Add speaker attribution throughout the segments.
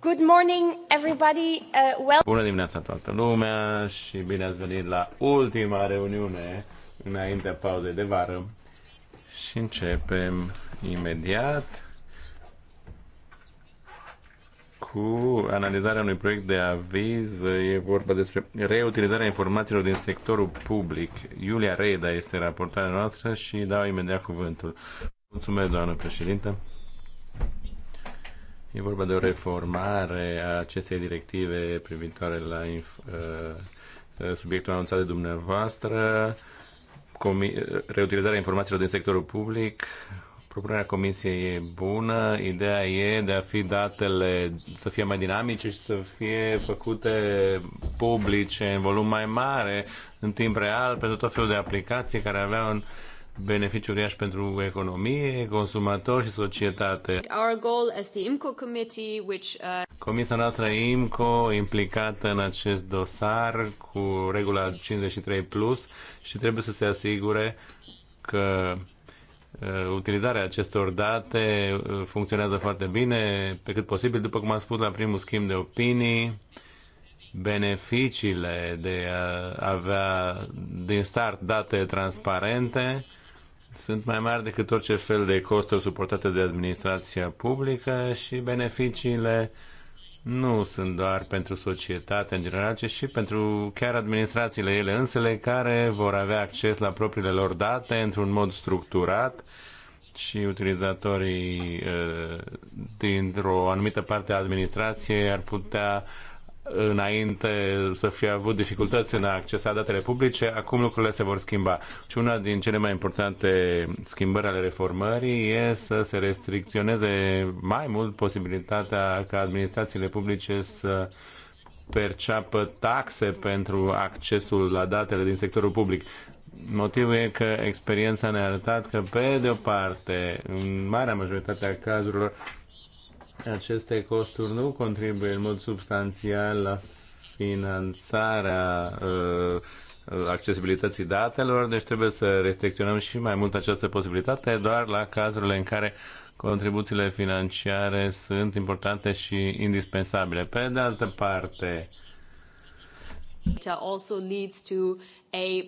Speaker 1: Good morning, everybody. Uh, well...
Speaker 2: Bună dimineața toată lumea și bine ați venit la ultima reuniune înaintea pauzei de vară. Și începem imediat cu analizarea unui proiect de aviz. E vorba despre reutilizarea informațiilor din sectorul public. Iulia Reda este raportarea noastră și dau imediat cuvântul. Mulțumesc, doamnă președintă. E vorba de o reformare a acestei directive privitoare la uh, uh, subiectul anunțat de dumneavoastră, comi- uh, reutilizarea informațiilor din sectorul public. Propunerea comisiei e bună, ideea e de a fi datele să fie mai dinamice și să fie făcute publice în volum mai mare, în timp real, pentru tot felul de aplicații care aveau un beneficii uriași pentru economie, consumatori și societate. Our
Speaker 3: goal as the IMCO committee, which, uh...
Speaker 2: Comisia noastră IMCO implicată în acest dosar cu regula 53 plus și trebuie să se asigure că uh, utilizarea acestor date uh, funcționează foarte bine, pe cât posibil, după cum am spus la primul schimb de opinii, beneficiile de a avea din start date transparente sunt mai mari decât orice fel de costuri suportate de administrația publică și beneficiile nu sunt doar pentru societate în general, ci și pentru chiar administrațiile ele însele care vor avea acces la propriile lor date într-un mod structurat și utilizatorii eh, dintr-o anumită parte a administrației ar putea înainte să fie avut dificultăți în a accesa datele publice, acum lucrurile se vor schimba. Și una din cele mai importante schimbări ale reformării e să se restricționeze mai mult posibilitatea ca administrațiile publice să perceapă taxe pentru accesul la datele din sectorul public. Motivul e că experiența ne-a arătat că, pe de o parte, în marea majoritate a cazurilor, aceste costuri nu contribuie în mod substanțial la finanțarea uh, uh accesibilității datelor, deci trebuie să restricționăm și mai mult această posibilitate doar la cazurile în care contribuțiile financiare sunt importante și indispensabile. Pe de altă parte,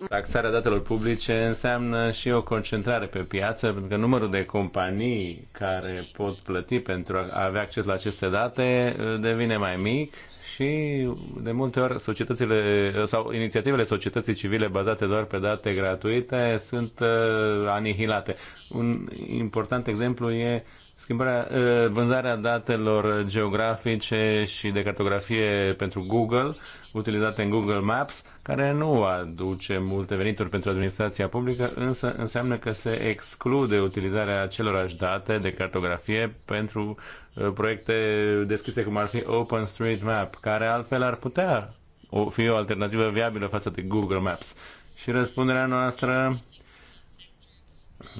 Speaker 2: Taxarea datelor publice înseamnă și o concentrare pe piață, pentru că numărul de companii care pot plăti pentru a avea acces la aceste date uh, devine mai mic și de multe ori societățile uh, sau inițiativele societății civile bazate doar pe date gratuite sunt uh, anihilate. Un important exemplu e schimbarea, vânzarea datelor geografice și de cartografie pentru Google, utilizate în Google Maps, care nu aduce multe venituri pentru administrația publică, însă înseamnă că se exclude utilizarea acelorași date de cartografie pentru uh, proiecte deschise cum ar fi OpenStreetMap, care altfel ar putea fi o alternativă viabilă față de Google Maps. Și răspunderea noastră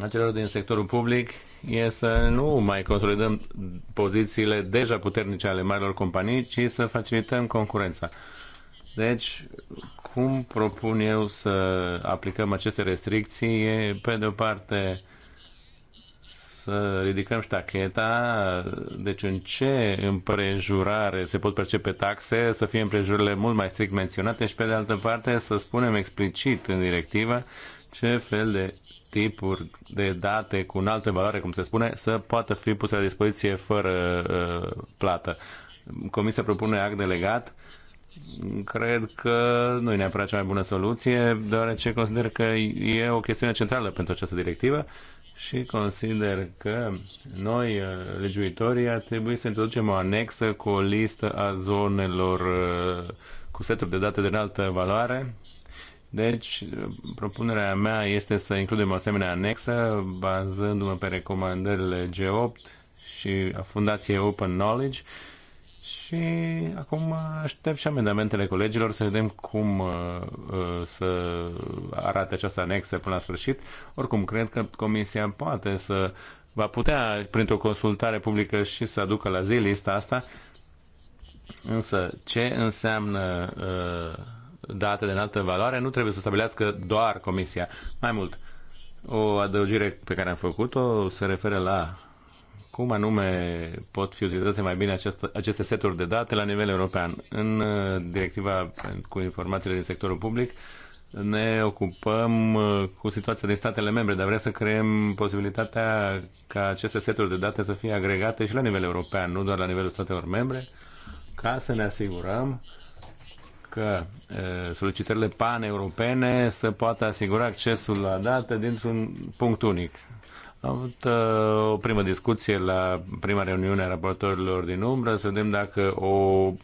Speaker 2: a celor din sectorul public e să nu mai consolidăm pozițiile deja puternice ale marilor companii, ci să facilităm concurența. Deci, cum propun eu să aplicăm aceste restricții? E, pe de o parte, să ridicăm ștacheta, deci în ce împrejurare se pot percepe taxe, să fie împrejurile mult mai strict menționate și pe de altă parte să spunem explicit în directivă ce fel de tipuri de date cu înaltă valoare, cum se spune, să poată fi puse la dispoziție fără uh, plată. Comisia propune act delegat uh, cred că nu e neapărat cea mai bună soluție, deoarece consider că e o chestiune centrală pentru această directivă și consider că noi, uh, legiuitorii, ar trebui să introducem o anexă cu o listă a zonelor uh, cu seturi de date de înaltă valoare. Deci, uh, propunerea mea este să includem o asemenea anexă, bazându-mă pe recomandările G8 și a Fundației Open Knowledge, și acum aștept și amendamentele colegilor să vedem cum uh, uh, să arate această anexă până la sfârșit. Oricum, cred că Comisia poate să va putea, printr-o consultare publică, și să aducă la zi lista asta. Însă, ce înseamnă uh, date de înaltă valoare nu trebuie să stabilească doar Comisia. Mai mult, o adăugire pe care am făcut-o se referă la cum anume pot fi utilizate mai bine această, aceste seturi de date la nivel european. În uh, directiva cu informațiile din sectorul public ne ocupăm uh, cu situația din statele membre, dar vrem să creăm posibilitatea ca aceste seturi de date să fie agregate și la nivel european, nu doar la nivelul statelor membre, ca să ne asigurăm că uh, solicitările pan-europene să poată asigura accesul la date dintr-un punct unic. Am avut uh, o primă discuție la prima reuniune a raportorilor din umbră, să vedem dacă o,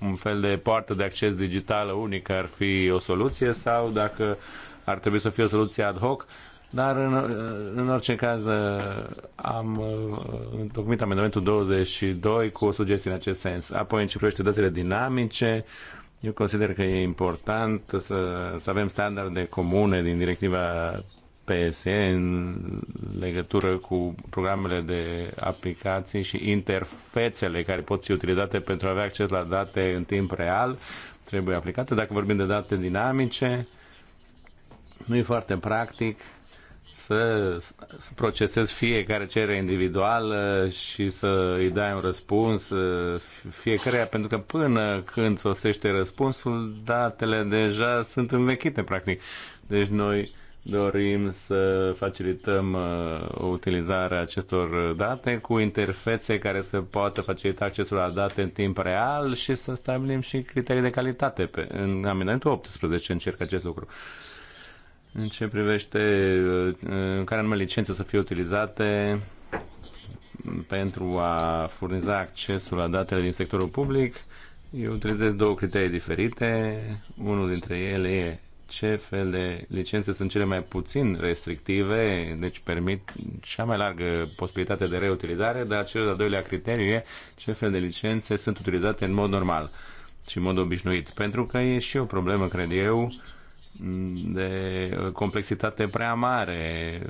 Speaker 2: un fel de poartă de acces digitală unică ar fi o soluție sau dacă ar trebui să fie o soluție ad hoc. Dar în, uh, în orice caz uh, am uh, întocmit amendamentul 22 cu o sugestie în acest sens. Apoi în ce privește datele dinamice, eu consider că e important să, să avem standarde comune din directiva PSE în legătură cu programele de aplicații și interfețele care pot fi utilizate pentru a avea acces la date în timp real trebuie aplicate. Dacă vorbim de date dinamice, nu e foarte practic să, să procesezi fiecare cerere individuală și să îi dai un răspuns uh, fiecare, pentru că până când sosește răspunsul, datele deja sunt învechite, practic. Deci noi dorim să facilităm uh, utilizarea acestor date cu interfețe care să poată facilita accesul la date în timp real și să stabilim și criterii de calitate. Pe, în amendamentul 18 încerc acest lucru. În ce privește uh, în care anume licențe să fie utilizate pentru a furniza accesul la datele din sectorul public, eu utilizez două criterii diferite. Unul dintre ele e ce fel de licențe sunt cele mai puțin restrictive, deci permit cea mai largă posibilitate de reutilizare, dar cel de-al doilea criteriu e ce fel de licențe sunt utilizate în mod normal și în mod obișnuit. Pentru că e și o problemă, cred eu, de complexitate prea mare,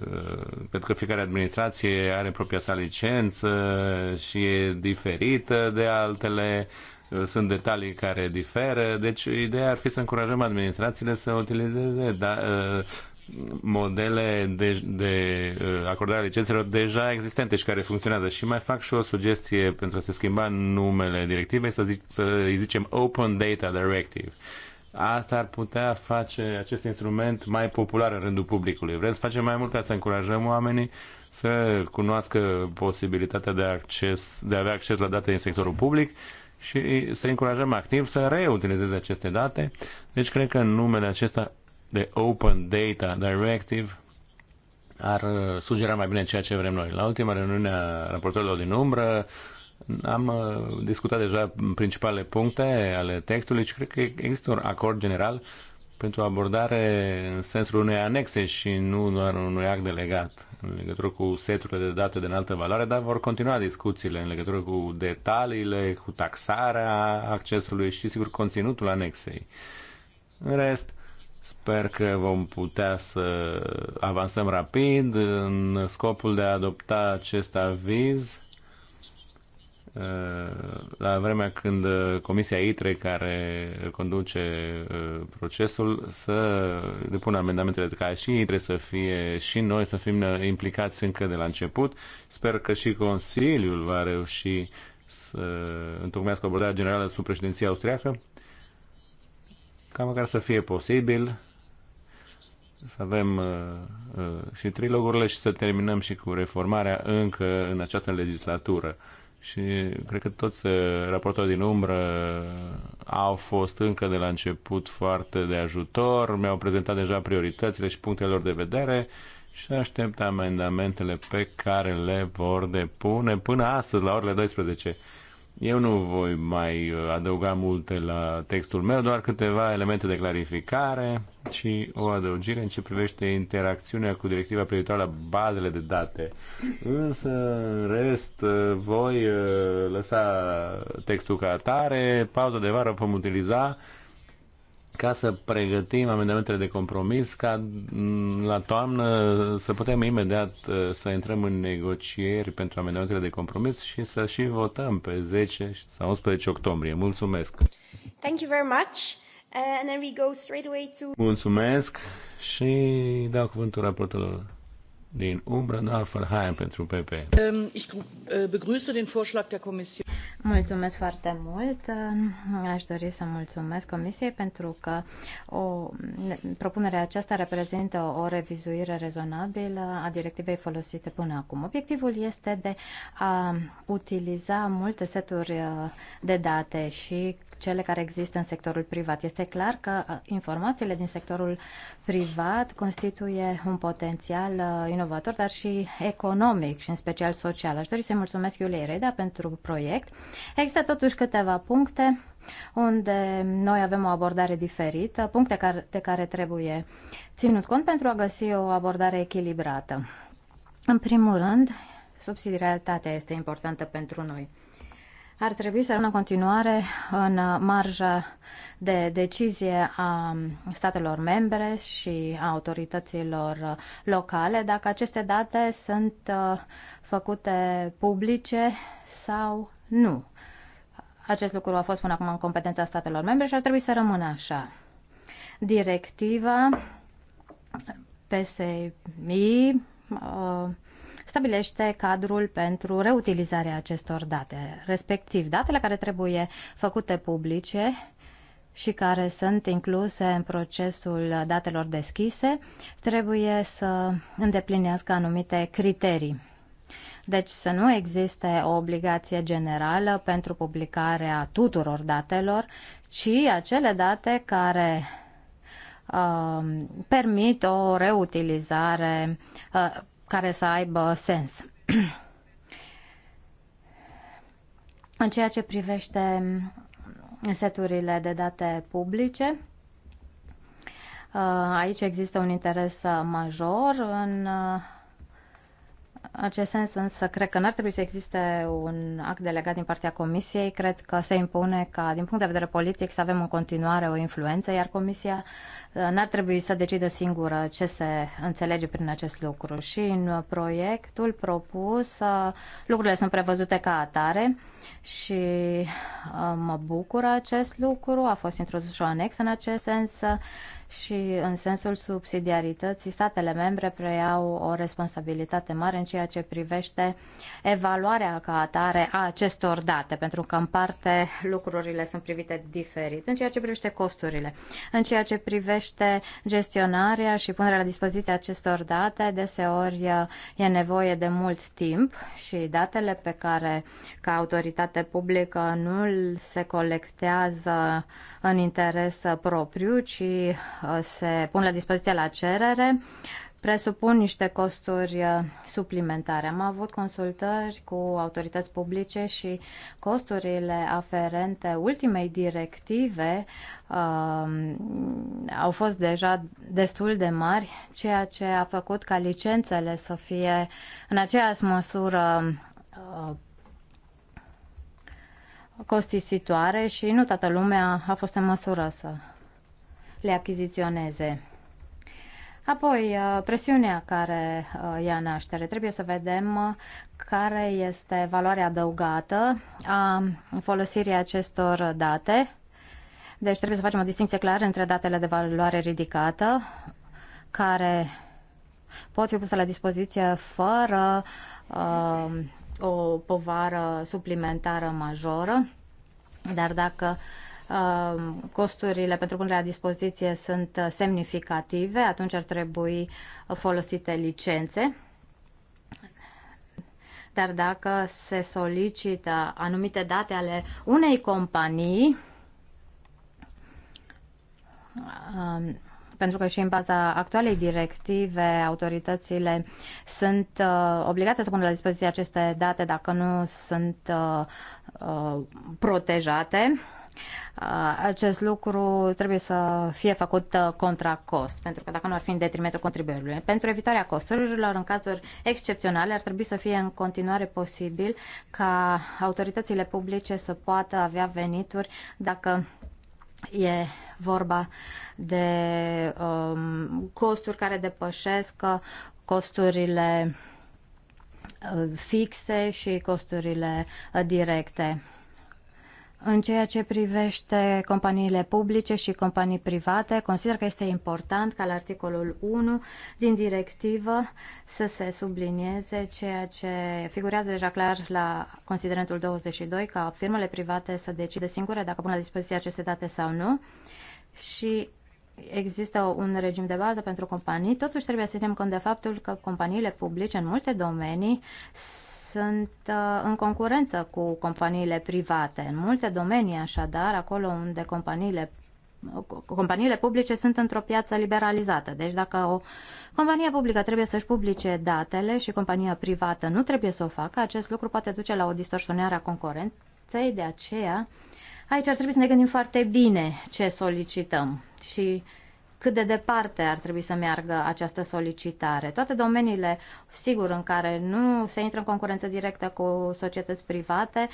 Speaker 2: pentru că fiecare administrație are propria sa licență și e diferită de altele Uh, sunt detalii care diferă, deci ideea ar fi să încurajăm administrațiile să utilizeze da, uh, modele de, de uh, acordare a licențelor deja existente și care funcționează. Și mai fac și o sugestie pentru a se schimba numele directivei, să, zic, să îi zicem Open Data Directive. Asta ar putea face acest instrument mai popular în rândul publicului. Vrem să facem mai mult ca să încurajăm oamenii să cunoască posibilitatea de, acces, de a avea acces la date în sectorul public și să încurajăm activ să reutilizeze aceste date. Deci cred că numele acesta de Open Data Directive ar uh, sugera mai bine ceea ce vrem noi. La ultima reuniune a raportorilor din umbră am uh, discutat deja principalele puncte ale textului și cred că există un acord general pentru abordare în sensul unei anexe și nu doar unui act delegat în legătură cu seturile de date de înaltă valoare, dar vor continua discuțiile în legătură cu detaliile, cu taxarea accesului și, sigur, conținutul anexei. În rest, sper că vom putea să avansăm rapid în scopul de a adopta acest aviz Uh, la vremea când uh, Comisia ITRE, care conduce uh, procesul, să depună amendamentele ca și ITRE să fie și noi să fim implicați încă de la început. Sper că și Consiliul va reuși să întocmească o generală sub președinția austriacă, ca măcar să fie posibil să avem uh, uh, și trilogurile și să terminăm și cu reformarea încă în această legislatură și cred că toți eh, raportorii din umbră eh, au fost încă de la început foarte de ajutor, mi-au prezentat deja prioritățile și punctele lor de vedere și aștept amendamentele pe care le vor depune până astăzi la orele 12. Eu nu voi mai uh, adăuga multe la textul meu, doar câteva elemente de clarificare și o adăugire în ce privește interacțiunea cu directiva privitoare la bazele de date. Însă, în rest, uh, voi uh, lăsa textul ca atare, pauza de vară vom utiliza ca să pregătim amendamentele de compromis ca mm, la toamnă să putem imediat uh, să intrăm în negocieri pentru amendamentele de compromis și să și votăm pe 10 sau 11 octombrie. Mulțumesc!
Speaker 1: Thank you very much! Uh, and then we go straight away to...
Speaker 2: Mulțumesc și dau cuvântul raportelor din umbră, Nalfenheim, pentru PP.
Speaker 4: Ehm, eh, mulțumesc foarte mult. Ehm, aș dori să mulțumesc Comisiei pentru că o, propunerea aceasta reprezintă o revizuire rezonabilă a directivei folosite până acum. Obiectivul este de a utiliza multe seturi eh, de date și cele care există în sectorul privat. Este clar că uh, informațiile din sectorul privat constituie un potențial uh, inovator, dar și economic și în special social. Aș dori să-i mulțumesc Iuliei Reda pentru proiect. Există totuși câteva puncte unde noi avem o abordare diferită, puncte care, de care trebuie ținut cont pentru a găsi o abordare echilibrată. În primul rând, subsidiaritatea este importantă pentru noi ar trebui să rămână continuare în marja de decizie a statelor membre și a autorităților locale dacă aceste date sunt uh, făcute publice sau nu. Acest lucru a fost până acum în competența statelor membre și ar trebui să rămână așa. Directiva PSI uh, stabilește cadrul pentru reutilizarea acestor date, respectiv datele care trebuie făcute publice și care sunt incluse în procesul datelor deschise, trebuie să îndeplinească anumite criterii. Deci să nu existe o obligație generală pentru publicarea tuturor datelor, ci acele date care uh, permit o reutilizare uh, care să aibă sens. În ceea ce privește seturile de date publice, uh, aici există un interes uh, major în uh, acest sens însă cred că n-ar trebui să existe un act delegat din partea Comisiei. Cred că se impune ca din punct de vedere politic să avem în continuare o influență, iar Comisia uh, n-ar trebui să decidă singură ce se înțelege prin acest lucru. Și în proiectul propus uh, lucrurile sunt prevăzute ca atare și uh, mă bucură acest lucru. A fost introdus și o anexă în acest sens și în sensul subsidiarității statele membre preiau o responsabilitate mare în ceea ce privește evaluarea ca atare a acestor date, pentru că în parte lucrurile sunt privite diferit, în ceea ce privește costurile, în ceea ce privește gestionarea și punerea la dispoziție acestor date, deseori e nevoie de mult timp și datele pe care ca autoritate publică nu se colectează în interes propriu, ci Uh, se pun la dispoziție la cerere presupun niște costuri uh, suplimentare. Am avut consultări cu autorități publice și costurile aferente ultimei directive uh, au fost deja destul de mari, ceea ce a făcut ca licențele să fie în aceeași măsură uh, costisitoare și nu toată lumea a fost în măsură să le achiziționeze. Apoi, uh, presiunea care uh, ia naștere. Trebuie să vedem uh, care este valoarea adăugată a folosirii acestor date. Deci trebuie să facem o distinție clară între datele de valoare ridicată, care pot fi puse la dispoziție fără uh, o povară suplimentară majoră, dar dacă uh, Ehm, costurile pentru punerea la dispoziție sunt uh, semnificative, atunci ar trebui folosite licențe. Dar dacă se solicită anumite date ale unei companii, ehm, pentru că și în baza actualei directive autoritățile sunt uh, obligate să pună la dispoziție aceste date dacă nu sunt uh, uh, protejate. Uh, acest lucru trebuie să fie făcut uh, contra cost, pentru că dacă nu ar fi în detrimentul contribuabililor. Pentru evitarea costurilor, în cazuri excepționale, ar trebui să fie în continuare posibil ca autoritățile publice să poată avea venituri dacă e vorba de um, costuri care depășesc uh, costurile fixe și costurile directe. În ceea ce privește companiile publice și companii private, consider că este important ca la articolul 1 din directivă să se sublinieze ceea ce figurează deja clar la considerentul 22, ca firmele private să decide singure dacă pun la dispoziție aceste date sau nu. Și există un regim de bază pentru companii, totuși trebuie să ținem cont de faptul că companiile publice în multe domenii sunt uh, în concurență cu companiile private. În multe domenii, așadar, acolo unde companiile uh, companiile publice sunt într-o piață liberalizată. Deci dacă o companie publică trebuie să-și publice datele și compania privată nu trebuie să o facă, acest lucru poate duce la o distorsionare a concurenței, de aceea aici ar trebui să ne gândim foarte bine ce solicităm și cât de departe ar trebui să meargă această solicitare. Toate domeniile, sigur, în care nu se intră în concurență directă cu societăți private,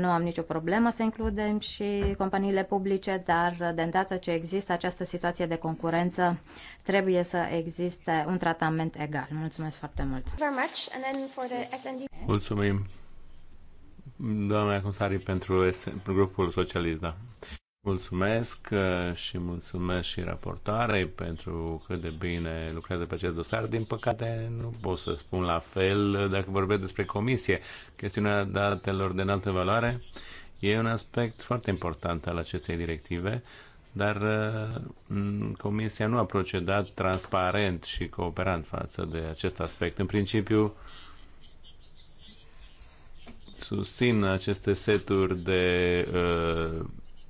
Speaker 4: nu am nicio problemă să includem și companiile publice, dar de îndată ce există această situație de concurență, trebuie să existe un tratament egal. Mulțumesc foarte mult!
Speaker 2: Mulțumim, doamna Consari, pentru grupul socialist, da. Mulțumesc uh, și mulțumesc și raportoarei pentru cât de bine lucrează pe acest dosar. Din păcate, nu pot să spun la fel uh, dacă vorbesc despre comisie. Chestiunea datelor de înaltă valoare e un aspect foarte important al acestei directive, dar uh, comisia nu a procedat transparent și cooperant față de acest aspect. În principiu, susțin aceste seturi de uh,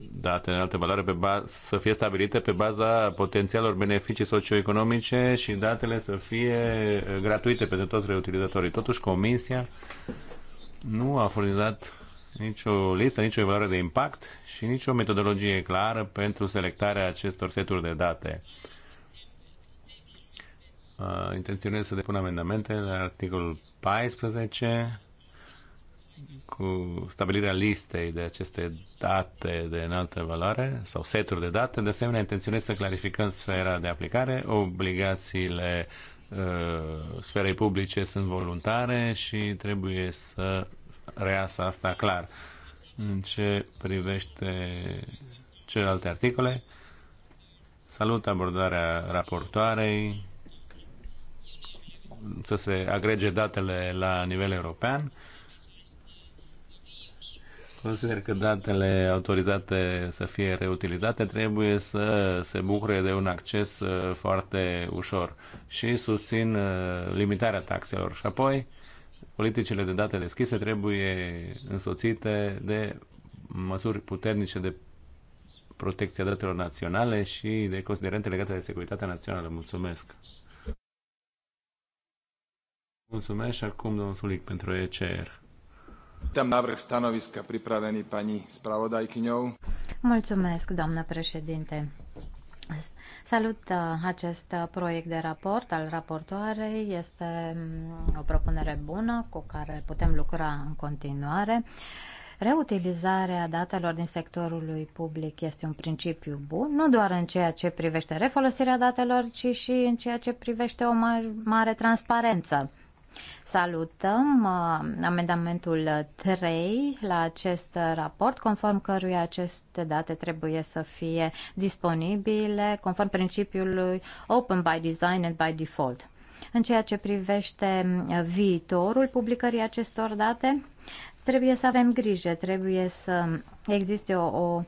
Speaker 2: date în altă valoare pe ba- să fie stabilite pe baza potențialor beneficii socioeconomice și datele să fie uh, gratuite pentru toți reutilizatorii. Totuși, Comisia nu a furnizat nicio listă, nicio evaluare de impact și nicio metodologie clară pentru selectarea acestor seturi de date. Uh, intenționez să depun amendamente la articolul 14 cu stabilirea listei de aceste date de înaltă valoare sau seturi de date. De asemenea, intenționez să clarificăm sfera de aplicare, obligațiile uh, sferei publice sunt voluntare și trebuie să reasă asta clar. În ce privește celelalte articole, salut abordarea raportoarei, să se agrege datele la nivel european Consider că datele autorizate să fie reutilizate trebuie să se bucure de un acces uh, foarte ușor și susțin uh, limitarea taxelor. Și apoi, politicile de date deschise trebuie însoțite de măsuri puternice de protecția datelor naționale și de considerente legate de securitatea națională. Mulțumesc! Mulțumesc și acum domnul Sulic pentru ECR. Tam návrh stanoviska pripravený pani spravodajkyňou.
Speaker 4: Mulțumesc, doamnă președinte. Salut uh, acest uh, proiect de raport al raportoarei. Este mm, o propunere bună cu care putem lucra în continuare. Reutilizarea datelor din sectorul public este un principiu bun, nu doar în ceea ce privește refolosirea datelor, ci și în ceea ce privește o mare, mare transparență Salutăm uh, amendamentul 3 la acest raport, conform căruia aceste date trebuie să fie disponibile conform principiului Open by Design and by Default. În ceea ce privește viitorul publicării acestor date, trebuie să avem grijă, trebuie să existe o, o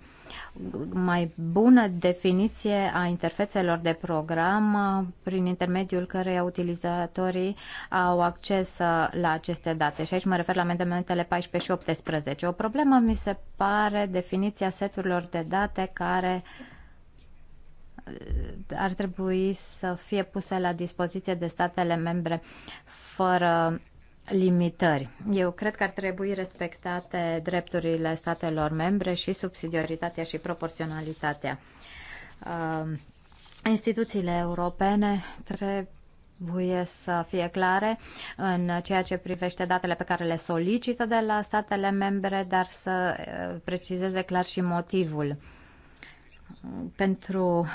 Speaker 4: mai bună definiție a interfețelor de program uh, prin intermediul căreia utilizatorii au acces uh, la aceste date. Și aici mă refer la amendamentele 14 și 18. O problemă mi se pare definiția seturilor de date care uh, ar trebui să fie puse la dispoziție de statele membre fără limitări. Eu cred că ar trebui respectate drepturile statelor membre și subsidiaritatea și proporționalitatea. Uh, instituțiile europene trebuie trebuie să fie clare în ceea ce privește datele pe care le solicită de la statele membre, dar să uh, precizeze clar și motivul pentru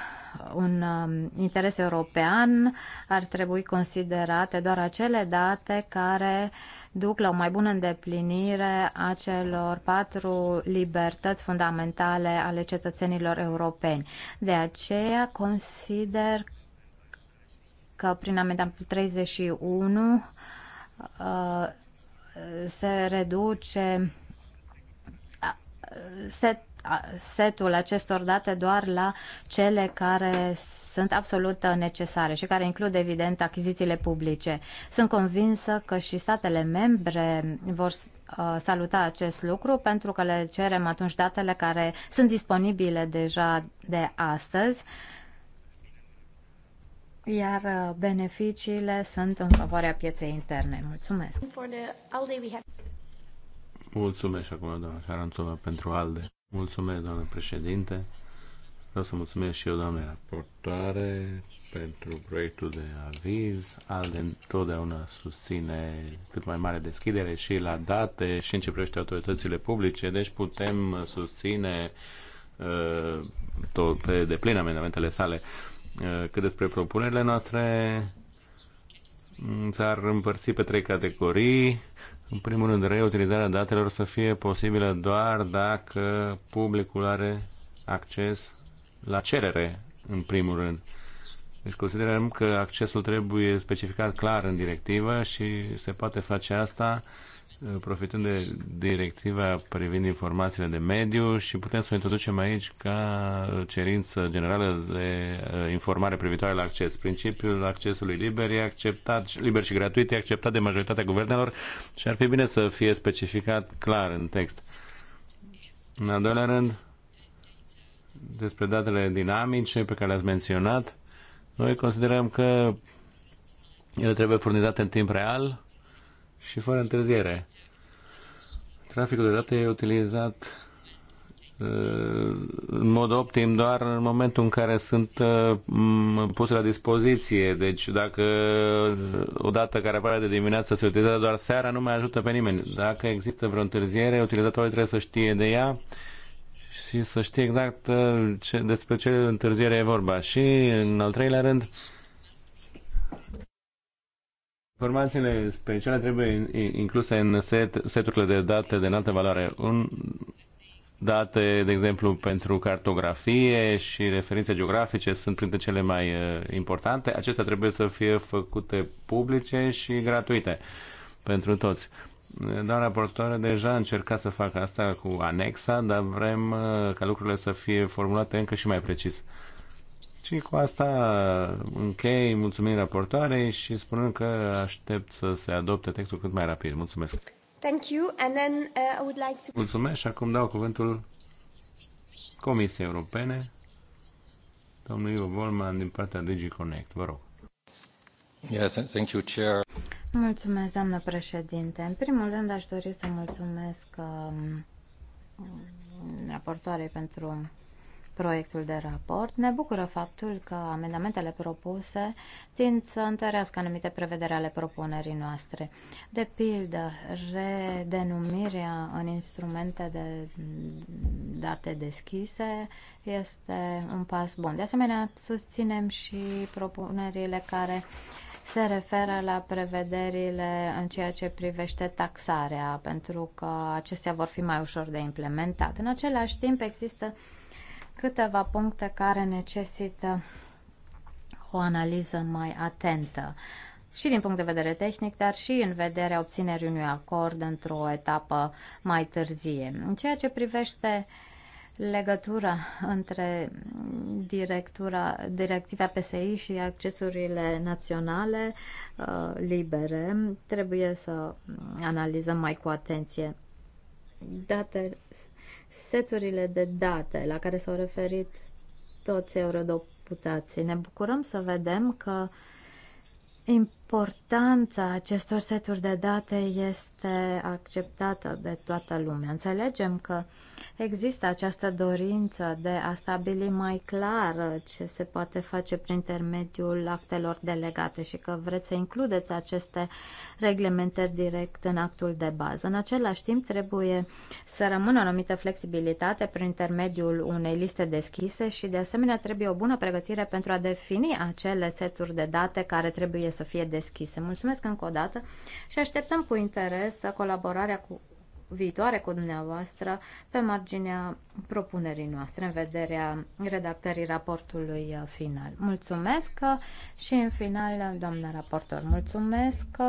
Speaker 4: un um, interes european ar trebui considerate doar acele date care duc la o mai bună îndeplinire a celor patru libertăți fundamentale ale cetățenilor europeni. De aceea consider că prin amendamentul 31 uh, se reduce se setul acestor date doar la cele care sunt absolut necesare și care includ, evident, achizițiile publice. Sunt convinsă că și statele membre vor uh, saluta acest lucru pentru că le cerem atunci datele care sunt disponibile deja de astăzi iar uh, beneficiile sunt în favoarea pieței interne. Mulțumesc!
Speaker 2: Mulțumesc acum, doamna Șaranțova, pentru ALDE. Mulțumesc, doamnă președinte. Vreau să mulțumesc și eu, doamne raportoare, pentru proiectul de aviz. Alde întotdeauna susține cât mai mare deschidere și la date și în ce privește autoritățile publice, deci putem susține uh, tot, pe deplin amendamentele sale. Uh, cât despre propunerile noastre, mm, s-ar împărți pe trei categorii. În primul rând, reutilizarea datelor să fie posibilă doar dacă publicul are acces la cerere, în primul rând. Deci considerăm că accesul trebuie specificat clar în directivă și se poate face asta uh, profitând de directiva privind informațiile de mediu și putem să o introducem aici ca cerință generală de uh, informare privitoare la acces. Principiul accesului liber e acceptat, liber și gratuit, e acceptat de majoritatea guvernelor și ar fi bine să fie specificat clar în text. În al doilea rând, despre datele dinamice pe care le-ați menționat, noi considerăm că ele trebuie furnizate în timp real, și fără întârziere. Traficul de date e utilizat uh, în mod optim doar în momentul în care sunt uh, puse la dispoziție. Deci dacă o dată care apare de dimineață se utilizează doar seara, nu mai ajută pe nimeni. Dacă există vreo întârziere, utilizatorul trebuie să știe de ea și să știe exact uh, ce, despre ce întârziere e vorba. Și în al treilea rând, Informațiile speciale trebuie incluse în set, seturile de date de înaltă valoare. Un, date, de exemplu, pentru cartografie și referințe geografice sunt printre cele mai uh, importante. Acestea trebuie să fie făcute publice și gratuite pentru toți. Doamna raportoare deja încerca să facă asta cu anexa, dar vrem uh, ca lucrurile să fie formulate încă și mai precis. Și cu asta închei mulțumim raportoarei și spunând că aștept să se adopte textul cât mai rapid. Mulțumesc!
Speaker 1: Thank you. And then, uh, I would like to...
Speaker 2: Mulțumesc și acum dau cuvântul Comisiei Europene, domnul Ivo Volman din partea DigiConnect. Vă rog. Yes, thank you, Chair.
Speaker 4: Mulțumesc, doamnă președinte. În primul rând aș dori să mulțumesc um, raportoare pentru proiectul de raport. Ne bucură faptul că amendamentele propuse tind să întărească anumite prevedere ale propunerii noastre. De pildă, redenumirea în instrumente de date deschise este un pas bun. De asemenea, susținem și propunerile care se referă la prevederile în ceea ce privește taxarea, pentru că acestea vor fi mai ușor de implementat. În același timp, există câteva puncte care necesită o analiză mai atentă și din punct de vedere tehnic, dar și în vederea obținerii unui acord într-o etapă mai târzie. În ceea ce privește legătura între directura, directiva PSI și accesurile naționale uh, libere, trebuie să analizăm mai cu atenție date seturile de date la care s-au referit toți eurodeputații. Ne bucurăm să vedem că importanța acestor seturi de date este acceptată de toată lumea. Înțelegem că uh, Există această dorință de a stabili mai clar ce se poate face prin intermediul actelor delegate și că vreți să includeți aceste reglementări direct în actul de bază. În același timp, trebuie să rămână o anumită flexibilitate prin intermediul unei liste deschise și, de asemenea, trebuie o bună pregătire pentru a defini acele seturi de date care trebuie să fie deschise. Mulțumesc încă o dată și așteptăm cu interes colaborarea cu viitoare cu dumneavoastră pe marginea propunerii noastre în vederea redactării raportului uh, final. Mulțumesc uh, și în final, doamna raportor, mulțumesc. Uh,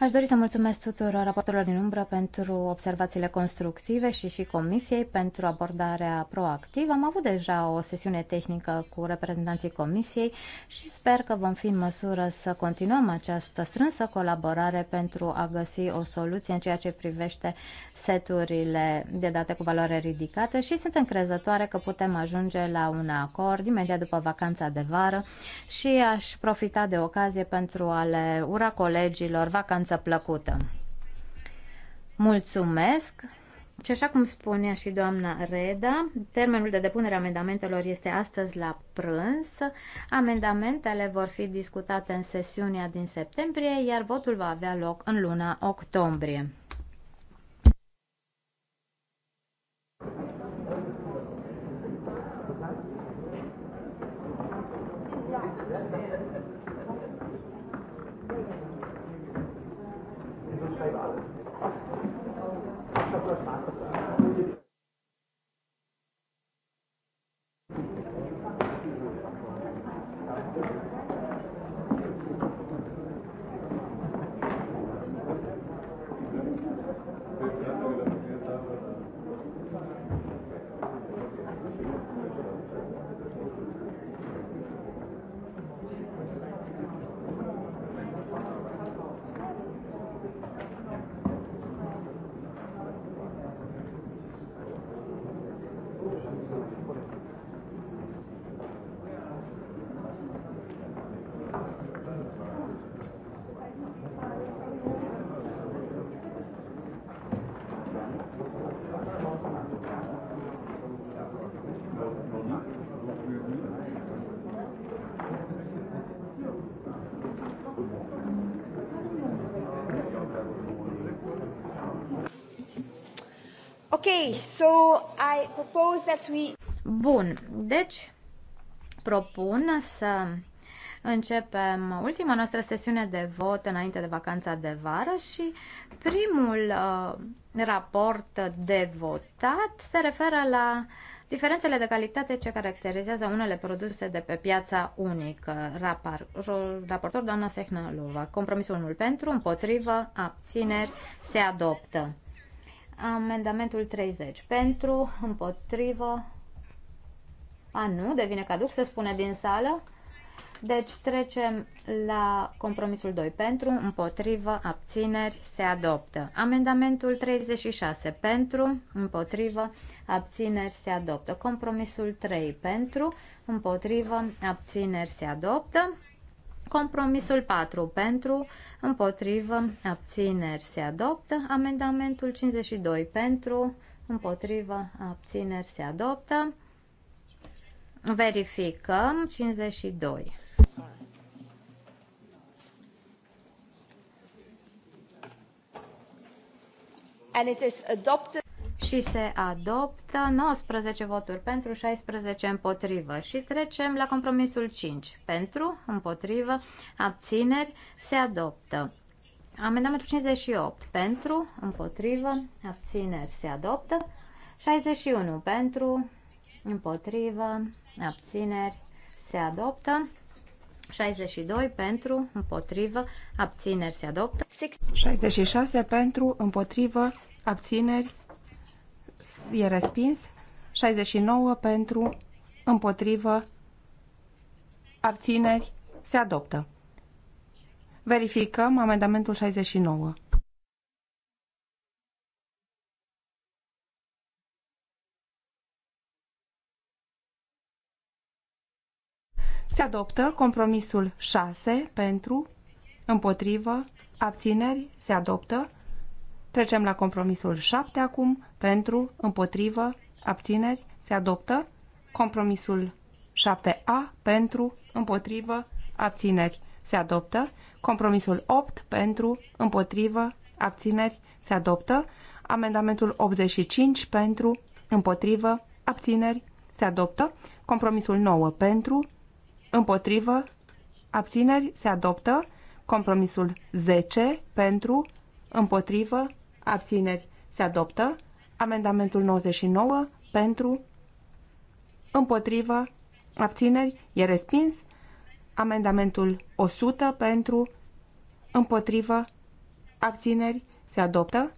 Speaker 4: Aș dori să mulțumesc tuturor raportorilor din umbră pentru observațiile constructive și și Comisiei pentru abordarea proactivă. Am avut deja o sesiune tehnică cu reprezentanții Comisiei și sper că vom fi în măsură să continuăm această strânsă colaborare pentru a găsi o soluție în ceea ce privește seturile de date cu valoare ridicată și sunt încrezătoare că putem ajunge la un acord imediat după vacanța de vară și aș profita de ocazie pentru a le ura colegilor vacanța experiență plăcută. Mulțumesc! Și așa cum spunea și doamna Reda, termenul de depunere a amendamentelor este astăzi la prânz. Amendamentele vor fi discutate în sesiunea din septembrie, iar votul va avea loc în luna octombrie. so I propose that we... Bun, deci propun să începem ultima noastră sesiune de vot înainte de vacanța de vară și primul uh, raport de votat se referă la diferențele de calitate ce caracterizează unele produse de pe piața unică. Rapar, raportor doamna Sehnalova. Compromisul 1 pentru, împotrivă, abțineri, se adoptă. Amendamentul 30. Pentru, împotrivă. A, nu, devine caduc, se spune din sală. Deci trecem la compromisul 2. Pentru, împotrivă, abțineri, se adoptă. Amendamentul 36. Pentru, împotrivă, abțineri, se adoptă. Compromisul 3. Pentru, împotrivă, abțineri, se adoptă. Compromisul 4 pentru, împotrivă, abțineri se adoptă. Amendamentul 52 pentru, împotrivă, abțineri se adoptă. Verificăm 52. And it is adopted și se adoptă 19 voturi pentru, 16 împotrivă și trecem la compromisul 5. Pentru, împotrivă, abțineri, se adoptă. Amendamentul 58 pentru, împotrivă, abțineri, se adoptă. 61 pentru, împotrivă, abțineri, se adoptă. 62 pentru, împotrivă, abțineri se adoptă.
Speaker 1: 66 pentru, împotrivă, abțineri e respins. 69 pentru, împotrivă, abțineri, se adoptă. Verificăm amendamentul 69. Se adoptă compromisul 6 pentru, împotrivă, abțineri, se adoptă. Trecem la compromisul 7 acum. Pentru, împotrivă, abțineri, se adoptă. Compromisul 7A, pentru, împotrivă, abțineri, se adoptă. Compromisul 8, pentru, împotrivă, abțineri, se adoptă. Amendamentul 85, pentru, împotrivă, abțineri, se adoptă. Compromisul 9, pentru, împotrivă, abțineri, se adoptă. Compromisul 10, pentru, împotrivă, abțineri, se adoptă. Amendamentul 99 pentru, împotrivă, abțineri, e respins. Amendamentul 100 pentru, împotrivă, abțineri, se adoptă.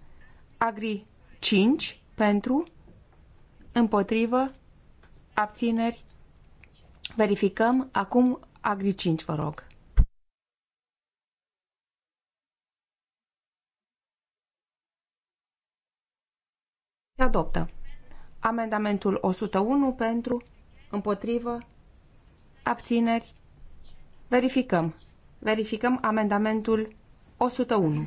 Speaker 1: Agri 5 pentru, împotrivă, abțineri. Verificăm acum Agri 5, vă rog. Se adoptă. Amendamentul 101 pentru, împotrivă, abțineri. Verificăm. Verificăm amendamentul 101.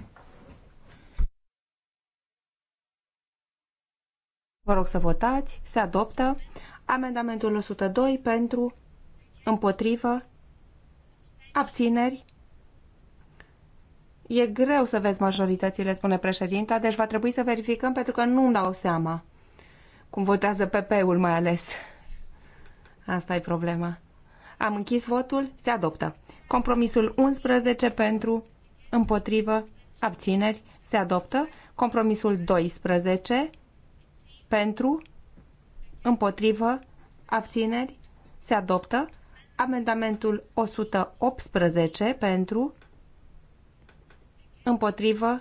Speaker 1: Vă rog să votați. Se adoptă. Amendamentul 102 pentru, împotrivă, abțineri. E greu să vezi majoritățile, spune președinta, deci va trebui să verificăm pentru că nu-mi dau seama cum votează PP-ul mai ales. Asta e problema. Am închis votul, se adoptă. Compromisul 11 pentru, împotrivă, abțineri, se adoptă. Compromisul 12 pentru, împotrivă, abțineri, se adoptă. Amendamentul 118 pentru, împotrivă,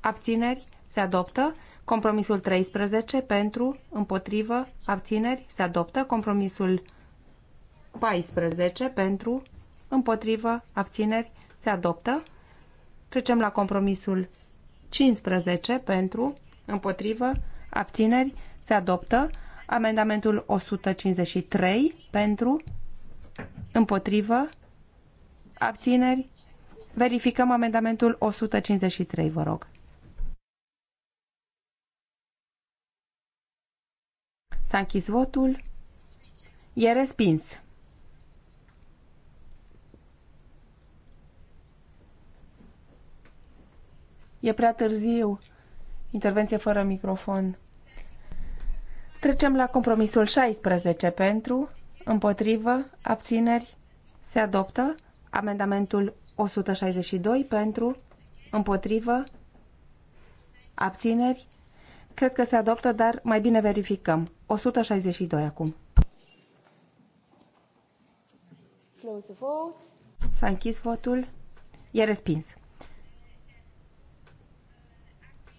Speaker 1: abțineri, se adoptă. Compromisul 13 pentru, împotrivă, abțineri, se adoptă. Compromisul 14 pentru, împotrivă, abțineri, se adoptă. Trecem la compromisul 15 pentru, împotrivă, abțineri, se adoptă. Amendamentul 153 pentru, împotrivă, abțineri, Verificăm amendamentul 153, vă rog. S-a închis votul. E respins. E prea târziu. Intervenție fără microfon. Trecem la compromisul 16 pentru, împotrivă, abțineri, se adoptă. Amendamentul 162 pentru, împotrivă, abțineri. Cred că se adoptă, dar mai bine verificăm. 162 acum. S-a închis votul. E respins.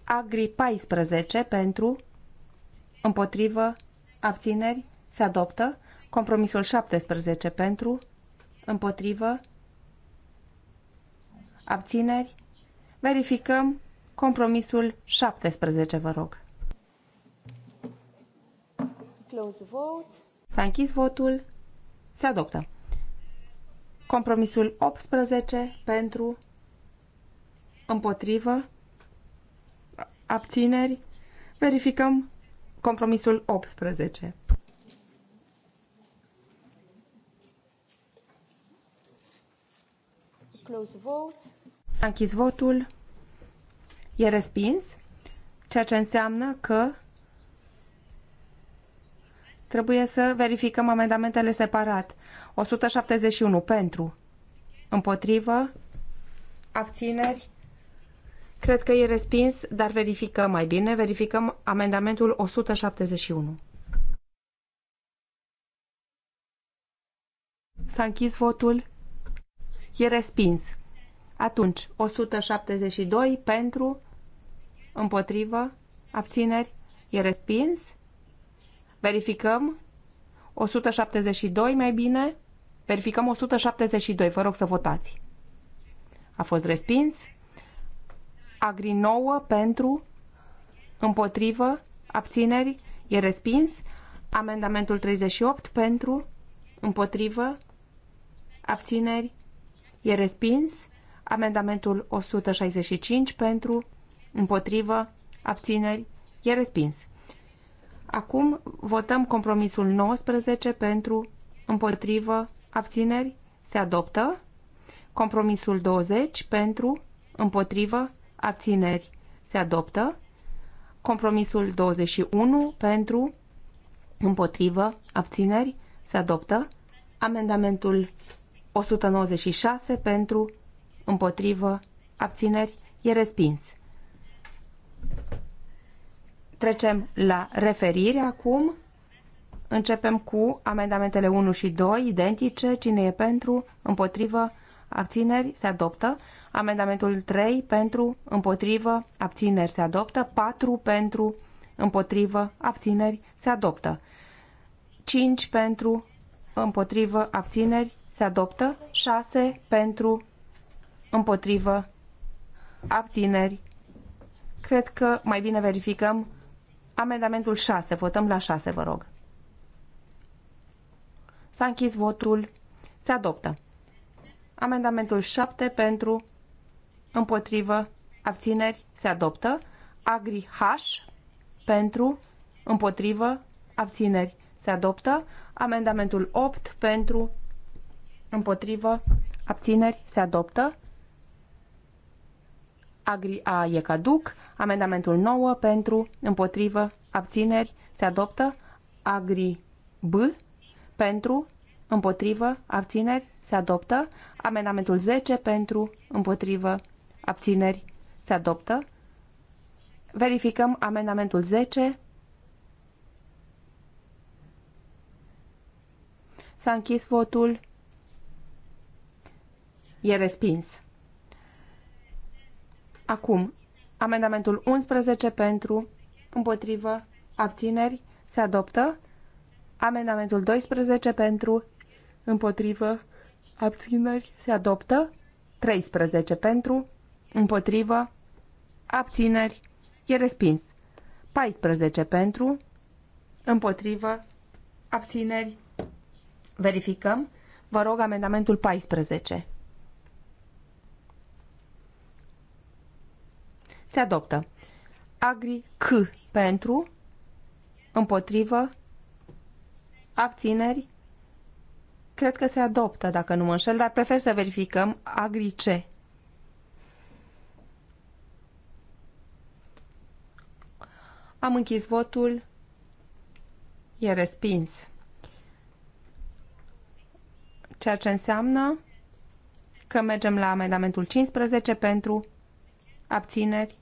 Speaker 1: Agri 14 pentru, împotrivă, abțineri, se adoptă. Compromisul 17 pentru, împotrivă, abțineri. Verificăm compromisul 17, vă rog. Close vote. S-a închis votul. Se adoptă. Compromisul 18 pentru, împotrivă, abțineri. Verificăm compromisul 18. S-a închis votul. E respins, ceea ce înseamnă că trebuie să verificăm amendamentele separat. 171 pentru, împotrivă, abțineri. Cred că e respins, dar verificăm mai bine. Verificăm amendamentul 171. S-a închis votul. E respins. Atunci, 172 pentru, împotrivă, abțineri, e respins. Verificăm. 172 mai bine. Verificăm 172. Vă rog să votați. A fost respins. Agri 9 pentru, împotrivă, abțineri, e respins. Amendamentul 38 pentru, împotrivă, abțineri, E respins amendamentul 165 pentru, împotrivă, abțineri, e respins. Acum votăm compromisul 19 pentru, împotrivă, abțineri, se adoptă. Compromisul 20 pentru, împotrivă, abțineri, se adoptă. Compromisul 21 pentru, împotrivă, abțineri, se adoptă. Amendamentul 196 pentru, împotrivă, abțineri, e respins. Trecem la referire acum. Începem cu amendamentele 1 și 2, identice, cine e pentru, împotrivă, abțineri, se adoptă. Amendamentul 3 pentru, împotrivă, abțineri, se adoptă. 4 pentru, împotrivă, abțineri, se adoptă. 5 pentru, împotrivă, abțineri, se adoptă. 6 pentru, împotrivă, abțineri. Cred că mai bine verificăm amendamentul 6. Votăm la 6, vă rog. S-a închis votul. Se adoptă. Amendamentul 7 pentru, împotrivă, abțineri. Se adoptă. Agri H pentru, împotrivă, abțineri. Se adoptă. Amendamentul 8 pentru, Împotrivă. Abțineri. Se adoptă. Agri A e caduc. Amendamentul 9 pentru. Împotrivă. Abțineri. Se adoptă. Agri B pentru. Împotrivă. Abțineri. Se adoptă. Amendamentul 10 pentru. Împotrivă. Abțineri. Se adoptă. Verificăm amendamentul 10. S-a închis votul. E respins. Acum, amendamentul 11 pentru, împotrivă, abțineri, se adoptă. Amendamentul 12 pentru, împotrivă, abțineri, se adoptă. 13 pentru, împotrivă, abțineri, e respins. 14 pentru, împotrivă, abțineri, verificăm. Vă rog amendamentul 14. Se adoptă. Agri C pentru, împotrivă, abțineri. Cred că se adoptă, dacă nu mă înșel, dar prefer să verificăm Agri C. Am închis votul. E respins. Ceea ce înseamnă că mergem la amendamentul 15 pentru abțineri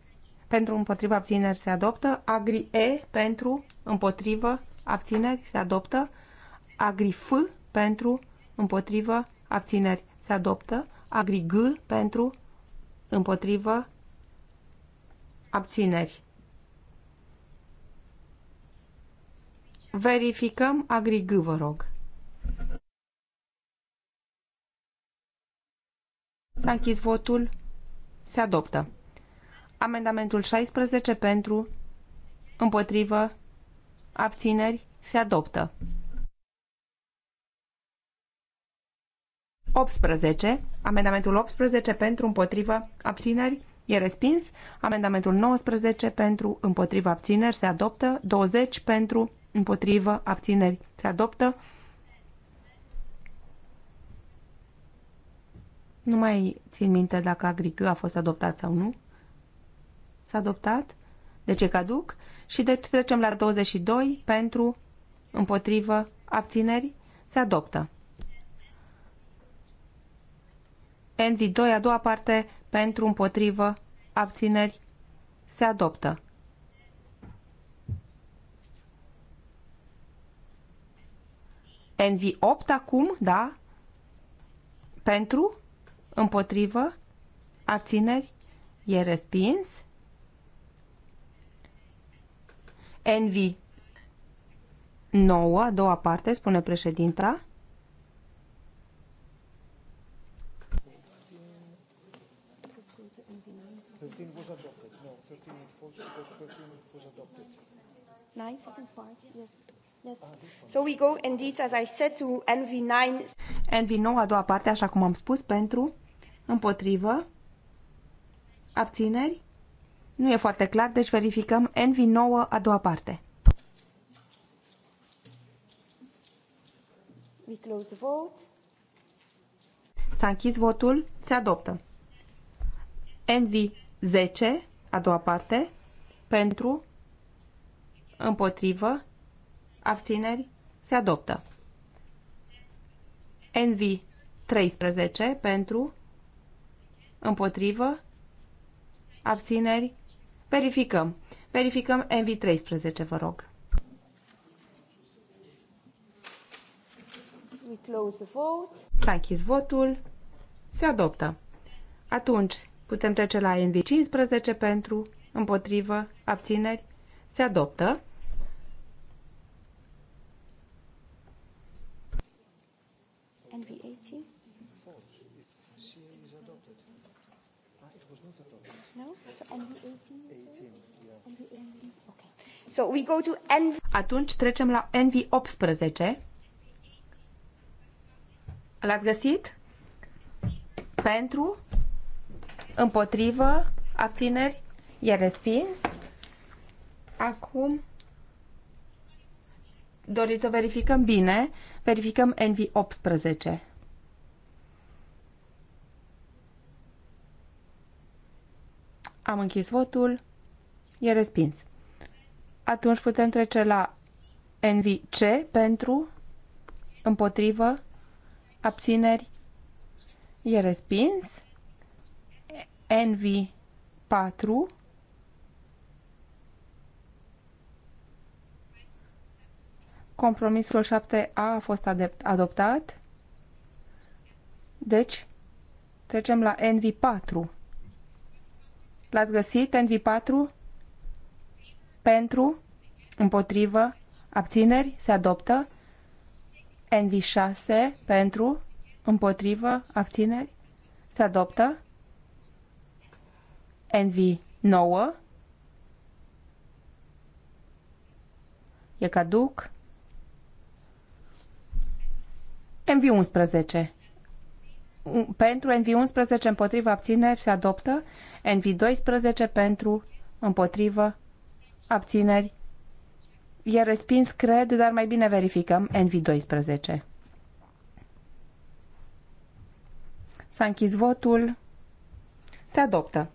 Speaker 1: pentru împotriva abțineri se adoptă. Agri E pentru împotriva abțineri se adoptă. Agri F pentru împotriva abțineri se adoptă. Agri G pentru împotriva abțineri. Verificăm Agri G, vă rog. S-a închis votul. Se adoptă. Amendamentul 16 pentru, împotrivă, abțineri, se adoptă. 18. Amendamentul 18 pentru, împotrivă, abțineri, e respins. Amendamentul 19 pentru, împotrivă, abțineri, se adoptă. 20 pentru, împotrivă, abțineri, se adoptă. Nu mai țin minte dacă agrică a fost adoptat sau nu. S-a adoptat. de ce caduc. Și deci trecem la 22 pentru, împotrivă, abțineri. Se adoptă. Envi 2, a doua parte, pentru, împotrivă, abțineri. Se adoptă. Envi 8 acum, da? Pentru, împotrivă, abțineri, e respins. Envy. 9, a doua parte, spune președinta. So we go indeed, as I said, to NV9. NV9, a doua parte, așa cum am spus, pentru, împotrivă, abțineri, nu e foarte clar, deci verificăm NV9 a doua parte. S-a închis votul, se adoptă. NV10, a doua parte, pentru, împotrivă, abțineri, se adoptă. NV13, pentru, împotrivă, abțineri, Verificăm. Verificăm mv 13 vă rog. We close the vote. S-a închis votul. Se adoptă. Atunci, putem trece la mv 15 pentru, împotrivă, abțineri. Se adoptă.
Speaker 5: NV18?
Speaker 3: No? So NV18?
Speaker 1: So we go to NV... Atunci trecem la NV18. L-ați găsit? Pentru, împotrivă, abțineri, e respins. Acum doriți să verificăm bine, verificăm NV18. Am închis votul. E respins. Atunci putem trece la NVC pentru, împotrivă, abțineri, e respins. NV4 Compromisul 7A a fost adoptat. Deci, trecem la NV4. L-ați găsit, NV4? pentru, împotrivă, abțineri, se adoptă. NV6 pentru, împotrivă, abțineri, se adoptă. NV9 e caduc. NV11 pentru NV11 împotrivă abțineri se adoptă, NV12 pentru împotrivă Abțineri. E respins, cred, dar mai bine verificăm. NV12. S-a închis votul. Se adoptă.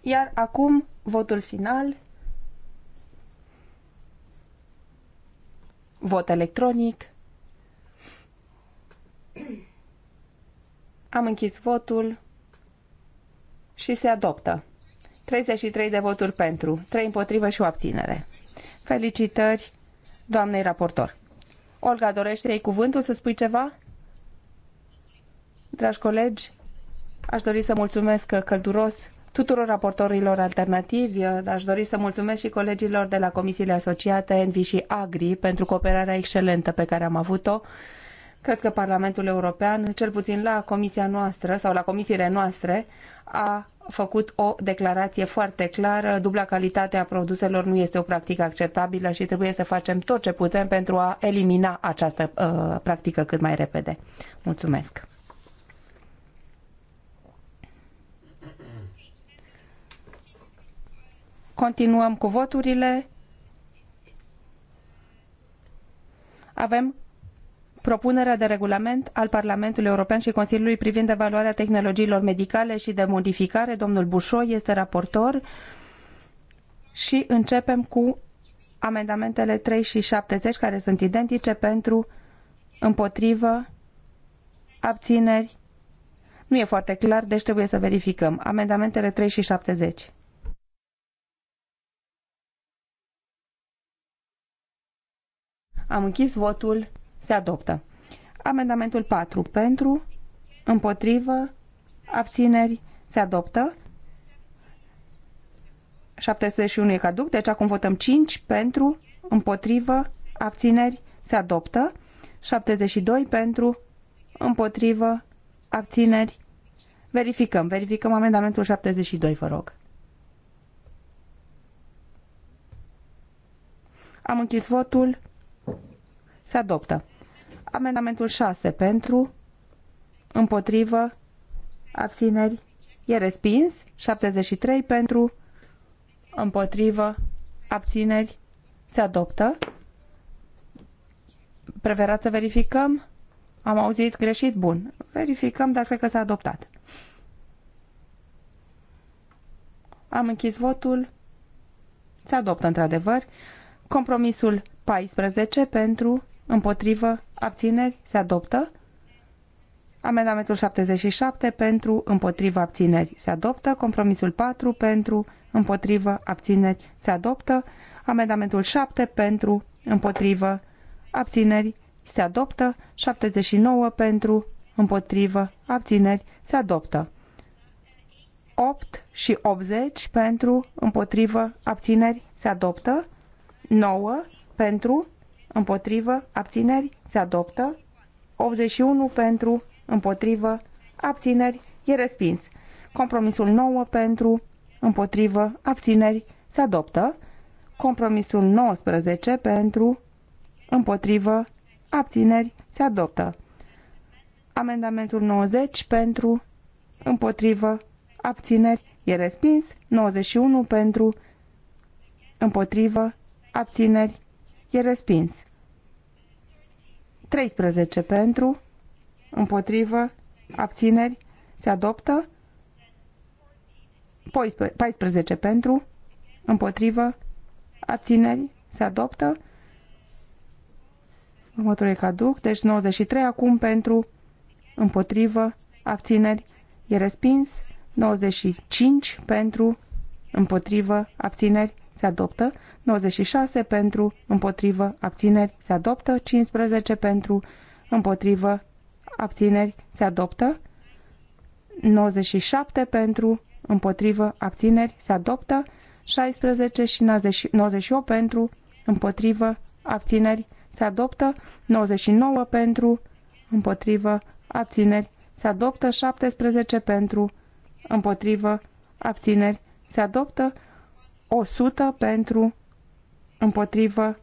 Speaker 1: Iar acum votul final. Vot electronic. Am închis votul și se adoptă. 33 de voturi pentru, 3 împotrivă și o abținere. Felicitări doamnei raportor. Olga, dorește ei cuvântul să spui ceva? Dragi colegi, aș dori să mulțumesc călduros tuturor raportorilor alternativi. Aș dori să mulțumesc și colegilor de la comisiile asociate Envi și Agri pentru cooperarea excelentă pe care am avut-o. Cred că Parlamentul European, cel puțin la comisia noastră sau la comisiile noastre, a făcut o declarație foarte clară. Dubla calitate a produselor nu este o practică acceptabilă și trebuie să facem tot ce putem pentru a elimina această uh, practică cât mai repede. Mulțumesc! Continuăm cu voturile. Avem propunerea de regulament al Parlamentului European și Consiliului privind evaluarea tehnologiilor medicale și de modificare. Domnul Bușoi este raportor și începem cu amendamentele 3 și 70 care sunt identice pentru împotrivă abțineri. Nu e foarte clar, deci trebuie să verificăm. Amendamentele 3 și 70. Am închis votul. Se adoptă. Amendamentul 4 pentru, împotrivă, abțineri, se adoptă. 71 e caduc, deci acum votăm 5 pentru, împotrivă, abțineri, se adoptă. 72 pentru, împotrivă, abțineri. Verificăm, verificăm amendamentul 72, vă rog. Am închis votul. Se adoptă. Amendamentul 6 pentru, împotrivă, abțineri, e respins. 73 pentru, împotrivă, abțineri, se adoptă. Preferați să verificăm? Am auzit greșit? Bun. Verificăm, dar cred că s-a adoptat. Am închis votul. Se adoptă într-adevăr. Compromisul 14 pentru, împotrivă, abțineri, se adoptă. Amendamentul 77 pentru, împotrivă, abțineri, se adoptă. Compromisul 4 pentru, împotrivă, abțineri, se adoptă. Amendamentul 7 pentru, împotrivă, abțineri, se adoptă. 79 pentru, împotrivă, abțineri, se adoptă. 8 și 80 pentru, împotrivă, abțineri, se adoptă. 9 pentru, împotrivă, abțineri, se adoptă. 81 pentru, împotrivă, abțineri, e respins. Compromisul 9 pentru, împotrivă, abțineri, se adoptă. Compromisul 19 pentru, împotrivă, abțineri, se adoptă. Amendamentul 90 pentru, împotrivă, abțineri, e respins. 91 pentru, împotrivă, abțineri, E respins. 13 pentru, împotrivă, abțineri, se adoptă. 14 pentru, împotrivă, abțineri, se adoptă. Următorul e caduc, deci 93 acum pentru, împotrivă, abțineri, e respins. 95 pentru, împotrivă, abțineri, se adoptă. 96 pentru, împotrivă, abțineri, se adoptă. 15 pentru, împotrivă, abțineri, se adoptă. 97 pentru, împotrivă, abțineri, se adoptă. 16 și 98 pentru, împotrivă, abțineri, se adoptă. 99 pentru, împotrivă, abțineri, se adoptă. 17 pentru, împotrivă, abțineri, se adoptă. 100 pentru, împotrivă,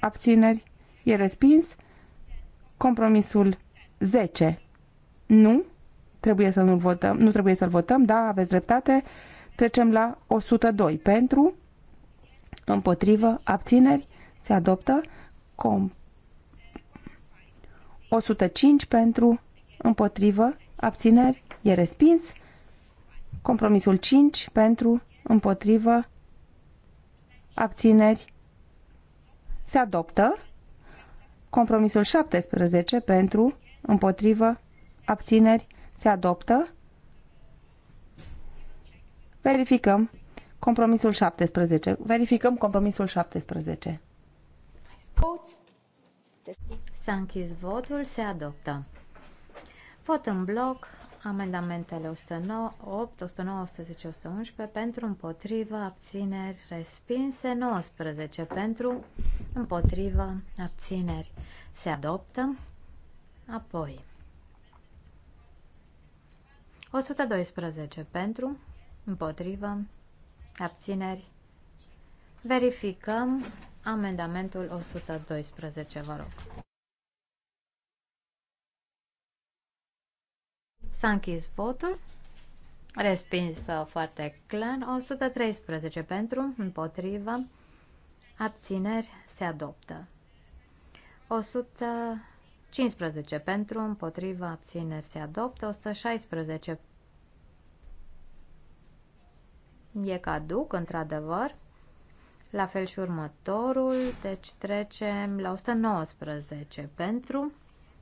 Speaker 1: abțineri, e respins. Compromisul 10, nu, trebuie să nu votăm, nu trebuie să-l votăm, da, aveți dreptate. Trecem la 102, pentru, împotrivă, abțineri, se adoptă. Com 105 pentru, împotrivă, abțineri, e respins. Compromisul 5 pentru, împotrivă, abțineri, se adoptă. Compromisul 17 pentru, împotrivă, abțineri, se adoptă. Verificăm compromisul 17. Verificăm compromisul 17.
Speaker 4: S-a închis votul, se adoptă. Vot în bloc Amendamentele 108, 109, 110, 111 pentru, împotrivă, abțineri, respinse, 19 pentru, împotrivă, abțineri, se adoptă. Apoi, 112 pentru, împotrivă, abțineri. Verificăm amendamentul 112, vă rog. S-a închis votul. Respins uh, foarte clar. 113 pentru, împotrivă. Abțineri se adoptă. 115 pentru, împotrivă, abțineri se adoptă. 116 e caduc, într-adevăr. La fel și următorul, deci trecem la 119 pentru,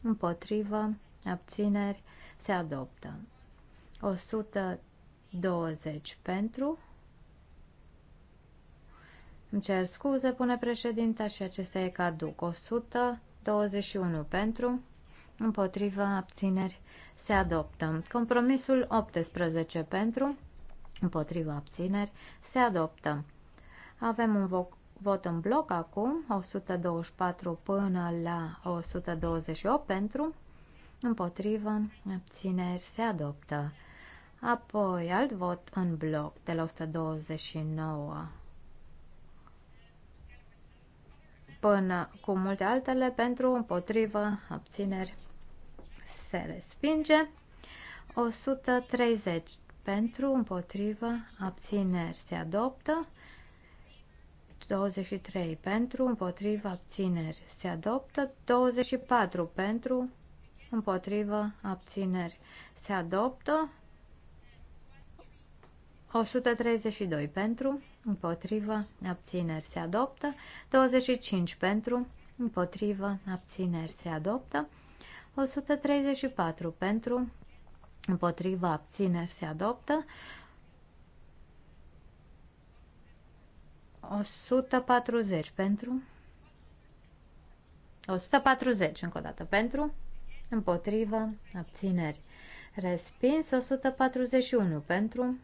Speaker 4: împotrivă, abțineri, se adoptă. 120 pentru. Îmi cer scuze, pune președinta și acesta e caduc. 121 pentru. Împotrivă abțineri se adoptă. Compromisul 18 pentru. Împotrivă abțineri se adoptă. Avem un vot vot în bloc acum, 124 până la 128 pentru, împotrivă, abțineri, se adoptă. Apoi, alt vot în bloc de la 129 până cu multe altele pentru, împotrivă, abțineri, se respinge. 130 pentru, împotrivă, abțineri, se adoptă. 23 pentru, împotrivă, abțineri, se adoptă. 24 pentru, împotrivă, abțineri se adoptă. 132 pentru, împotrivă, abțineri se adoptă. 25 pentru, împotrivă, abțineri se adoptă. 134 pentru, împotrivă, abțineri se adoptă. 140 pentru 140 încă o dată pentru împotrivă, abțineri. Respins 141 pentru,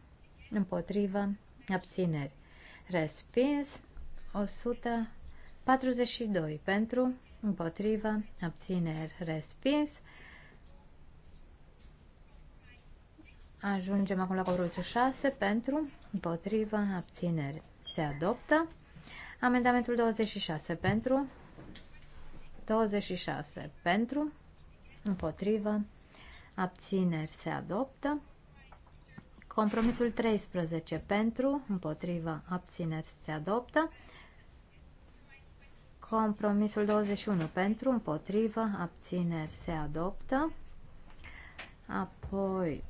Speaker 4: împotrivă, abțineri. Respins 142 pentru, împotrivă, abțineri. Respins. Ajungem acum la compromisul 6 pentru, împotrivă, abțineri. Se adoptă. Amendamentul 26 pentru, 26 pentru, împotrivă, abțineri se adoptă. Compromisul 13 pentru, împotrivă, abțineri se adoptă. Compromisul 21 pentru, împotrivă, abțineri se adoptă. Apoi,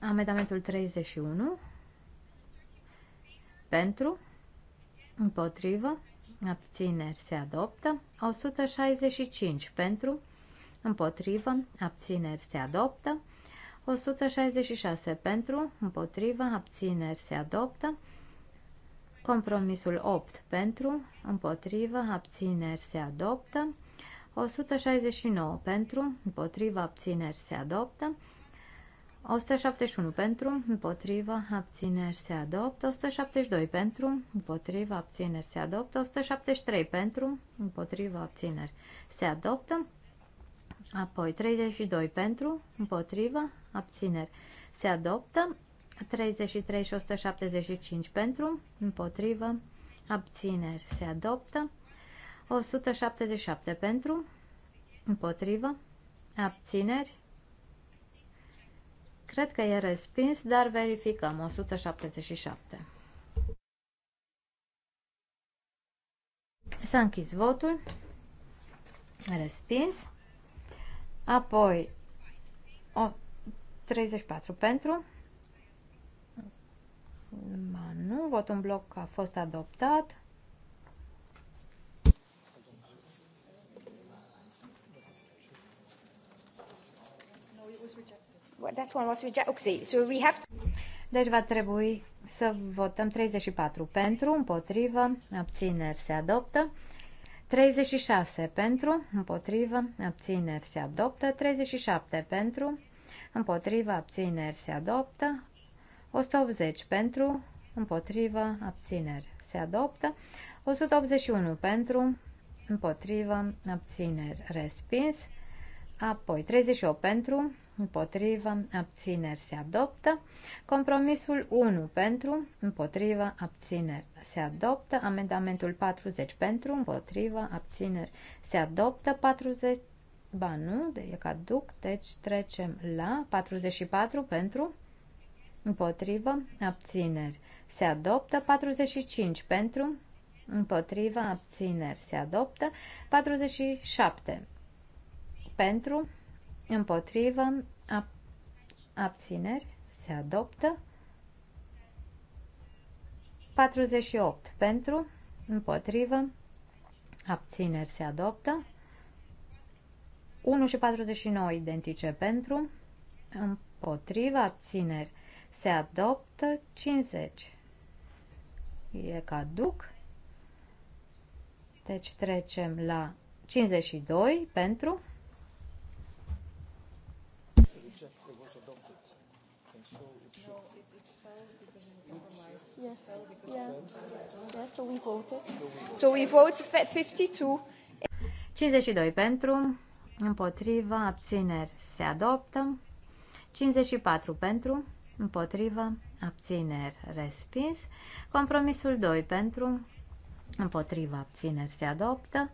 Speaker 4: amendamentul 31 pentru, împotrivă, abțineri se adoptă. 165 pentru, împotrivă, abțineri se adoptă. 166 pentru, împotrivă, abțineri se adoptă. Compromisul 8 pentru, împotrivă, abțineri se adoptă. 169 pentru, împotrivă, abțineri se adoptă. 171 pentru, împotrivă, abțineri se adoptă, 172 pentru, împotrivă, abțineri se adoptă, 173 pentru, împotrivă, abțineri se adoptă, Apoi 32 pentru, împotrivă, abțineri. Se adoptă 33 și 175 pentru, împotrivă, abțineri. Se adoptă 177 pentru, împotrivă, abțineri. Cred că e respins, dar verificăm. 177. S-a închis votul. Respins. Apoi, o, 34 pentru. Ma nu, votul în bloc a fost adoptat. Deci va trebui să votăm 34 pentru, împotrivă, abțineri se adoptă. 36 pentru, împotrivă, abțineri se adoptă. 37 pentru, împotrivă, abțineri se adoptă. 180 pentru, împotrivă, abțineri se adoptă. 181 pentru, împotrivă, abțineri respins. Apoi 38 pentru, împotrivă, abțineri se adoptă. Compromisul 1 pentru, împotrivă, abțineri se adoptă. Amendamentul 40 pentru, împotrivă, abțineri se adoptă. 40, ba nu, de e caduc, deci trecem la 44 pentru, împotrivă, abțineri se adoptă. 45 pentru, împotrivă, abțineri se adoptă 47 pentru împotrivă, ab- abțineri, se adoptă. 48 pentru, împotrivă, abțineri, se adoptă. 1 și 49 identice pentru, împotrivă, abțineri, se adoptă. 50 e caduc. Deci trecem la 52 pentru so we 52. 52 pentru, împotrivă, abțineri se adoptă. 54 pentru, împotrivă, abțineri respins. Compromisul 2 pentru, împotrivă, abțineri se adoptă.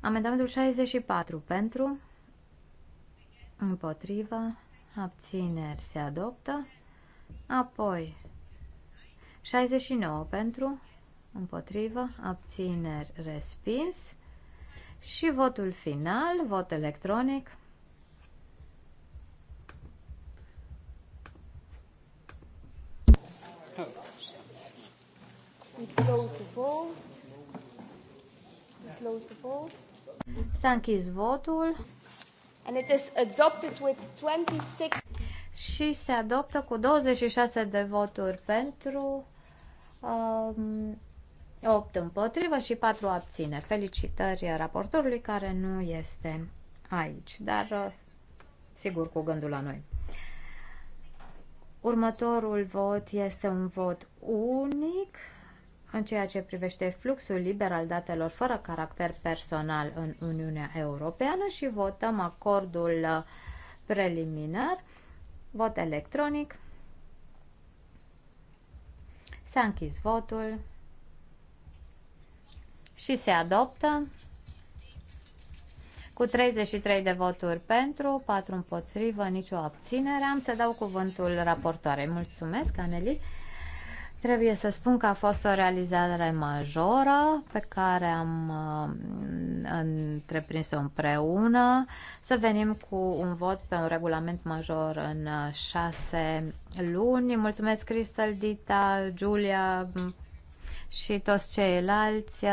Speaker 4: Amendamentul 64 pentru, împotrivă, abțineri se adoptă. Apoi, 69 pentru, împotrivă, abțineri, respins. Și votul final, vot electronic. S-a închis votul. And it is adopted with 26 și se adoptă cu 26 de voturi pentru, um, 8 împotrivă și 4 abține. Felicitări raportorului care nu este aici, dar uh, sigur cu gândul la noi. Următorul vot este un vot unic în ceea ce privește fluxul liber al datelor fără caracter personal în Uniunea Europeană și votăm acordul uh, preliminar Vot electronic. S-a închis votul și se adoptă cu 33 de voturi pentru, 4 împotrivă, nicio abținere. Am să dau cuvântul raportoare. Mulțumesc, Aneli. Trebuie să spun că a fost o realizare majoră pe care am uh, întreprins-o împreună să venim cu un vot pe un regulament major în uh, șase luni. Mulțumesc Cristel, Dita, Giulia mm, și toți ceilalți.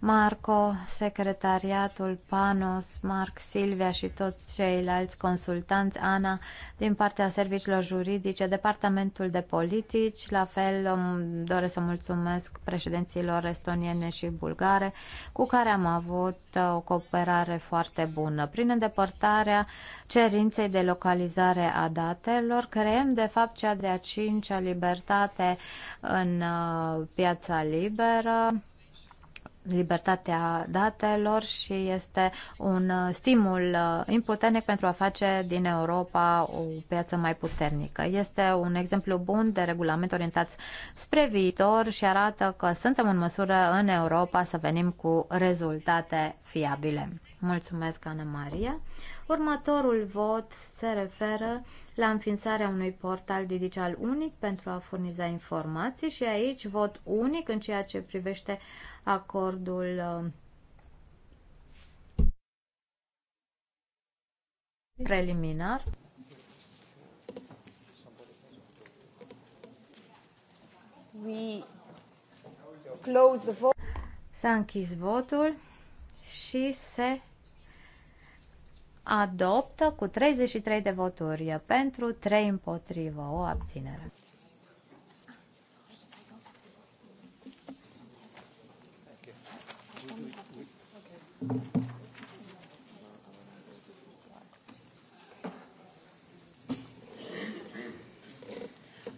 Speaker 4: Marco, secretariatul Panos, Marc, Silvia și toți ceilalți consultanți, Ana, din partea serviciilor juridice, departamentul de politici, la fel doresc să mulțumesc președinților estoniene și bulgare, cu care am avut uh, o cooperare foarte bună. Prin îndepărtarea cerinței de localizare a datelor, creăm de fapt cea de-a cincea libertate în uh, piața liberă, libertatea datelor și este un uh, stimul uh, important pentru a face din Europa o piață mai puternică. Este un exemplu bun de regulament orientat spre viitor și arată că suntem în măsură în Europa să venim cu rezultate fiabile. Mulțumesc, Ana Maria. Următorul vot se referă la înființarea unui portal digital unic pentru a furniza informații și aici vot unic în ceea ce privește acordul uh, preliminar. We close the vote. S-a închis votul și se adoptă cu 33 de voturi pentru, 3 împotrivă, o abținere.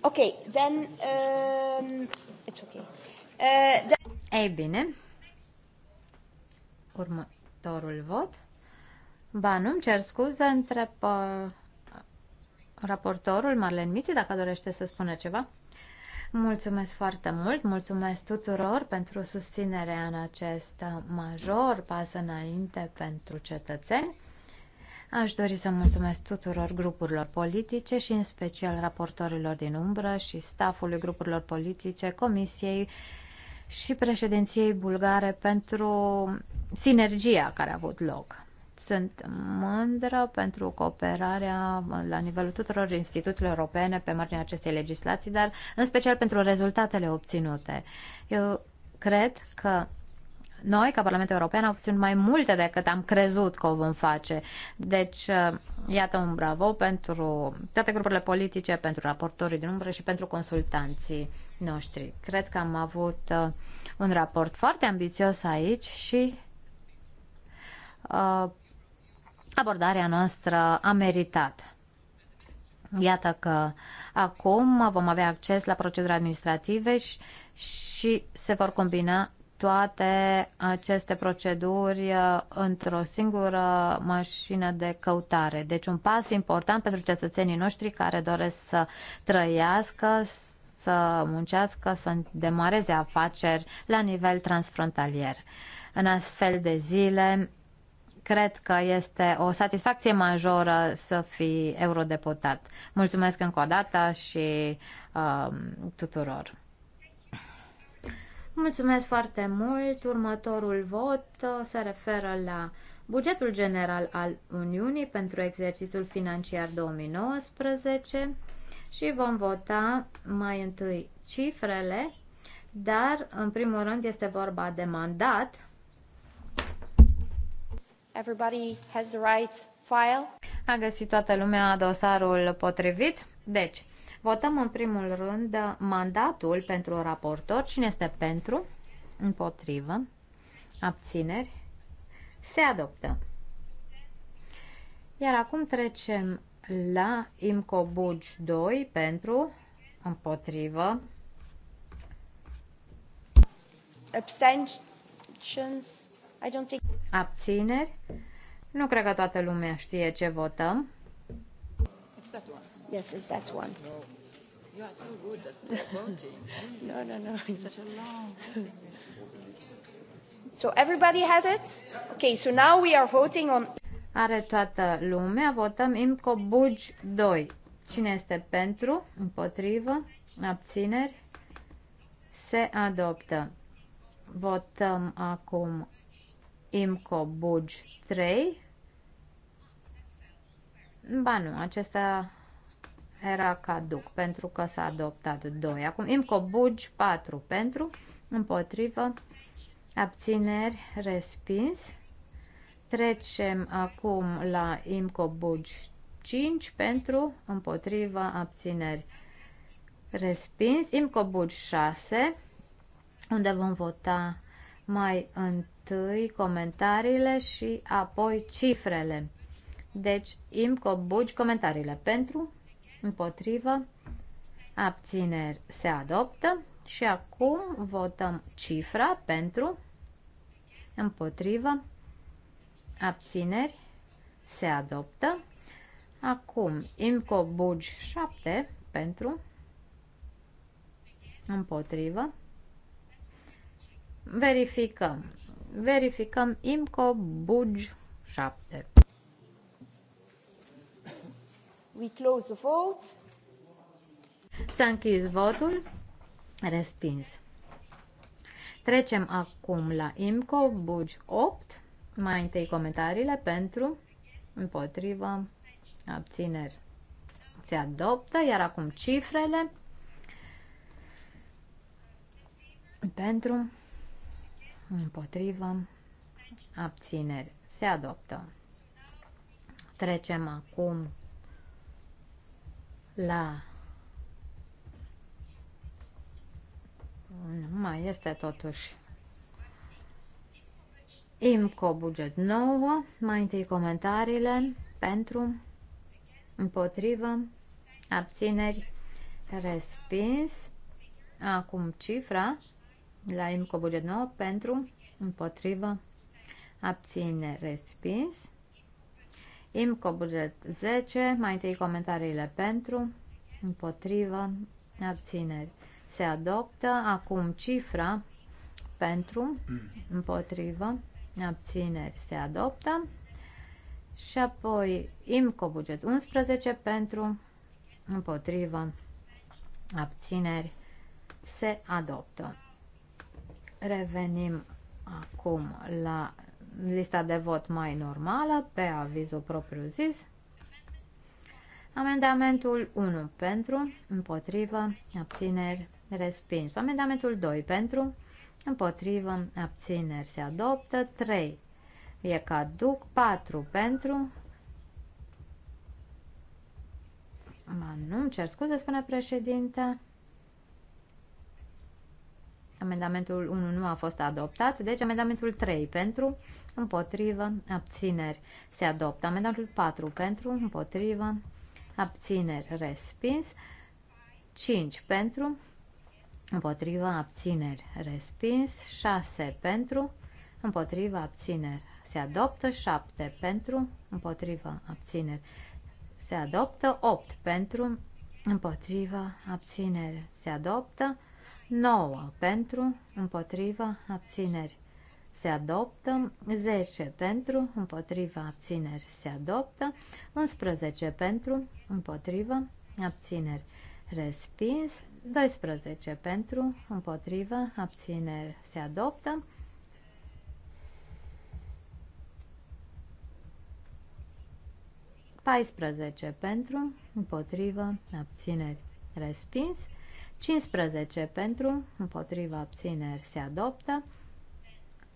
Speaker 4: Ok, then um, it's okay. Uh, Ei bine, următorul vot. Ba, nu-mi cer scuze, întreb uh, raportorul Marlen Miti dacă dorește să spună ceva. Mulțumesc foarte mult, mulțumesc tuturor pentru susținerea în acest major pas înainte pentru cetățeni. Aș dori să mulțumesc tuturor grupurilor politice și în special raportorilor din umbră și stafului grupurilor politice, comisiei și președinției bulgare pentru sinergia care a avut loc. Sunt mândră pentru cooperarea la nivelul tuturor instituțiilor europene pe marginea acestei legislații, dar în special pentru rezultatele obținute. Eu cred că noi, ca Parlamentul European, am obținut mai multe decât am crezut că o vom face. Deci, uh, iată un bravo pentru toate grupurile politice, pentru raportorii din umbră și pentru consultanții noștri. Cred că am avut uh, un raport foarte ambițios aici și uh, abordarea noastră a meritat. Iată că acum vom avea acces la proceduri administrative și, și se vor combina toate aceste proceduri uh, într-o singură mașină de căutare. Deci un pas important pentru cetățenii noștri care doresc să trăiască, să muncească, să demareze afaceri la nivel transfrontalier. În astfel de zile Cred că este o satisfacție majoră să fii eurodeputat. Mulțumesc încă o dată și uh, tuturor. Mulțumesc foarte mult. Următorul vot uh, se referă la bugetul general al Uniunii pentru exercițiul financiar 2019 și vom vota mai întâi cifrele, dar în primul rând este vorba de mandat
Speaker 1: Everybody has the right file.
Speaker 4: A găsit toată lumea dosarul potrivit? Deci, votăm în primul rând mandatul pentru raportor. Cine este pentru? Împotrivă. Abțineri. Se adoptă. Iar acum trecem la IMCO Bugi 2 pentru împotrivă. Abstentions. Abțineri? Nu cred că toată lumea știe ce votăm.
Speaker 6: Yes, it's that's one.
Speaker 3: You are so good at voting. no, no, no.
Speaker 4: So everybody has it? Okay, so now we are voting on Are toată lumea, votăm IMCO Bugi 2. Cine este pentru, împotrivă, abțineri? Se adoptă. Votăm acum IMCO Buge 3. Ba nu, acesta era caduc pentru că s-a adoptat 2. Acum IMCO Buge 4 pentru, împotrivă, abțineri, respins. Trecem acum la IMCO Buge 5 pentru, împotrivă, abțineri, respins. IMCO Buge 6, unde vom vota mai întâi întâi comentariile și apoi cifrele. Deci, IMCO, bugi, comentariile pentru, împotrivă, abțineri se adoptă și acum votăm cifra pentru, împotrivă, abțineri se adoptă. Acum, IMCO, bugi 7 pentru, împotrivă, verificăm verificăm IMCO Bugi 7. We close the vote. S-a închis votul. Respins. Trecem acum la IMCO Bugi 8. Mai întâi comentariile pentru, împotrivă, abțineri. Se adoptă, iar acum cifrele pentru împotrivă, abțineri, se adoptă. Trecem acum la nu mai este totuși IMCO buget nouă. mai întâi comentariile pentru împotrivă abțineri respins acum cifra la cu buget 9 pentru, împotrivă, abține, respins. cu buget 10, mai întâi comentariile pentru, împotrivă, abțineri. Se adoptă acum cifra pentru, împotrivă, abțineri. Se adoptă și apoi cu buget 11 pentru, împotrivă, abțineri. Se adoptă. Revenim acum la lista de vot mai normală, pe avizul propriu-zis. Amendamentul 1 pentru, împotrivă, abțineri, respins. Amendamentul 2 pentru, împotrivă, abțineri, se adoptă. 3 e caduc, 4 pentru, mă, nu cer scuze, spune președinte. Amendamentul 1 nu a fost adoptat, deci amendamentul 3 pentru, împotrivă, abțineri se adoptă. Amendamentul 4 pentru, împotrivă, abțineri respins. 5 pentru, împotrivă, abțineri respins. 6 pentru, împotrivă, abțineri se adoptă. 7 pentru, împotrivă, abțineri se adoptă. 8 pentru, împotrivă, abțineri se adoptă. 9 pentru, împotriva, abțineri se adoptă, 10 pentru, împotriva, abțineri se adoptă, 11 pentru, împotriva, abțineri respins, 12 pentru, împotriva, abțineri se adoptă, 14 pentru, împotriva abțineri, respins. 15 pentru, împotriva abțineri se adoptă.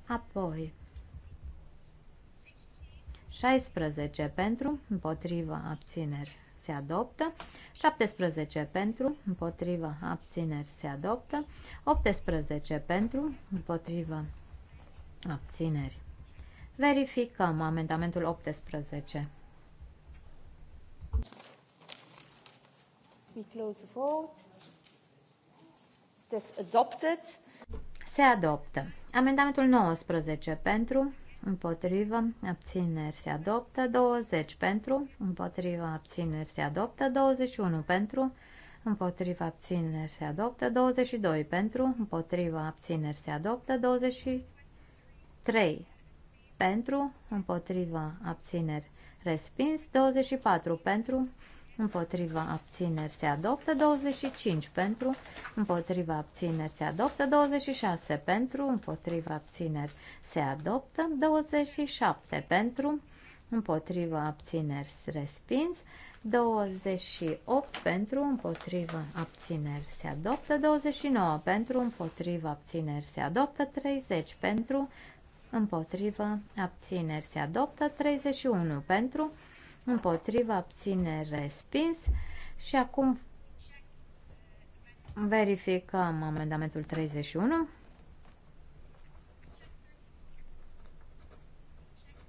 Speaker 4: Apoi 16 pentru, împotriva abțineri se adoptă, 17 pentru, împotriva abțineri se adoptă, 18 pentru, împotriva abțineri. Verificăm amendamentul 18.
Speaker 1: We close the vote.
Speaker 4: Se adoptă. Amendamentul 19 pentru, împotrivă, abțineri se adoptă, 20 pentru, împotrivă, abțineri se adoptă, 21 pentru, împotriva abțineri se adoptă, 22 pentru, împotriva abțineri se adoptă, 23 pentru, împotriva abțineri respins, 24 pentru, împotriva abțineri se adoptă, 25 pentru, împotriva abțineri se adoptă, 26 pentru, împotriva abțineri se adoptă, 27 pentru, împotriva abțineri respins, 28 pentru, împotriva abțineri se adoptă, 29 pentru, împotriva abțineri se adoptă, 30 pentru, împotriva abțineri se adoptă, 31 pentru, împotriva, abțineri, respins. Și acum verificăm amendamentul 31.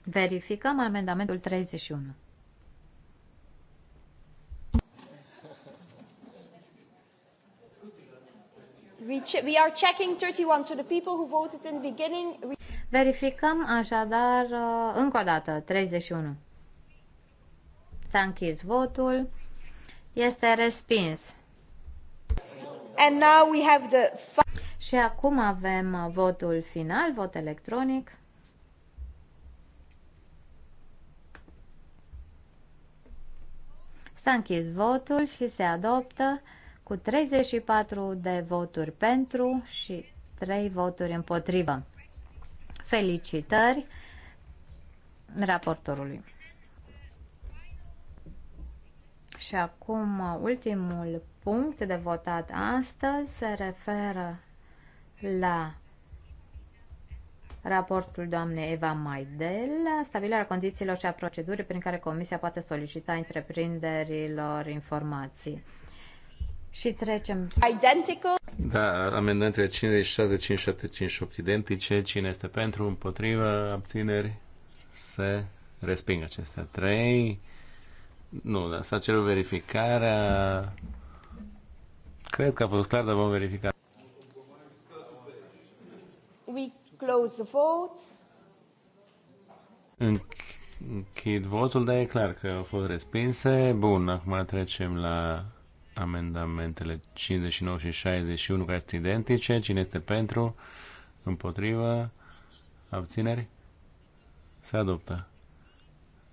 Speaker 4: Verificăm amendamentul 31. We are checking 31, so the people who voted in the beginning... Verificăm așadar uh, încă o dată 31. S-a închis votul. Este respins. And now we have the... Și acum avem votul final, vot electronic. S-a închis votul și se adoptă cu 34 de voturi pentru și 3 voturi împotrivă. Felicitări raportorului. Și acum uh, ultimul punct de votat astăzi se referă la raportul doamnei Eva Maidel, stabilirea condițiilor și a procedurii prin care Comisia poate solicita întreprinderilor informații. Și trecem. Identical.
Speaker 2: Da, amendamentele 56, 57, 58 identice. Cine este pentru, împotrivă, abțineri, se resping acestea. Trei. Nu, dar s-a cerut verificarea. Cred că a fost clar, dar vom verifica.
Speaker 1: We close the vote.
Speaker 2: Închid votul, dar e clar că au fost respinse. Bun, acum trecem la amendamentele 59 și 61 care sunt identice. Cine este pentru? Împotrivă? Abțineri? Se adoptă.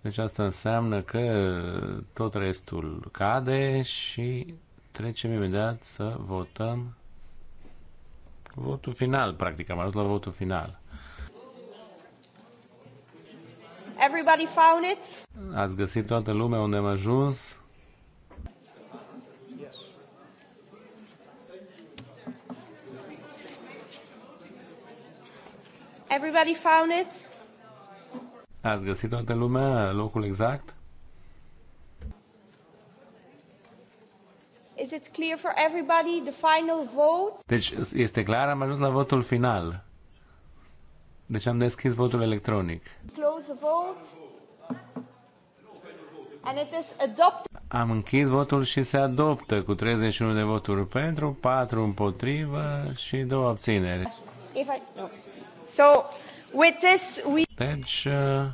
Speaker 2: Deci asta înseamnă că tot restul cade și trecem imediat să votăm votul final, practic. Am ajuns la votul final.
Speaker 1: Everybody found it?
Speaker 2: Ați găsit toată lumea unde am ajuns?
Speaker 1: Everybody found it?
Speaker 2: Ați găsit toată lumea locul exact?
Speaker 1: Is it clear for everybody the final vote?
Speaker 2: Deci este clar, am ajuns la votul final. Deci am deschis votul electronic.
Speaker 3: Close the vote. And it is adopted.
Speaker 2: Am închis votul și se adoptă cu 31 de voturi pentru, 4 împotrivă și 2 abțineri.
Speaker 1: If I... no. So,
Speaker 2: deci, uh,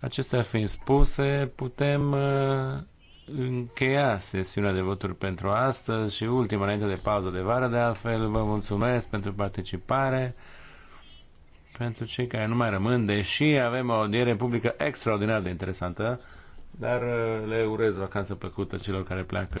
Speaker 2: acestea fiind spuse, putem uh, încheia sesiunea de voturi pentru astăzi și ultima înainte de pauză de vară. De altfel, vă mulțumesc pentru participare. Pentru cei care nu mai rămân, deși avem o audiere publică extraordinar de interesantă, dar uh, le urez vacanță plăcută celor care pleacă.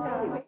Speaker 3: Thank you.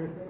Speaker 3: Thank you.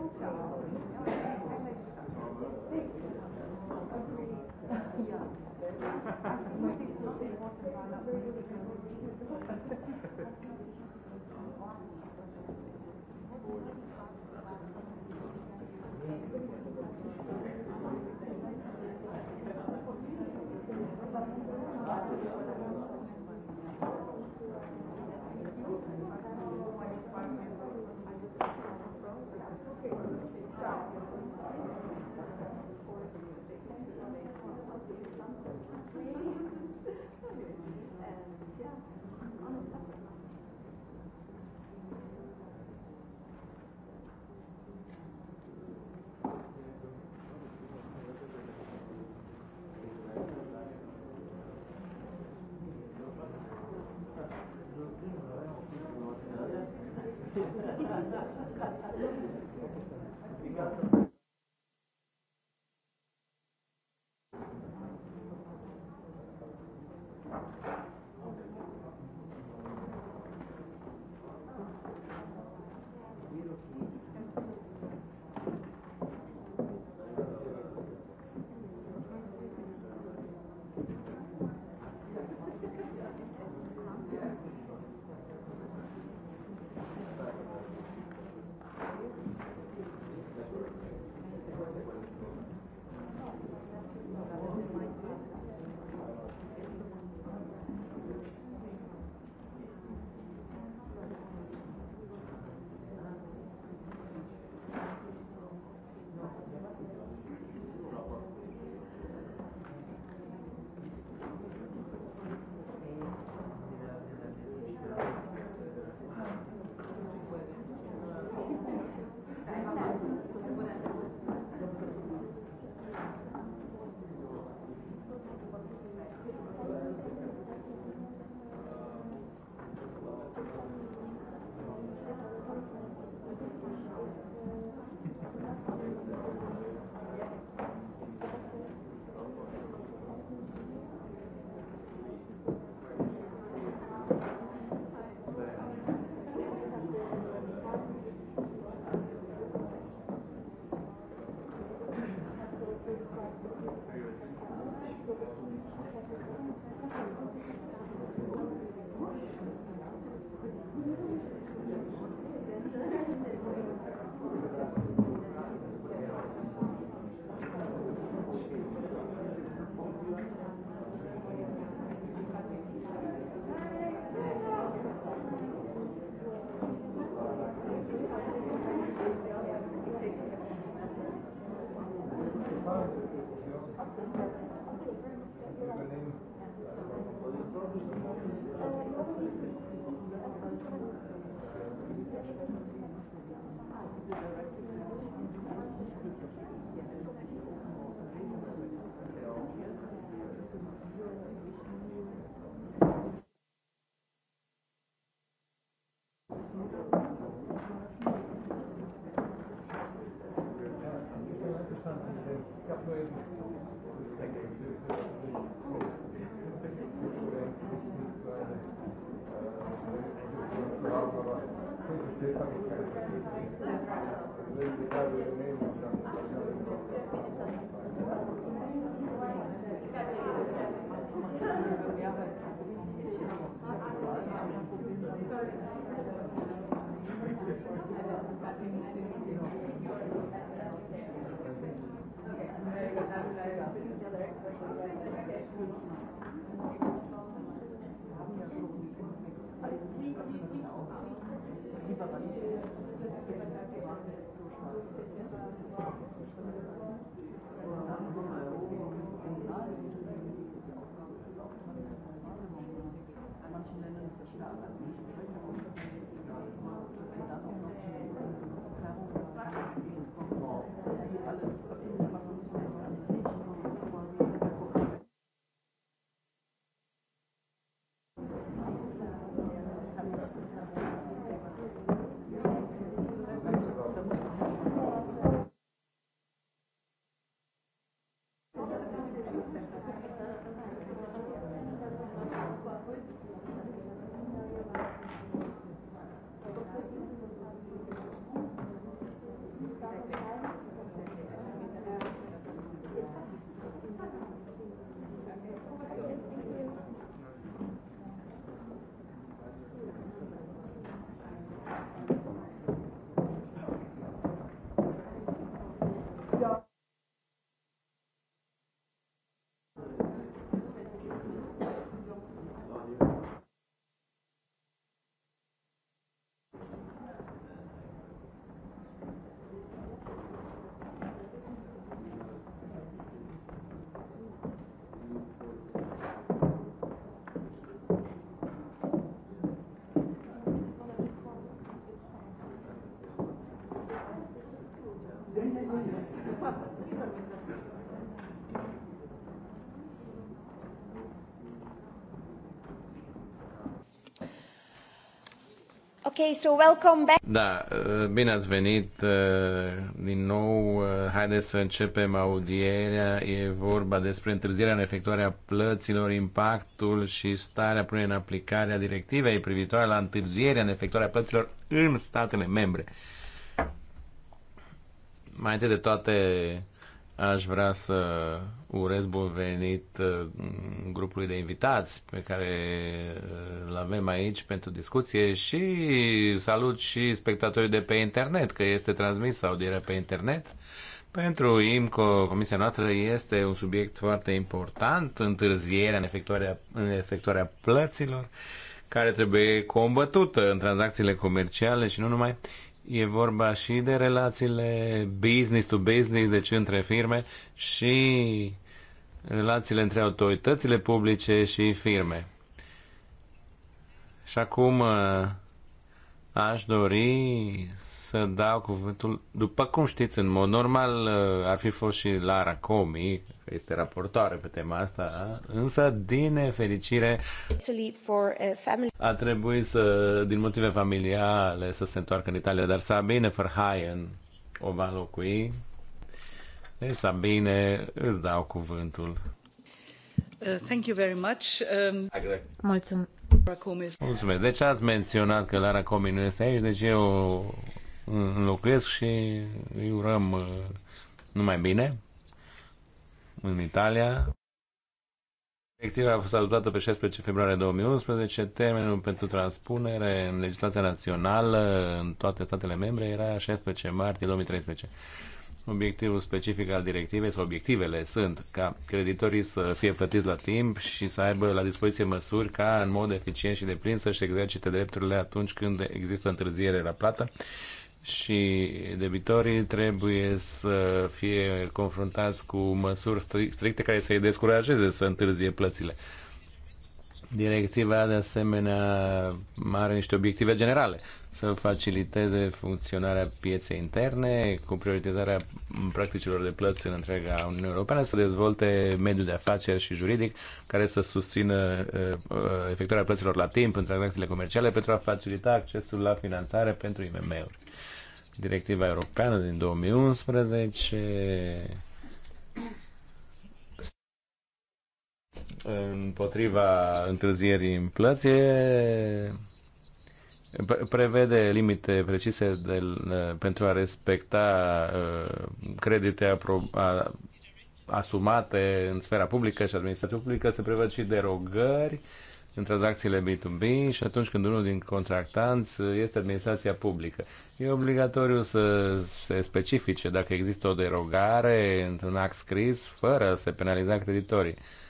Speaker 4: Ok, so welcome back.
Speaker 2: Da, uh, bine ați venit uh, din nou. Uh, haideți să începem audierea. E vorba despre întârzierea în efectuarea plăților, impactul și starea până în aplicarea directivei privitoare la întârzierea în efectuarea plăților în statele membre. Mai întâi de toate, Aș vrea să urez bun venit uh, grupului de invitați pe care uh, îl avem aici pentru discuție și salut și spectatorii de pe internet, că este transmis audierea pe internet. Pentru IMCO, Comisia noastră este un subiect foarte important, întârzierea în efectuarea, în efectuarea plăților, care trebuie combătută în tranzacțiile comerciale și nu numai. E vorba și de relațiile business to business, deci între firme și relațiile între autoritățile publice și firme. Și acum uh, aș dori să dau cuvântul, după cum știți, în mod normal uh, ar fi fost și Lara Comi, că este raportoare pe tema asta, însă, din nefericire, a trebuit să, din motive familiale, să se întoarcă în Italia, dar Sabine Verhaien o va locui. Deci, Sabine, îți dau cuvântul.
Speaker 6: Uh, thank you very much.
Speaker 4: Um... Mulțumesc. Mulțumesc.
Speaker 2: Deci ați menționat că Lara Comi nu este aici, deci eu înlocuiesc și îi urăm uh, numai bine în Italia. Directiva a fost adoptată pe 16 februarie 2011. Termenul pentru transpunere în legislația națională în toate statele membre era 16 martie 2013. Obiectivul specific al directivei sau obiectivele sunt ca creditorii să fie plătiți la timp și să aibă la dispoziție măsuri ca în mod eficient și deplin să-și exercite drepturile atunci când există întârziere la plată și debitorii trebuie să fie confruntați cu măsuri stricte care să-i descurajeze să întârzie plățile. Directiva, de asemenea, are niște obiective generale. Să faciliteze funcționarea pieței interne cu prioritizarea practicilor de plăți în întreaga Uniune Europeană, să dezvolte mediul de afaceri și juridic care să susțină uh, uh, efectuarea plăților la timp în tranzacțiile comerciale pentru a facilita accesul la finanțare pentru IMM-uri. Directiva europeană din 2011 împotriva întârzierii în plăți prevede limite precise de, pentru a respecta uh, credite apro, a, asumate în sfera publică și administrația publică, se prevăd și derogări în tranzacțiile B2B și atunci când unul din contractanți este administrația publică. E obligatoriu să se specifice dacă există o derogare într-un act scris fără să penaliza creditorii. Uh,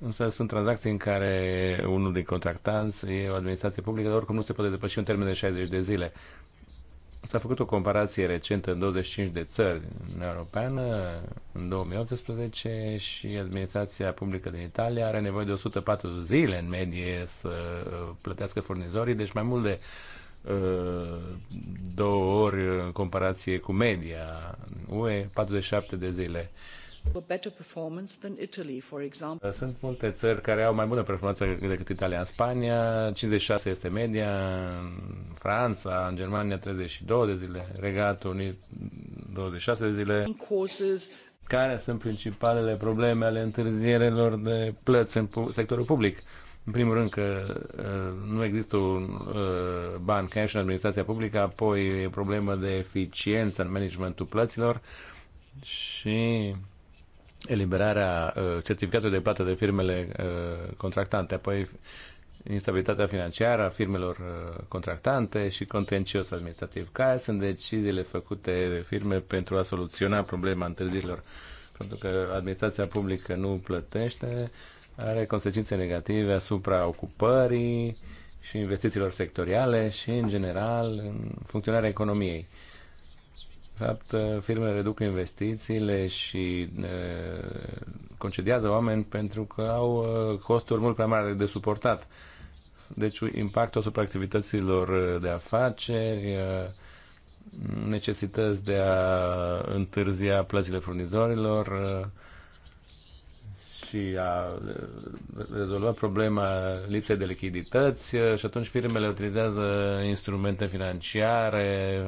Speaker 2: Însă sunt tranzacții în care unul din contractanți e o administrație publică, dar oricum nu se poate depăși un termen de 60 de zile. S-a făcut o comparație recentă în 25 de țări în Europeană, în 2018, și administrația publică din Italia are nevoie de 104 zile în medie să uh, plătească furnizorii, deci mai mult de uh, două ori în comparație cu media UE, 47 de zile. Sunt multe țări care au mai bună performanță decât Italia. În Spania 56 este media, în Franța, în Germania 32 de zile, Regatul Unit 26 de zile. Care sunt principalele probleme ale întârzierelor de plăți în sectorul public? În primul rând că uh, nu există un uh, ban cash în administrația publică, apoi e problemă de eficiență în managementul plăților și eliberarea uh, certificatului de plată de firmele uh, contractante, apoi instabilitatea financiară a firmelor uh, contractante și contencios administrativ. Care sunt deciziile făcute de firme pentru a soluționa problema întârzirilor? Pentru că administrația publică nu plătește, are consecințe negative asupra ocupării și investițiilor sectoriale și, în general, în funcționarea economiei. De fapt, uh, firmele reduc investițiile și uh, concediază oameni pentru că au uh, costuri mult prea mari de suportat. Deci impactul asupra activităților de afaceri, necesități de a întârzia plățile furnizorilor și a rezolva problema lipsei de lichidități și atunci firmele utilizează instrumente financiare,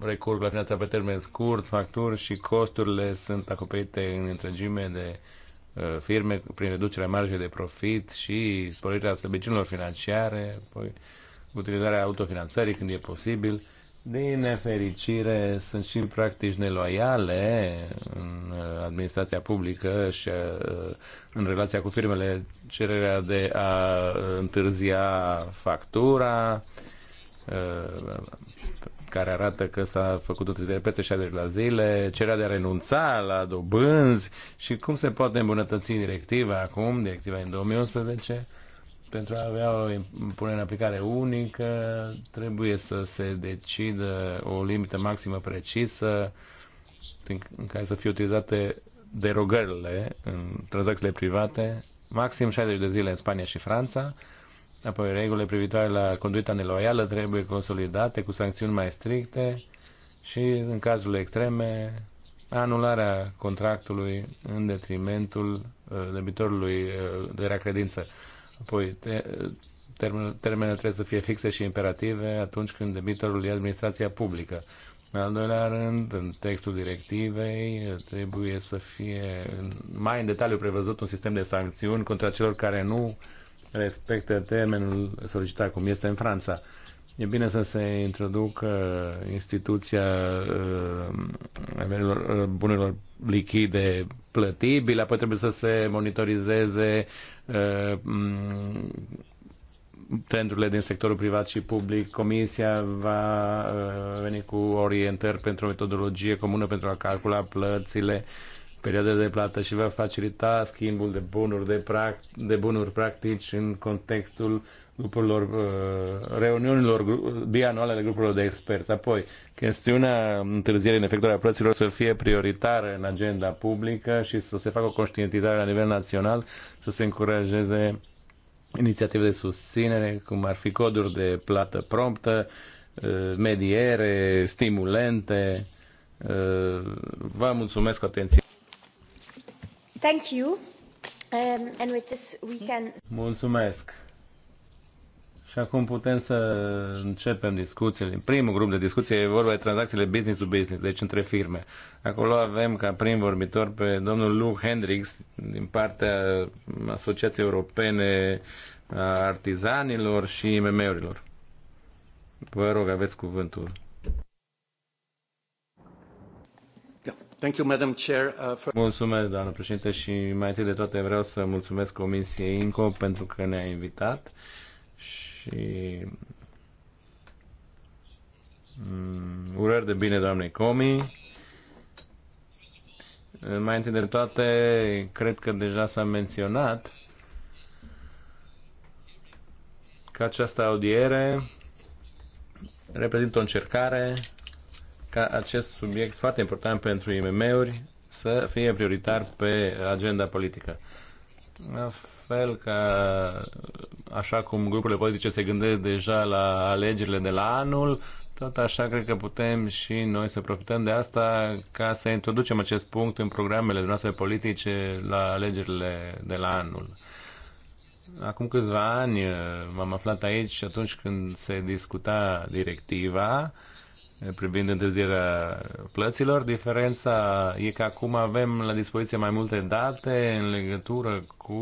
Speaker 2: recurg la finanța pe termen scurt, facturi și costurile sunt acoperite în întregime de uh, firme prin reducerea marjei de profit și sporirea slăbiciunilor financiare, apoi utilizarea autofinanțării când e posibil. Din nefericire, sunt și practici neloiale în uh, administrația publică și uh, în relația cu firmele, cererea de a întârzia factura, care arată că s-a făcut o trezire peste 60 la zile, cererea de a renunța la dobânzi și cum se poate îmbunătăți directiva acum, directiva în 2011, pentru a avea o punere în aplicare unică, trebuie să se decidă o limită maximă precisă în care să fie utilizate derogările în tranzacțiile private, maxim 60 de zile în Spania și Franța, Apoi, regulile privitoare la conduita neloială trebuie consolidate cu sancțiuni mai stricte și, în cazurile extreme, anularea contractului în detrimentul uh, debitorului uh, de rea credință. Apoi, te, termenele trebuie să fie fixe și imperative atunci când debitorul e administrația publică. În al doilea rând, în textul directivei uh, trebuie să fie mai în detaliu prevăzut un sistem de sancțiuni contra celor care nu uh, respectă termenul solicitat, cum este în Franța. E bine să se introducă instituția uh, uh bunurilor lichide plătibile, apoi trebuie să se monitorizeze uh, trendurile din sectorul privat și public. Comisia va uh, veni cu orientări pentru o metodologie comună pentru a calcula plățile uh, perioade de plată și va facilita schimbul de bunuri, de, prac- de bunuri practici în contextul grupurilor, uh, reuniunilor bianuale ale grupurilor de experți. Apoi, chestiunea întârzierii în efectuarea plăților să fie prioritară în agenda publică și să se facă o conștientizare la nivel național, să se încurajeze inițiative de susținere, cum ar fi coduri de plată promptă, uh, mediere, stimulente. Uh, vă mulțumesc cu atenție.
Speaker 1: Um,
Speaker 2: Mulțumesc. Și acum putem să începem discuțiile. În primul grup de discuție e vorba de tranzacțiile business to business, deci între firme. Acolo avem ca prim vorbitor pe domnul Luke Hendricks din partea Asociației Europene a Artizanilor și MM-urilor. Vă rog, aveți cuvântul.
Speaker 3: Thank you, Madam Chair, uh, for...
Speaker 2: Mulțumesc, doamnă președinte, și mai întâi de toate vreau să mulțumesc Comisiei INCO pentru că ne-a invitat și mm, urări de bine doamnei Comi. Mai întâi de toate, cred că deja s-a menționat că această audiere reprezintă o încercare ca acest subiect foarte important pentru IMM-uri să fie prioritar pe agenda politică. La fel ca așa cum grupurile politice se gândesc deja la alegerile de la anul, tot așa cred că putem și noi să profităm de asta ca să introducem acest punct în programele noastre politice la alegerile de la anul. Acum câțiva ani uh, m-am aflat aici atunci când se discuta directiva privind întârzierea plăților. Diferența e că acum avem la dispoziție mai multe date în legătură cu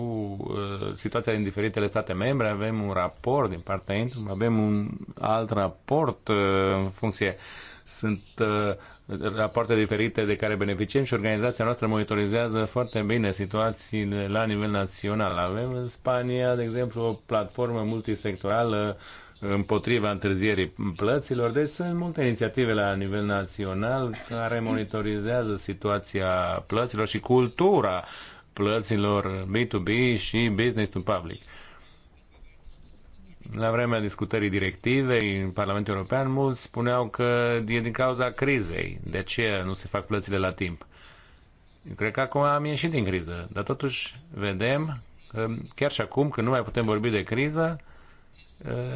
Speaker 2: uh, situația din diferitele state membre. Avem un raport din partea intrum, avem un alt raport uh, în funcție. Sunt uh, rapoarte diferite de care beneficiem și organizația noastră monitorizează foarte bine situații la nivel național. Avem în Spania, de exemplu, o platformă multisectorală uh, împotriva întârzierii plăților. Deci sunt multe inițiative la nivel național care monitorizează situația plăților și cultura plăților B2B și business to public. La vremea discutării directivei în Parlamentul European, mulți spuneau că e din cauza crizei, de ce nu se fac plățile la timp. Eu cred că acum am ieșit din criză, dar totuși vedem că chiar și acum, când nu mai putem vorbi de criză,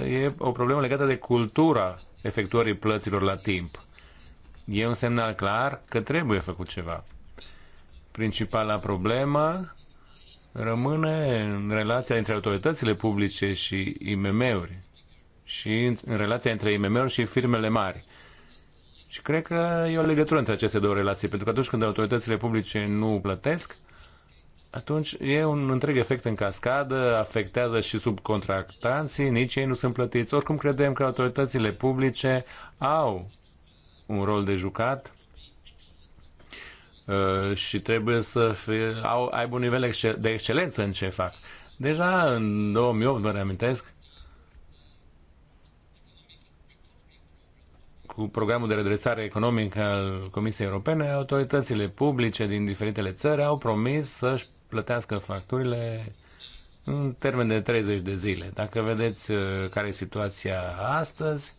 Speaker 2: e o problemă legată de cultura efectuării plăților la timp. E un semnal clar că trebuie făcut ceva. Principala problemă rămâne în relația între autoritățile publice și IMM-uri și în relația între IMM-uri și firmele mari. Și cred că e o legătură între aceste două relații, pentru că atunci când autoritățile publice nu plătesc, atunci e un întreg efect în cascadă, afectează și subcontractanții, nici ei nu sunt plătiți. Oricum credem că autoritățile publice au un rol de jucat uh, și trebuie să fie, au, aibă un nivel de excelență în ce fac. Deja în 2008, vă reamintesc, cu programul de redresare economică al Comisiei Europene, autoritățile publice din diferitele țări au promis să-și plătească facturile în termen de 30 de zile. Dacă vedeți uh, care e situația astăzi,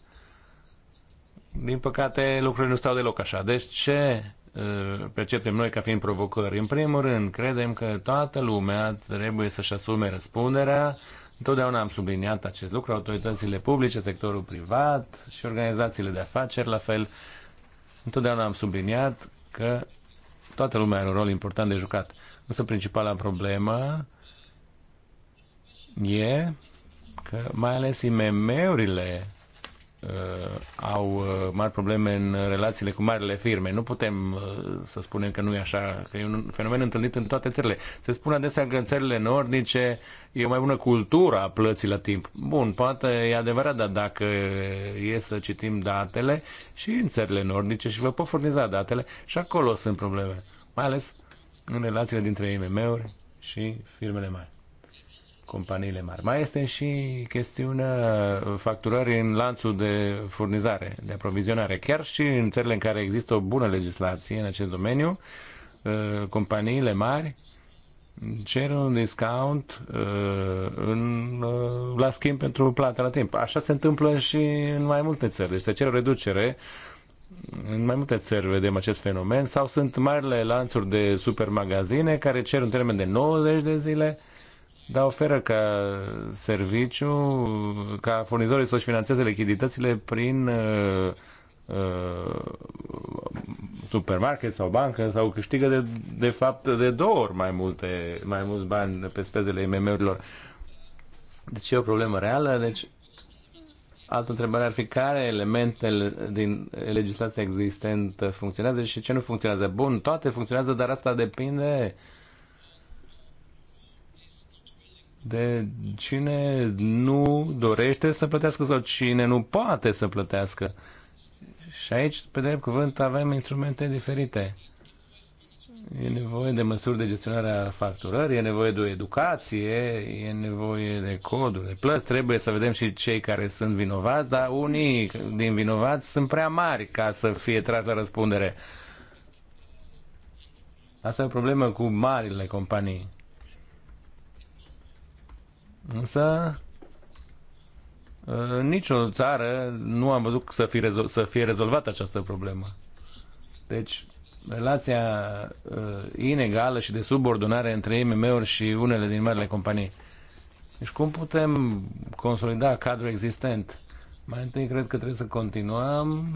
Speaker 2: din păcate lucrurile nu stau deloc așa. Deci ce uh, percepem noi ca fiind provocări? În primul rând, credem că toată lumea trebuie să-și asume răspunderea. Întotdeauna am subliniat acest lucru, autoritățile publice, sectorul privat și organizațiile de afaceri, la fel. Întotdeauna am subliniat că toată lumea are un rol important de jucat. Însă principala problemă e că mai ales IMM-urile uh, au uh, mari probleme în relațiile cu marile firme. Nu putem uh, să spunem că nu e așa, că e un fenomen întâlnit în toate țările. Se spune adesea că în țările nordice e o mai bună cultură a plății la timp. Bun, poate e adevărat, dar dacă e să citim datele și în țările nordice și vă pot furniza datele și acolo sunt probleme. Mai ales în relațiile dintre IMM-uri și firmele mari, companiile mari. Mai este și chestiunea facturării în lanțul de furnizare, de aprovizionare. Chiar și în țările în care există o bună legislație în acest domeniu, eh, companiile mari cer un discount uh, în, uh, la schimb pentru plata la timp. Așa se întâmplă și în mai multe țări. Deci se cer o reducere în mai multe țări vedem acest fenomen sau sunt marile lanțuri de supermagazine care cer un termen de 90 de zile dar oferă ca serviciu ca furnizorii să-și financeze lichiditățile prin uh, uh, supermarket sau bancă sau câștigă de, de fapt de două ori mai multe mai mulți bani pe spezele MM-urilor. Deci e o problemă reală, deci Altă întrebare ar fi care elementele din legislația existentă funcționează și ce nu funcționează. Bun, toate funcționează, dar asta depinde de cine nu dorește să plătească sau cine nu poate să plătească. Și aici, pe drept cuvânt, avem instrumente diferite. E nevoie de măsuri de gestionare a facturării, e nevoie de o educație, e nevoie de coduri, de plăți. Trebuie să vedem și cei care sunt vinovați, dar unii din vinovați sunt prea mari ca să fie trași la răspundere. Asta e o problemă cu marile companii. Însă, nicio țară nu am văzut să fie, să fie rezolvată această problemă. Deci, relația uh, inegală și de subordonare între IMM-uri și unele din marile companii. Deci cum putem consolida cadrul existent? Mai întâi cred că trebuie să continuăm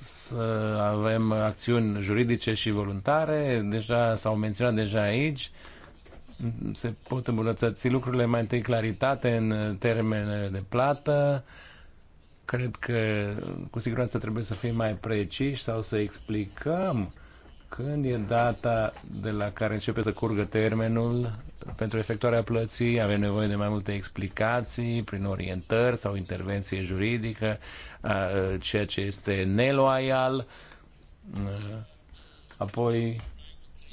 Speaker 2: să avem acțiuni juridice și voluntare, deja s-au menționat deja aici, se pot îmbunătăți lucrurile, mai întâi claritate în termenele de plată, uh, Cred că cu siguranță trebuie să fim mai preciși sau să explicăm când e data de la care începe să curgă termenul pentru efectuarea plății? Avem nevoie de mai multe explicații prin orientări sau intervenție juridică, ceea ce este neloial. Apoi,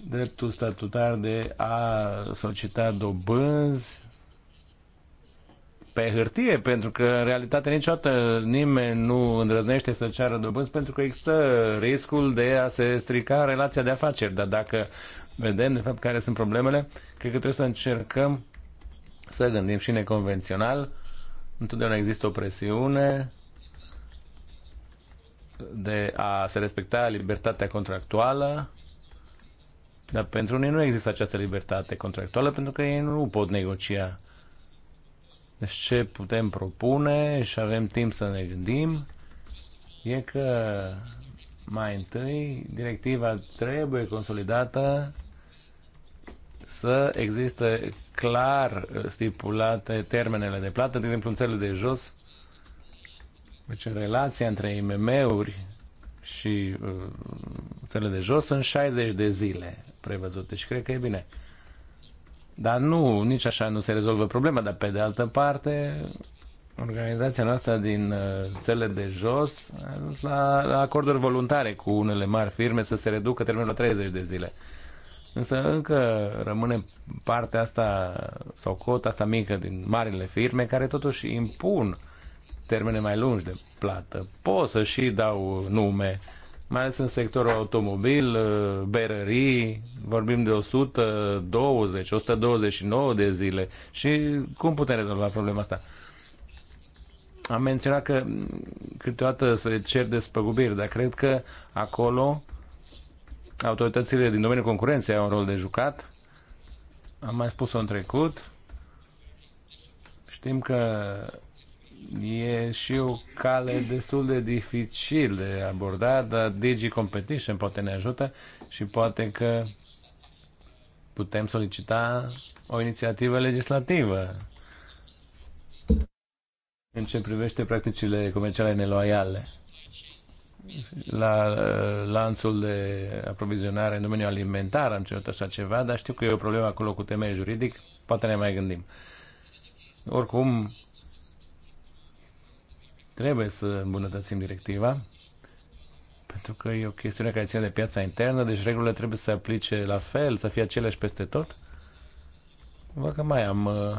Speaker 2: dreptul statutar de a solicita dobânzi pe hârtie, pentru că în realitate niciodată nimeni nu îndrăznește să ceară dobânzi pentru că există riscul de a se strica relația de afaceri. Dar dacă vedem de fapt care sunt problemele, cred că trebuie să încercăm să gândim și neconvențional. Întotdeauna există o presiune de a se respecta libertatea contractuală, dar pentru unii nu există această libertate contractuală pentru că ei nu pot negocia deci ce putem propune și avem timp să ne gândim e că mai întâi directiva trebuie consolidată să existe clar stipulate termenele de plată, de exemplu în țările de jos, deci relația între IMM-uri și uh, țările de jos sunt 60 de zile prevăzute și cred că e bine. Dar nu, nici așa nu se rezolvă problema, dar pe de altă parte organizația noastră din uh, țele de jos a ajuns la, la acorduri voluntare cu unele mari firme să se reducă termenul la 30 de zile. Însă încă rămâne partea asta sau cota asta mică din marile firme care totuși impun termene mai lungi de plată. Pot să și dau nume uh, mai ales în sectorul automobil, uh, berării, vorbim de 120, 129 de zile. Și cum putem rezolva problema asta? Am menționat că câteodată se cer despăgubiri, dar cred că acolo autoritățile din domeniul concurenței au un rol de jucat. Am mai spus-o în trecut. Știm că e și o cale destul de dificil de abordat, dar Digi Competition poate ne ajută și poate că putem solicita o inițiativă legislativă în ce privește practicile comerciale neloiale la uh, lanțul de aprovizionare în domeniul alimentar am cerut așa ceva, dar știu că e o problemă acolo cu temei juridic, poate ne mai gândim. Oricum, Trebuie să îmbunătățim directiva, pentru că e o chestiune care ține de piața internă, deci regulile trebuie să se aplice la fel, să fie aceleași peste tot. Văd că mai am uh,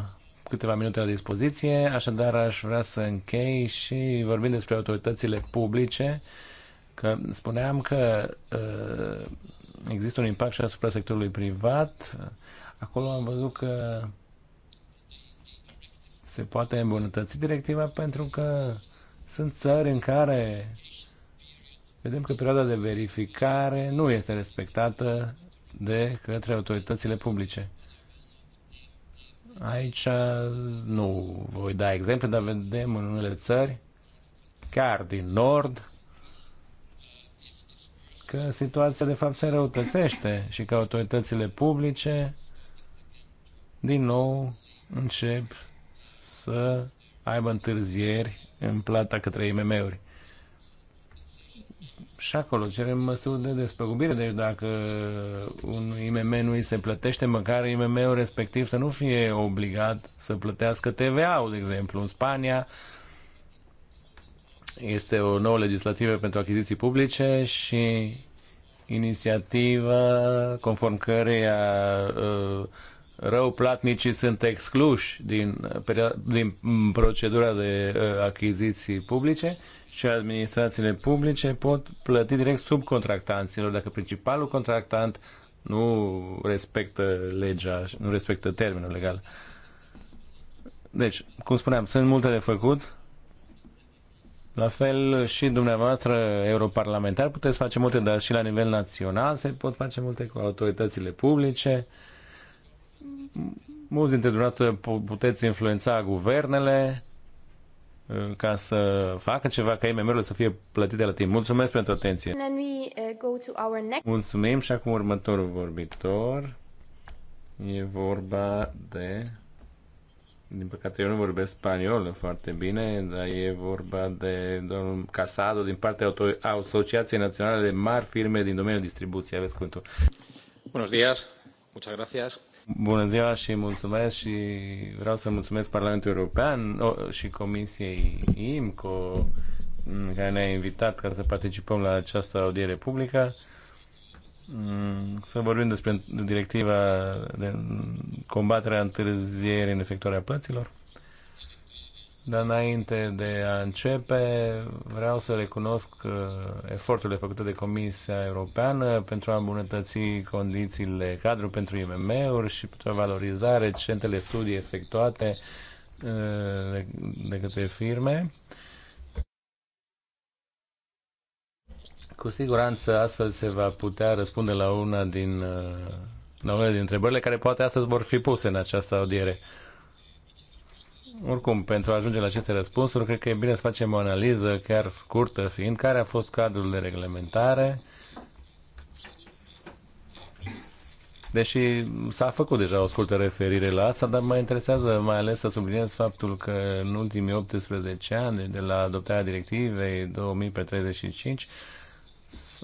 Speaker 2: câteva minute la dispoziție, așadar aș vrea să închei și vorbim despre autoritățile publice, că spuneam că uh, există un impact și asupra sectorului privat. Acolo am văzut că se poate îmbunătăți directiva pentru că sunt țări în care vedem că perioada de verificare nu este respectată de către autoritățile publice. Aici nu voi da exemple, dar vedem în unele țări, chiar din nord, că situația de fapt se răutățește și că autoritățile publice din nou încep să aibă întârzieri în plata către IMM-uri. Și acolo cerem măsuri de despăgubire, deci dacă un IMM nu îi se plătește, măcar IMM-ul respectiv să nu fie obligat să plătească TVA-ul, de exemplu. În Spania este o nouă legislativă pentru achiziții publice și inițiativă conform căreia uh, platnicii sunt excluși din, uh, din mm, procedura de uh, achiziții publice și administrațiile publice pot plăti direct subcontractanților dacă principalul contractant nu respectă legea, nu respectă termenul legal. Deci, cum spuneam, sunt multe de făcut. La fel și dumneavoastră, europarlamentar, puteți face multe, dar și la nivel național se pot face multe cu autoritățile publice. Uh, mulți dintre dumneavoastră puteți influența guvernele uh, ca să facă ceva ca IMM-urile să fie plătite la timp. Mulțumesc pentru atenție.
Speaker 1: Uh,
Speaker 2: Mulțumim și acum următorul vorbitor. E vorba de... Din păcate eu nu vorbesc spaniolă foarte bine, dar e vorba de domnul Casado din partea Asociației Naționale de Mari Firme din domeniul distribuției. Aveți cuvântul. Buenos días, muchas gracias. Bună ziua și mulțumesc și vreau să mulțumesc Parlamentul European și Comisiei IMCO care ne-a invitat ca să participăm la această audiere publică. Mm, să vorbim despre directiva de combaterea întârzierii în efectuarea plăților. Dar înainte de a începe, vreau să recunosc uh, eforturile făcute de Comisia Europeană pentru a îmbunătăți condițiile cadru pentru IMM-uri și pentru a valoriza recentele studii efectuate uh, de către firme. Cu siguranță astfel se va putea răspunde la una din, uh, la una din întrebările care poate astăzi vor fi puse în această audiere. Oricum, pentru a ajunge la aceste răspunsuri, cred că e bine să facem o analiză, chiar scurtă fiind, care a fost cadrul de reglementare. Deși s-a făcut deja o scurtă referire la asta, dar mă interesează mai ales să subliniez faptul că în ultimii 18 ani, de la adoptarea directivei 2035,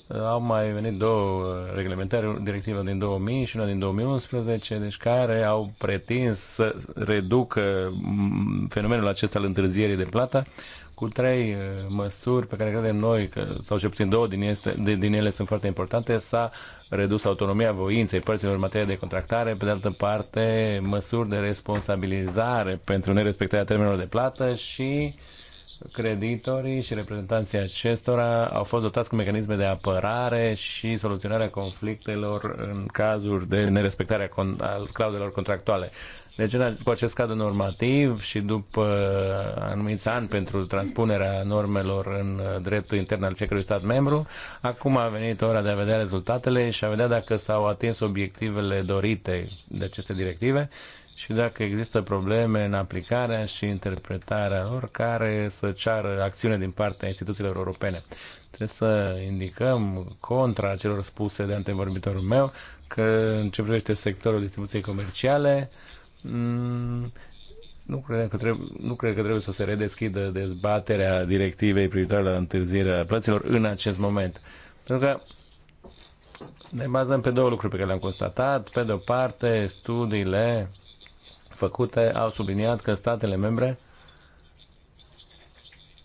Speaker 2: au mai venit două uh, reglementări, directiva din 2000 și una din 2011, deci care au pretins să reducă mm, fenomenul acesta al întârzierii de plată cu trei uh, măsuri pe care credem noi, că, sau cel puțin două din, este, din ele sunt foarte importante, s-a redus autonomia voinței părților în materie de contractare, pe de altă parte măsuri de responsabilizare pentru nerespectarea termenelor de plată și uh, creditorii și reprezentanții acestora au fost dotați cu mecanisme de apărare și soluționarea conflictelor în cazuri de nerespectare a clauzelor contractuale. Deci, cu acest cadru normativ și după uh, anumiți ani pentru transpunerea normelor în uh, dreptul intern al fiecărui stat membru, acum a venit ora de a vedea rezultatele și a vedea dacă s-au atins obiectivele dorite de aceste directive și dacă există probleme în aplicarea și interpretarea lor care să ceară acțiune din partea instituțiilor europene. Trebuie să indicăm contra celor spuse de antevorbitorul meu că în ce privește sectorul distribuției comerciale mm, nu cred, că trebuie, nu cred că trebuie să se redeschidă dezbaterea directivei privitoare la întârzirea plăților în acest moment. Pentru că ne bazăm pe două lucruri pe care le-am constatat. Pe de o parte, studiile făcute au subliniat că statele membre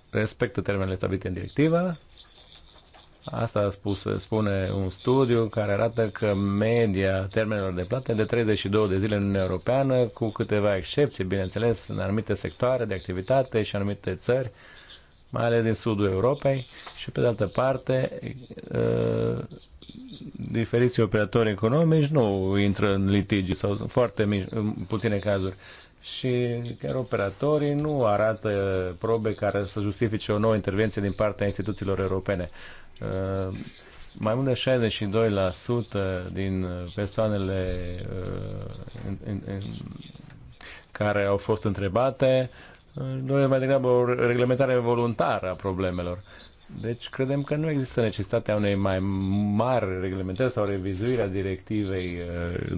Speaker 2: respectă termenele stabilite în directivă. Asta a spus, spune un studiu care arată că media termenelor de plată de 32 de zile în Uniunea Europeană, cu câteva excepții, bineînțeles, în anumite sectoare de activitate și anumite țări, mai ales din sudul Europei și pe de altă parte ă, diferiți operatori economici nu intră în litigi sau sunt foarte mici, în puține cazuri. Și chiar operatorii nu arată probe care să justifice o nouă intervenție din partea instituțiilor europene. Uh, mai mult de 62% din persoanele uh, în, în, în, care au fost întrebate doresc uh, mai degrabă o reglementare voluntară a problemelor. Uh, deci credem că nu există necesitatea unei mai mari reglementări sau revizuirea directivei uh,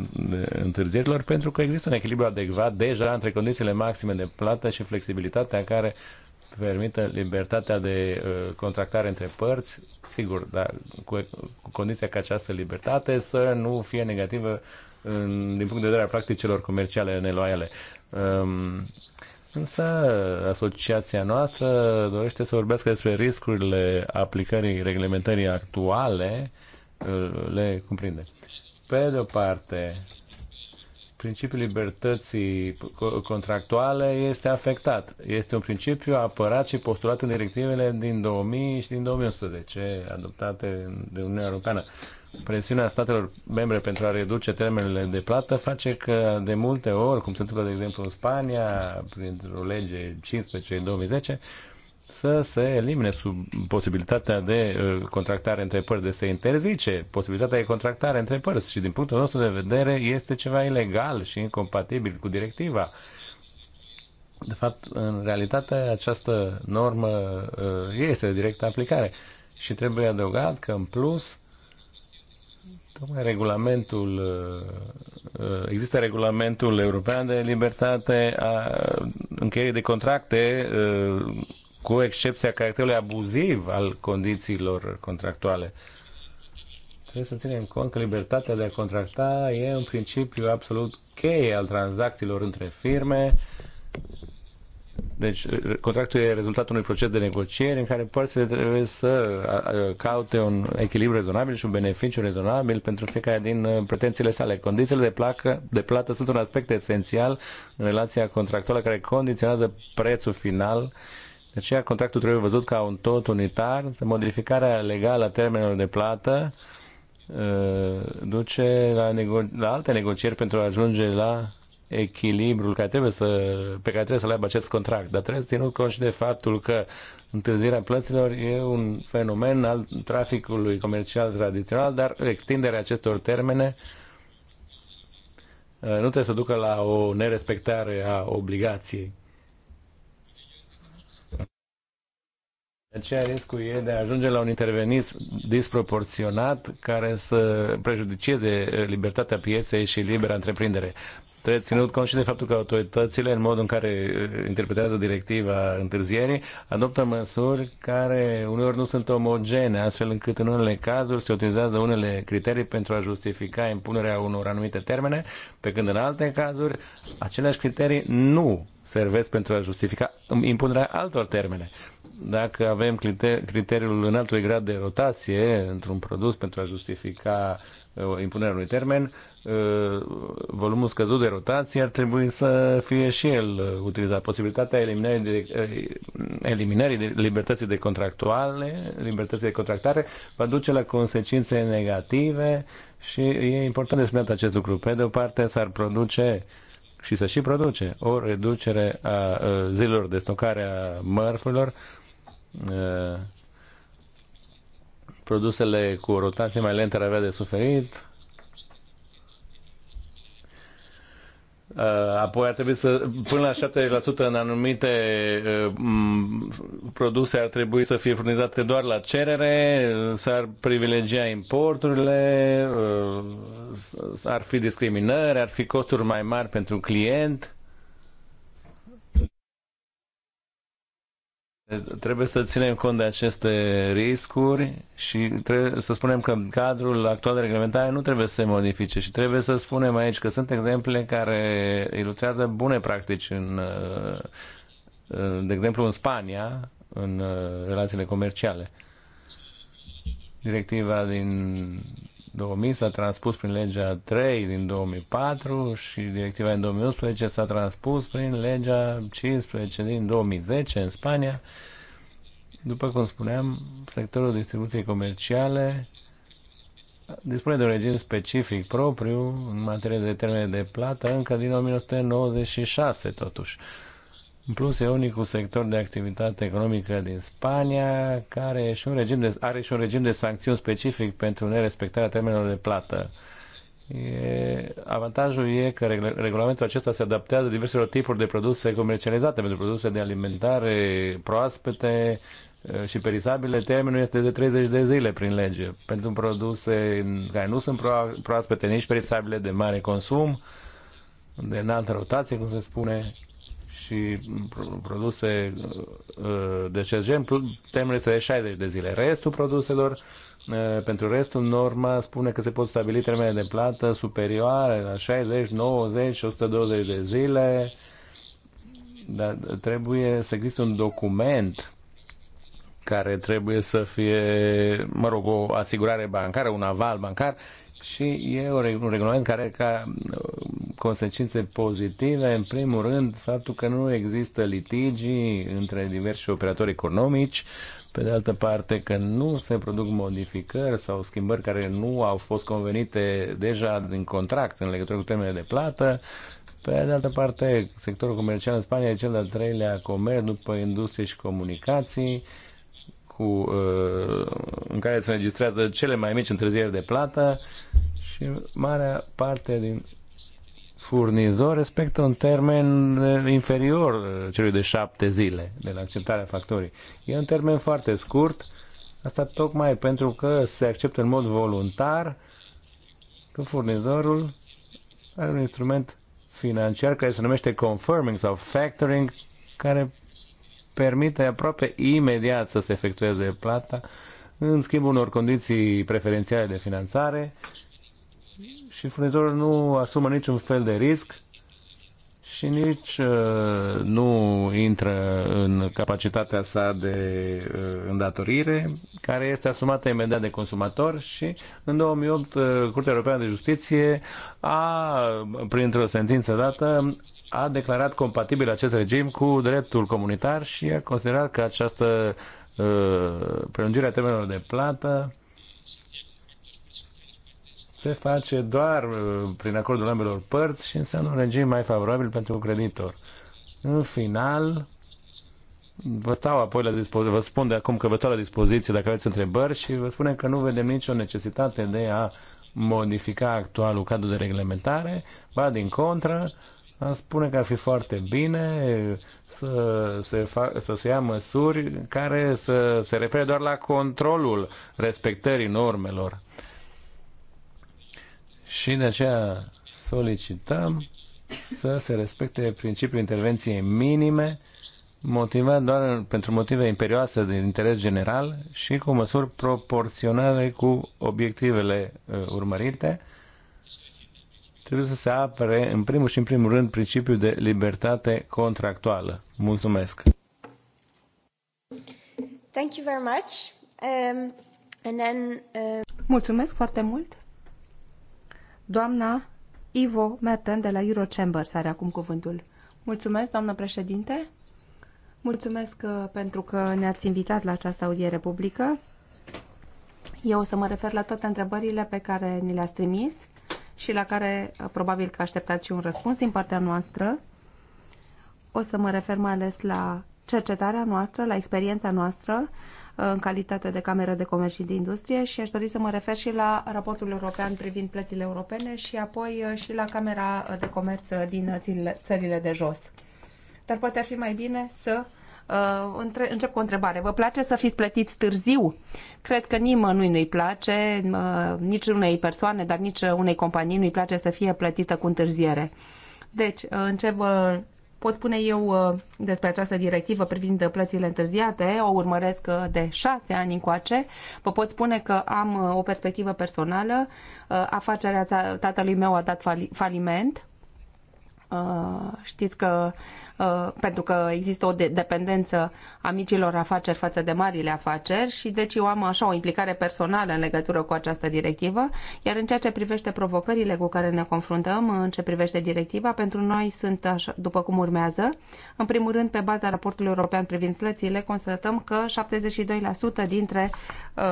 Speaker 2: întârzierilor pentru că există un echilibru adecvat deja între condițiile maxime de plată și flexibilitatea care permită libertatea de uh, contractare între părți, sigur, dar cu, cu condiția ca această libertate să nu fie negativă în, din punct de vedere al practicilor comerciale neloiale. Um, Însă, asociația noastră dorește să vorbească despre riscurile aplicării reglementării actuale, le cumprinde. Pe de o parte, principiul libertății contractuale este afectat. Este un principiu apărat și postulat în directivele din 2000 și din 2011, adoptate de Uniunea Europeană presiunea statelor membre pentru a reduce termenele de plată face că de multe ori, cum se întâmplă de exemplu în Spania, printr-o lege 15 în 2010, să se elimine sub posibilitatea de uh, contractare între părți, de se interzice posibilitatea de contractare între părți și din punctul nostru de vedere este ceva ilegal și incompatibil cu directiva. De fapt, în realitate, această normă uh, este de directă aplicare și trebuie adăugat că în plus Tocmai regulamentul, uh, uh, există regulamentul european de libertate a uh, încheierii de contracte cu excepția caracterului abuziv al condițiilor contractuale. Trebuie să ținem cont că libertatea de a contracta e un principiu absolut cheie al tranzacțiilor între firme deci, contractul e rezultatul unui proces de negociere în care părțile trebuie să caute un echilibru rezonabil și un beneficiu rezonabil pentru fiecare din uh, pretențiile sale. Condițiile de, placă, de plată sunt un aspect esențial în relația contractuală care condiționează prețul final. De aceea, contractul trebuie văzut ca un tot unitar. Modificarea legală a termenelor de plată uh, duce la, nego- la alte negocieri pentru a ajunge la echilibrul care trebuie să, pe care trebuie să le aibă acest contract, dar trebuie să ținut cont și de faptul că întârzierea plăților e un fenomen al traficului comercial tradițional, dar extinderea acestor termene uh, nu trebuie să ducă la o nerespectare a obligației. De aceea riscul e de a ajunge la un intervenism disproporționat care să prejudicieze libertatea pieței și libera întreprindere. Trebuie ținut conștient de faptul că autoritățile, în modul în care uh, interpretează directiva întârzierii, adoptă măsuri care uneori nu sunt omogene, astfel încât în unele cazuri se utilizează unele criterii pentru a justifica impunerea unor anumite termene, pe când în alte cazuri aceleași criterii nu servesc pentru a justifica impunerea altor termene dacă avem criteriul criteriul înaltului grad de rotație într-un produs pentru a justifica uh, impunerea unui termen, uh, volumul scăzut de rotație ar trebui să fie și el uh, utilizat. Posibilitatea eliminării, de, eliminării de libertății de contractuale, libertății de contractare, va duce la consecințe negative și e important de spuneat acest lucru. Pe de o parte, s-ar produce și să și produce o reducere a zilelor de stocare a mărfurilor, Eh, produsele cu rotație mai lente ar avea de suferit. Eh, apoi ar trebui să, până la 70% în anumite eh, produse ar trebui să fie furnizate doar la cerere, s-ar privilegia importurile, ar fi discriminări, ar fi costuri mai mari pentru client. Trebuie să ținem cont de aceste riscuri și trebuie să spunem că cadrul actual de reglementare nu trebuie să se modifice și trebuie să spunem aici că sunt exemple care ilustrează bune practici în, de exemplu, în Spania, în uh, relațiile comerciale. Directiva din 2000 s-a transpus prin legea 3 din 2004 și directiva din 2011 s-a transpus prin legea 15 din 2010 în Spania. După cum spuneam, sectorul distribuției comerciale dispune de un regim specific propriu în materie de termene de plată încă din 1996 totuși. În plus, e unicul sector de activitate economică din Spania care și un regim de, are și un regim de sancțiuni specific pentru nerespectarea termenelor de plată. E, avantajul e că regulamentul acesta se adaptează diverselor tipuri de produse comercializate, pentru produse de alimentare proaspete și perisabile, termenul este de 30 de zile prin lege. Pentru produse care nu sunt proaspete, nici perisabile de mare consum, de înaltă rotație, cum se spune, și produse uh, de acest gen, termenul este de 60 de zile. Restul produselor, uh, pentru restul, norma spune că se pot stabili termene de plată superioare la 60, 90 și 120 de zile, dar trebuie să existe un document care trebuie să fie, mă rog, o asigurare bancară, un aval bancar și e un regulament care ca uh, consecințe pozitive, în primul rând, faptul că nu există litigii între diversi operatori economici, pe de altă parte că nu se produc modificări sau schimbări care nu au fost convenite deja din contract în legătură cu termenele de plată, pe de altă parte, sectorul comercial în Spania e cel de-al treilea comerț după industrie și comunicații, cu, uh, în care se înregistrează cele mai mici întârzieri de plată și marea parte din furnizor respectă un termen inferior celui de șapte zile de la acceptarea factorii. E un termen foarte scurt, asta tocmai pentru că se acceptă în mod voluntar că furnizorul are un instrument financiar care se numește confirming sau factoring, care permite aproape imediat să se efectueze plata în schimbul unor condiții preferențiale de finanțare și furnizorul nu asumă niciun fel de risc și nici uh, nu intră în capacitatea sa de uh, îndatorire, care este asumată imediat de consumator și în 2008 uh, Curtea Europeană de Justiție a, printr-o sentință dată, a declarat compatibil acest regim cu dreptul comunitar și a considerat că această uh, prelungire a termenelor de plată se face doar uh, prin acordul ambelor părți și înseamnă un regim mai favorabil pentru creditor. În final, vă stau apoi la dispoziție, vă spun de acum că vă stau la dispoziție dacă aveți întrebări și vă spunem că nu vedem nicio necesitate de a modifica actualul cadru de reglementare, ba din contră, am spune că ar fi foarte bine să se, fa- să se ia măsuri care să se refere doar la controlul respectării normelor. Și de aceea solicităm să se respecte principiul intervenției minime, motivat doar pentru motive imperioase de interes general și cu măsuri proporționale cu obiectivele uh, urmărite trebuie să se apere în primul și în primul rând principiul de libertate contractuală. Mulțumesc!
Speaker 1: Thank you very much. Um, and then, uh... Mulțumesc foarte mult! Doamna Ivo Merten de la Eurochambers are acum cuvântul. Mulțumesc, doamnă președinte! Mulțumesc uh, pentru că ne-ați invitat la această audiere publică. Eu o să mă refer la toate întrebările pe care ni le-ați trimis și la care uh, probabil că așteptați și un răspuns din partea noastră. O să mă refer mai ales la cercetarea noastră, la experiența noastră uh, în calitate de Cameră de Comerț și de Industrie și aș dori să mă refer și la raportul european privind plățile europene și apoi uh, și la Camera de Comerț din țările de jos. Dar poate ar fi mai bine să uh, Uh, între, încep cu o întrebare. Vă place să fiți plătiți târziu? Cred că nimănui nu-i place, uh, nici unei persoane, dar nici unei companii nu-i place să fie plătită cu întârziere. Deci, uh, încep pot spune eu despre această directivă privind plățile întârziate, o urmăresc de șase ani încoace, vă pot spune că am o perspectivă personală, afacerea tatălui meu a dat faliment, știți că Uh, pentru că există o dependență a micilor afaceri față de marile afaceri și deci eu am așa o implicare personală în legătură cu această directivă, iar în ceea ce privește provocările cu care ne confruntăm, în ce privește directiva, pentru noi sunt așa, după cum urmează. În primul rând, pe baza raportului european privind plățile, constatăm că 72% dintre uh,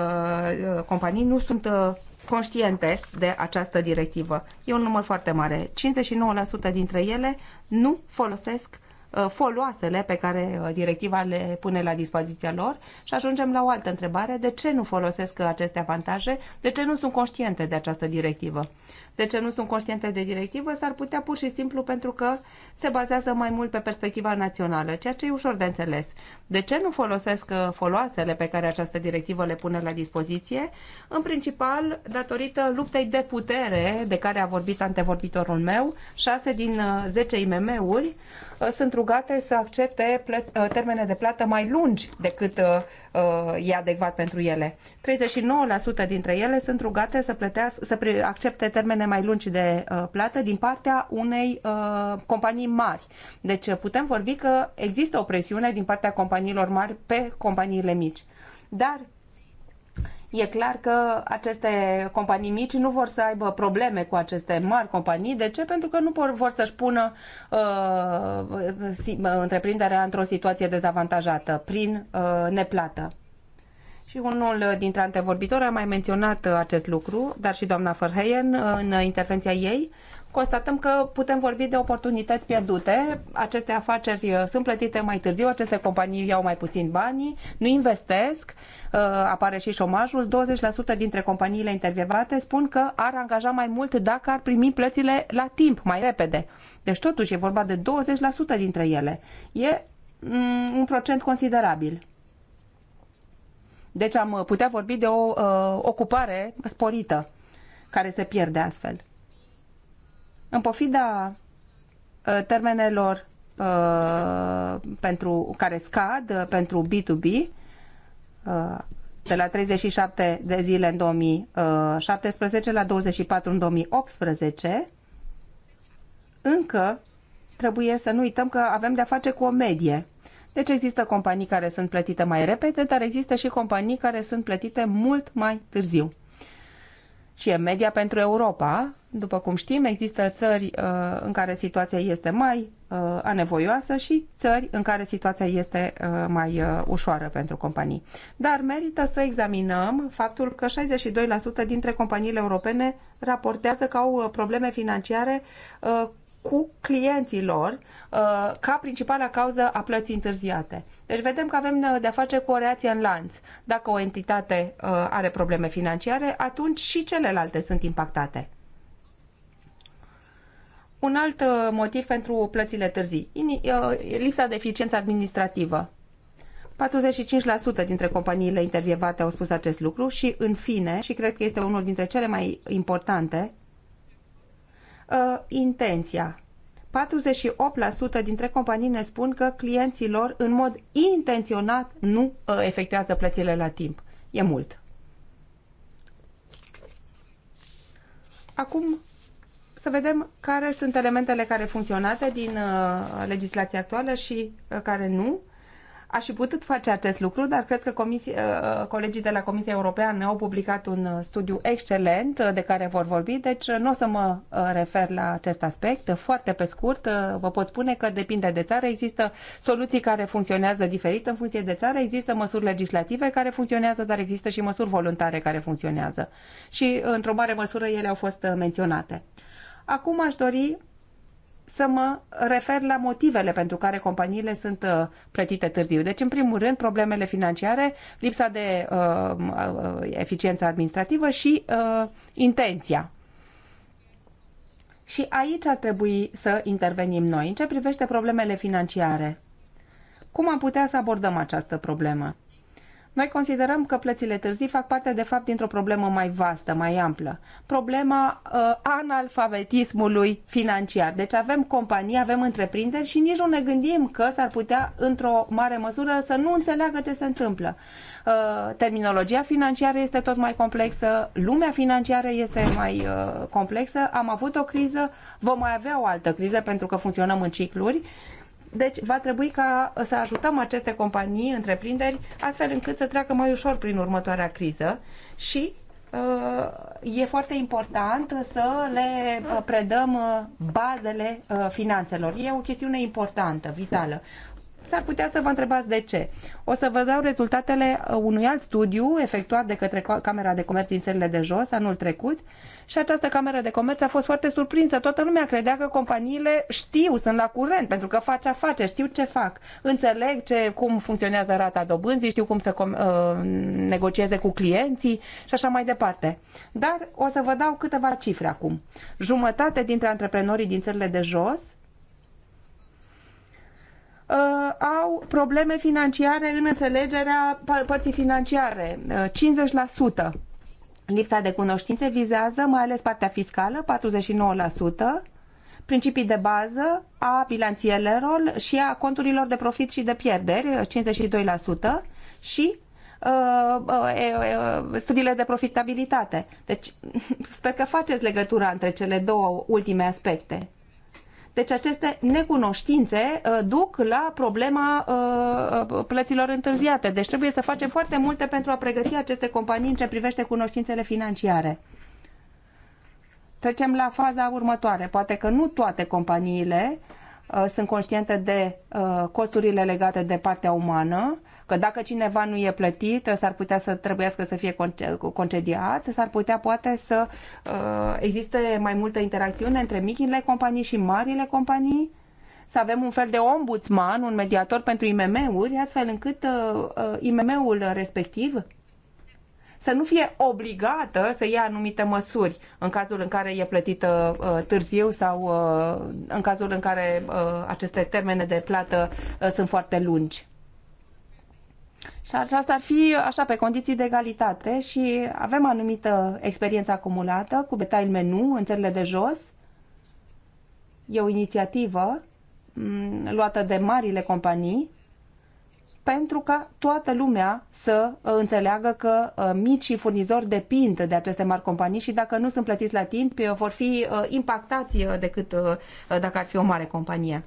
Speaker 1: uh, companii nu sunt uh, conștiente de această directivă. E un număr foarte mare. 59% dintre ele nu folosesc Uh, foloasele pe care uh, directiva le pune la dispoziția lor și ajungem la o altă întrebare. De ce nu folosesc aceste avantaje? De ce nu sunt conștiente de această directivă? de ce nu sunt conștiente de directivă s-ar putea pur și simplu pentru că se bazează mai mult pe perspectiva națională, ceea ce e ușor de înțeles. De ce nu folosesc uh, foloasele pe care această directivă le pune la dispoziție? În principal, datorită luptei de putere de care a vorbit antevorbitorul meu, 6 din 10 uh, IMM-uri uh, sunt rugate să accepte termene de plată mai lungi decât Uh, e adecvat pentru ele. 39% dintre ele sunt rugate să, plătească, să accepte termene mai lungi de uh, plată din partea unei uh, companii mari. Deci putem vorbi că există o presiune din partea companiilor mari pe companiile mici. Dar E clar că aceste companii mici nu vor să aibă probleme cu aceste mari companii. De ce? Pentru că nu vor să-și pună uh, întreprinderea într-o situație dezavantajată prin uh, neplată. Și unul dintre antevorbitori a mai menționat acest lucru, dar și doamna Ferheyen uh, în intervenția ei constatăm că putem vorbi de oportunități pierdute. Aceste afaceri uh, sunt plătite mai târziu, aceste companii iau mai puțin banii, nu investesc, uh, apare și șomajul. 20% dintre companiile intervievate spun că ar angaja mai mult dacă ar primi plățile la timp, mai repede. Deci totuși e vorba de 20% dintre ele. E mm, un procent considerabil. Deci am putea vorbi de o uh, ocupare sporită care se pierde astfel. În pofida uh, termenelor uh, pentru care scad uh, pentru B2B de la 37 de zile în 2017 la 24 în 2018 încă trebuie să nu uităm că avem de-a face cu o medie. Deci există companii care sunt plătite mai repede, dar există și companii care sunt plătite mult mai târziu. Și e media pentru Europa, după cum știm, există țări uh, în care situația este mai uh, anevoioasă și țări în care situația este uh, mai ușoară pentru companii. Dar merită să examinăm faptul că 62% dintre companiile europene raportează că au probleme financiare cu clienții lor ca principala cauză a plății întârziate. Deci vedem că avem de-a face cu o reacție în lanț. Dacă o entitate are probleme financiare, atunci și celelalte sunt impactate. Un alt uh, motiv pentru plățile târzii, uh, lipsa de eficiență administrativă. 45% dintre companiile intervievate au spus acest lucru și, în fine, și cred că este unul dintre cele mai importante, uh, intenția. 48% dintre companii ne spun că clienții lor, în mod intenționat, nu efectuează plățile la timp. E mult. Acum să vedem care sunt elementele care funcționate din uh, legislația actuală și uh, care nu. Aș fi putut face acest lucru, dar cred că comisie, uh, uh colegii de la Comisia Europeană au publicat un uh, studiu excelent uh, de care vor vorbi, deci nu o să mă refer la acest aspect. Foarte pe scurt, vă pot spune că depinde de țară. Există soluții care funcționează diferit în funcție de țară, există măsuri legislative care funcționează, dar există și măsuri voluntare care funcționează. Și, într-o mare măsură, ele au fost menționate. Acum aș dori să mă refer la motivele pentru care companiile sunt uh, plătite târziu. Deci, în primul rând, problemele financiare, lipsa de uh, uh, uh, eficiență administrativă și uh, intenția. Și aici ar trebui să intervenim noi. În ce privește problemele financiare? Cum am putea să abordăm această problemă? Noi considerăm că plățile târzii fac parte, de fapt, dintr-o problemă mai vastă, mai amplă. Problema uh, analfabetismului financiar. Deci avem companii, avem întreprinderi și nici nu ne gândim că s-ar putea, într-o mare măsură, să nu înțeleagă ce se întâmplă. Uh, terminologia financiară este tot mai complexă, lumea financiară este mai uh, complexă, am avut o criză, vom mai avea o altă criză pentru că funcționăm în cicluri. Uh, deci va trebui ca să ajutăm aceste companii, întreprinderi, astfel încât să treacă mai ușor prin următoarea criză și uh, e foarte important să le uh, predăm uh, bazele finanțelor. E o chestiune importantă, vitală. S-ar putea să vă întrebați de ce. O să vă dau rezultatele unui alt studiu efectuat de către Camera de Comerț din țările de jos anul trecut și această Cameră de Comerț a fost foarte surprinsă. Toată lumea credea că companiile știu, sunt la curent, pentru că face afaceri, știu ce fac. Înțeleg ce, cum funcționează rata dobânzii, știu cum să uh, negocieze cu clienții și așa mai departe. Dar o să vă dau câteva cifre acum. Jumătate dintre antreprenorii din țările de jos uh, au probleme financiare în înțelegerea părții financiare, 50%. Uh, Lipsa de cunoștințe vizează mai ales partea fiscală, 49%, principii de bază a bilanțielor și a conturilor de profit și de pierderi, 52%, și uh, uh, studiile de profitabilitate. Deci, sper că faceți legătura între cele două ultime aspecte. Deci aceste necunoștințe uh, duc la problema uh, uh, plăților întârziate. Deci trebuie să facem foarte multe pentru a pregăti aceste companii în ce privește cunoștințele financiare. Trecem la faza următoare. Poate că nu toate companiile sunt conștiente de costurile legate de partea umană, că dacă cineva nu e plătit, s-ar putea să trebuiască să fie concediat, s-ar putea poate să uh, existe mai multă interacțiune între micile companii și marile companii, să avem un fel de ombudsman, un mediator pentru IMM-uri, astfel încât uh, uh IMM-ul respectiv să nu fie obligată să ia anumite măsuri în cazul în care e plătită uh, târziu sau uh, în cazul în care uh, aceste termene de plată uh, sunt foarte lungi. Și aceasta ar fi așa pe condiții de egalitate și avem anumită experiență acumulată cu Betail Menu în țările de jos. E o inițiativă mm, luată de marile companii pentru ca toată lumea să uh, înțeleagă că uh, micii furnizori depind de aceste mari companii și dacă nu sunt plătiți la timp, uh, vor fi impactați decât dacă ar fi o mare companie.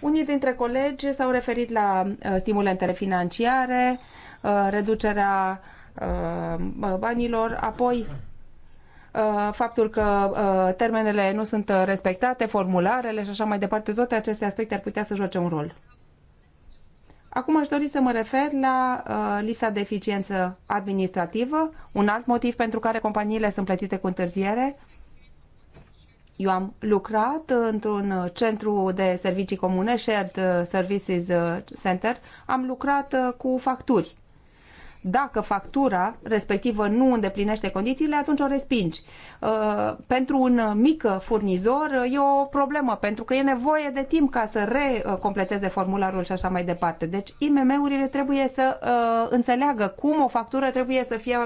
Speaker 1: Unii dintre colegi s-au referit la uh, stimulentele financiare, uh, reducerea uh, banilor, apoi faptul că termenele nu sunt respectate, formularele și așa mai departe, toate aceste aspecte ar putea să joace un rol. Acum aș dori să mă refer la uh, lipsa de eficiență administrativă, un alt motiv pentru care companiile sunt plătite cu întârziere. Uh, eu am lucrat uh, într-un uh, centru de servicii comune, Shared uh, Services Center. Am lucrat cu facturi dacă factura respectivă nu îndeplinește condițiile, atunci o respingi. Uh, pentru un mic furnizor uh, e o problemă, pentru că e nevoie de timp ca să recompleteze formularul și așa mai departe. Deci IMM-urile trebuie să uh, înțeleagă cum o factură trebuie să fie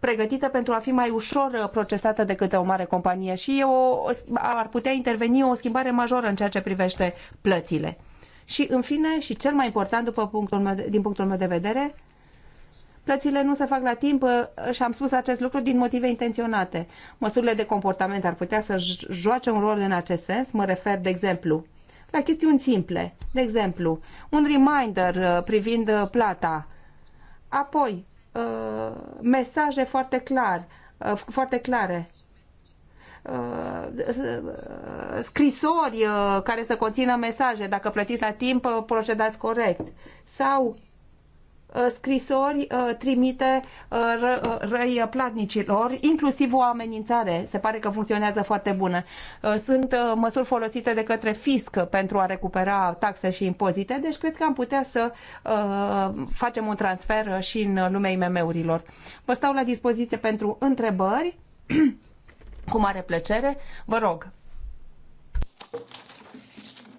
Speaker 1: pregătită pentru a fi mai ușor procesată decât o mare companie și e o, ar putea interveni o schimbare majoră în ceea ce privește plățile. Și, în fine, și cel mai important, după punctul meu, din punctul meu de vedere, plățile nu se fac la timp uh, și am spus acest lucru din motive intenționate. Măsurile de comportament ar putea să joace un rol în acest sens. Mă refer, de exemplu, la chestiuni simple. De exemplu, un reminder uh, privind uh, plata. Apoi, mesaje foarte clar, foarte clare scrisori care să conțină mesaje, dacă plătiți la timp, procedați corect. Sau Uh, scrisori uh, trimite uh, răi platnicilor, inclusiv o amenințare. Se pare că funcționează foarte bună. Sunt măsuri folosite de către fisc pentru a recupera taxe și impozite, deci cred că am putea să facem un transfer și în lumea IMM-urilor. Vă stau la dispoziție pentru întrebări. Cu mare plăcere. Vă rog.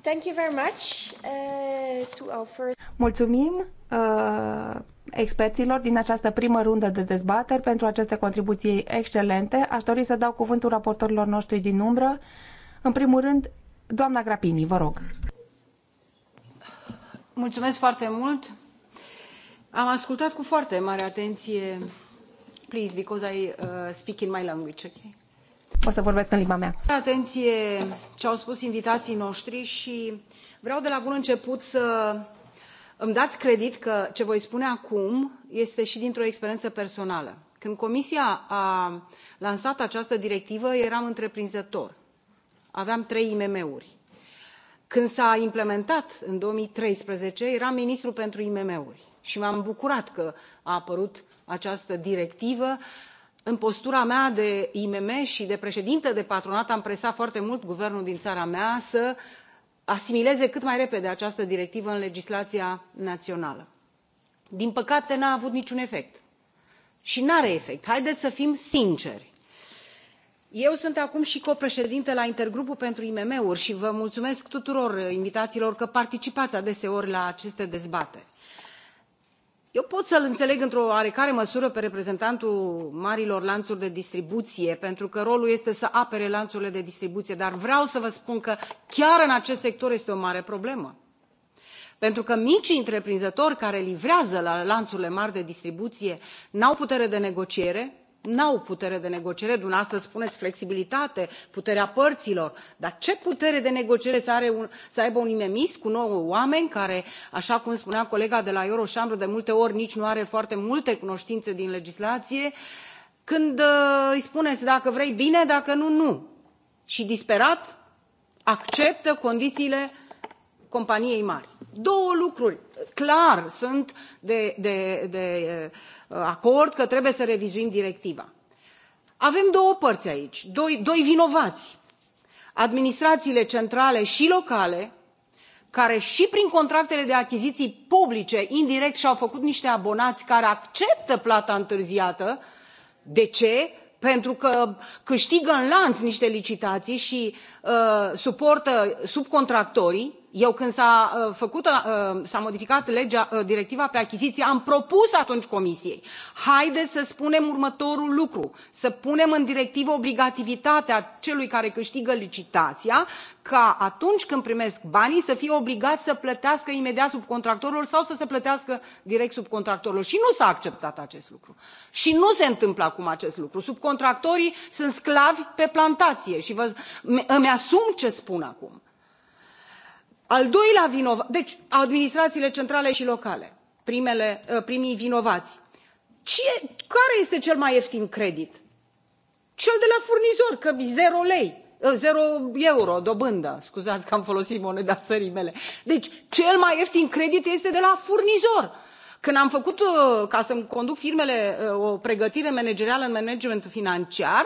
Speaker 1: Thank you very much uh, to our first... Mulțumim uh, experților din această primă rundă de dezbateri pentru aceste contribuții excelente. Aș dori să dau cuvântul raportorilor noștri din umbră. În primul rând, doamna Grapini, vă rog.
Speaker 6: Mulțumesc foarte mult. Am ascultat cu foarte mare atenție. Please, because I uh, speak in my language, okay?
Speaker 1: o să vorbesc în limba mea.
Speaker 6: Atenție ce au spus invitații noștri și vreau de la bun început să îmi dați credit că ce voi spune acum este și dintr-o experiență personală. Când Comisia a lansat această directivă, eram întreprinzător. Aveam trei IMM-uri. Când s-a implementat în 2013, eram ministru pentru IMM-uri și m-am bucurat că a apărut această directivă în postura mea de imm și de președintă de patronat am presat foarte mult guvernul din țara mea să asimileze cât mai repede această directivă în legislația națională. din păcate n a avut niciun efect și nu are efect. haideți să fim sinceri. eu sunt acum și copreședintă la intergrupul pentru imm uri și vă mulțumesc tuturor invitațiilor că participați adeseori la aceste dezbateri eu pot să l înțeleg într o oarecare măsură pe reprezentantul marilor lanțuri de distribuție pentru că rolul este să apere lanțurile de distribuție dar vreau să vă spun că chiar în acest sector este o mare problemă pentru că micii întreprinzători care livrează la lanțurile mari de distribuție nu au putere de negociere nu au putere de negociere dumneavoastră spuneți flexibilitate puterea părților dar ce putere de negociere să, un, aibă un imm cu nouă oameni care așa cum spunea colega de la euroșambră de multe ori nici nu are foarte multe cunoștințe din legislație când uh, îi spuneți dacă vrei bine dacă nu nu și disperat acceptă condițiile companiei mari. Două lucruri clar sunt de, de, de uh, acord că trebuie să revizuim directiva. Avem două părți aici, doi, doi vinovați. Administrațiile centrale și locale, care și prin contractele de achiziții publice, indirect, și-au făcut niște abonați care acceptă plata întârziată. De ce? pentru că câștigă în lanț niște licitații și uh, suportă subcontractorii eu când s a s a modificat legea, uh, directiva pe achiziții am propus atunci comisiei haideți să spunem următorul lucru să punem în directivă obligativitatea celui care câștigă licitația ca atunci când primesc banii să fie obligat să plătească imediat subcontractorilor sau să se plătească direct subcontractorilor și nu s a acceptat acest lucru și nu se întâmplă acum acest lucru subcontractorii sunt sclavi pe plantație și îmi asum ce spun acum al doilea vinovat deci administrațiile centrale și locale primele, uh, primii vinovați care este cel mai ieftin credit? Cel de la furnizor, că zero lei, uh, zero euro dobândă. Scuzați că am folosit moneda țării mele. Deci, cel mai ieftin credit este de la furnizor. Când am făcut, uh, ca să-mi conduc firmele, o pregătire managerială în management financiar,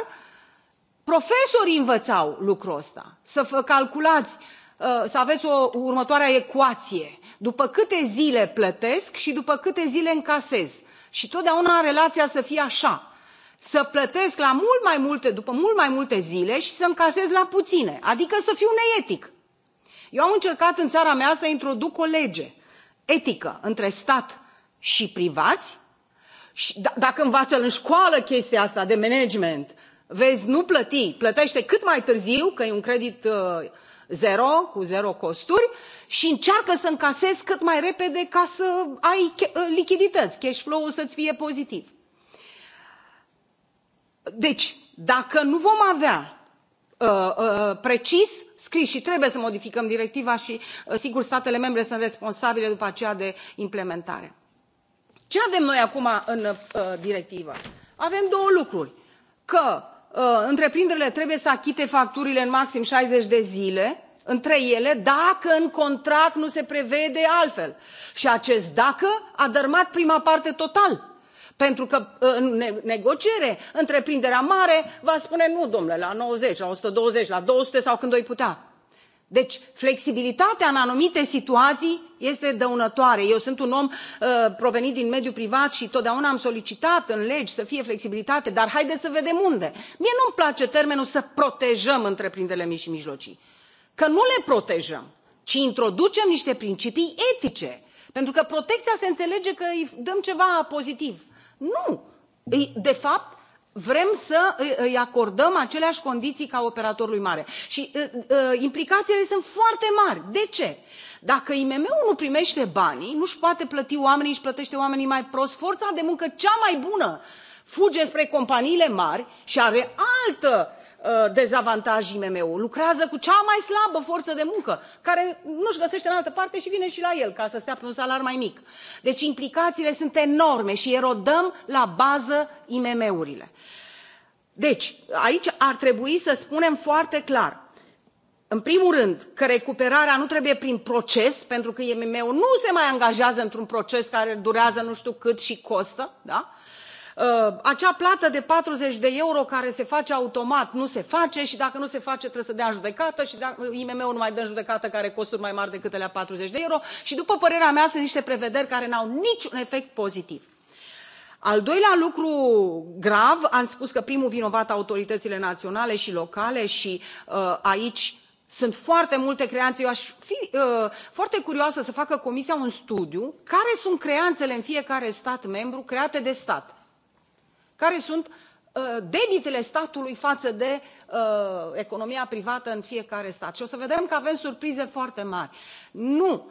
Speaker 6: profesorii învățau lucrul ăsta. Să calculați uh, Uh, să aveți o următoarea ecuație după câte zile plătesc și după câte zile încasez și totdeauna relația să fie așa să plătesc la mult mai multe, după mult mai multe zile și să încasez la puține, adică să fiu neetic. Eu am încercat în țara mea să introduc o lege etică între stat și privați și da, dacă învață în școală chestia asta de management, vezi, nu plăti, plătește cât mai târziu, că e un credit uh, zero cu zero costuri și încearcă să încasezi cât mai repede ca să ai ă, lichidități cash flow ul să ți fie pozitiv. deci dacă nu vom avea Uh, uh, precis scris și trebuie să modificăm directiva și uh, sigur statele membre sunt responsabile după aceea de implementare. Ce avem noi acum în directivă? Avem două lucruri. Că Uh, întreprinderile trebuie să achite facturile în maxim șaizeci de zile între ele dacă în contract nu se prevede altfel și acest dacă a dărâmat prima parte total pentru că uh, în negociere întreprinderea mare va spune nu domnule la nouăzeci la o sută douăzeci la două sute sau când o i putea deci flexibilitatea în anumite situații este dăunătoare. eu sunt un om uh, provenit din mediul privat și totdeauna am solicitat în legi să fie flexibilitate dar haideți să vedem unde. mie nu mi place termenul să protejăm întreprinderile mici și mijlocii că nu le protejăm ci introducem niște principii etice pentru că protecția se înțelege că îi dăm ceva pozitiv. nu de fapt vrem să îi acordăm aceleași condiții ca operatorului mare și implicațiile sunt foarte mari. de ce? dacă imm ul nu primește banii nu își poate plăti oamenii își plătește oamenii mai prost forța de muncă cea mai bună fuge spre companiile mari și are altă Uh, dezavantaj imm ul lucrează cu cea mai slabă forță de muncă care nu și găsește în altă parte și vine și la el ca să stea pe un salar mai mic. deci implicațiile sunt enorme și erodăm la bază imm urile. deci aici ar trebui să spunem foarte clar în primul rând că recuperarea nu trebuie prin proces pentru că imm ul nu se mai angajează într un proces care durează nu știu cât și costă da? Uh, acea plată de patruzeci de euro care se face automat nu se face și dacă nu se face trebuie să dea în judecată și uh, imm ul nu mai dă în judecată că are costuri mai mari decât alea patruzeci de euro și după părerea mea sunt niște prevederi care nu au niciun efect pozitiv. Al doilea lucru grav, am spus că primul vinovat autoritățile naționale și locale și uh, aici sunt foarte multe creanțe. Eu aș fi uh, foarte curioasă să facă Comisia un studiu care sunt creanțele în fiecare stat membru create de stat care sunt uh, debitele statului față de uh, economia privată în fiecare stat și o să vedem că avem surprize foarte mari. nu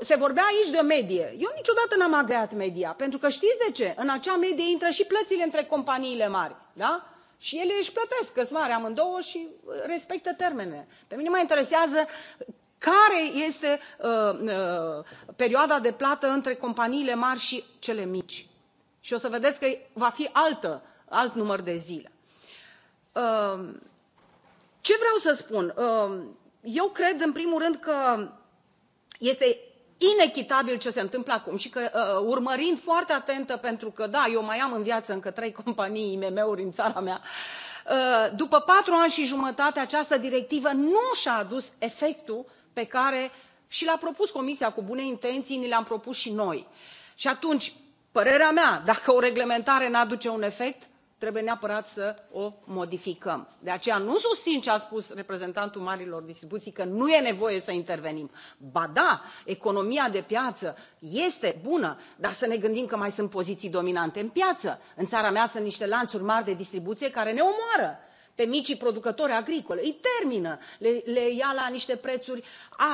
Speaker 6: se vorbea aici de medie eu niciodată n am agreat media pentru că știți de ce în acea medie intră și plățile între companiile mari da? și ele își plătesc că sunt mari amândouă și uh, respectă termenele. pe mine mă interesează care este uh, uh, perioada de plată între companiile mari și cele mici și o să vedeți că va fi altă, alt număr de zile. Ehm, ce vreau să spun? Ehm, eu cred, în primul rând, că este inechitabil ce se întâmplă acum și că uh, urmărind foarte atentă, pentru că da, eu mai am în viață încă trei companii IMM-uri în țara mea, uh, după patru ani și jumătate această directivă nu și-a adus efectul pe care și l-a propus Comisia cu bune intenții, ni l-am propus și noi. Și atunci, părerea mea dacă o reglementare nu aduce un efect trebuie neapărat să o modificăm. de aceea nu susțin ce a spus reprezentantul marilor distribuții că nu e nevoie să intervenim. ba da economia de piață este bună dar să ne gândim că mai sunt poziții dominante în piață. în țara mea sunt niște lanțuri mari de distribuție care ne omoară pe micii producători agricoli îi termină le, le ia la niște prețuri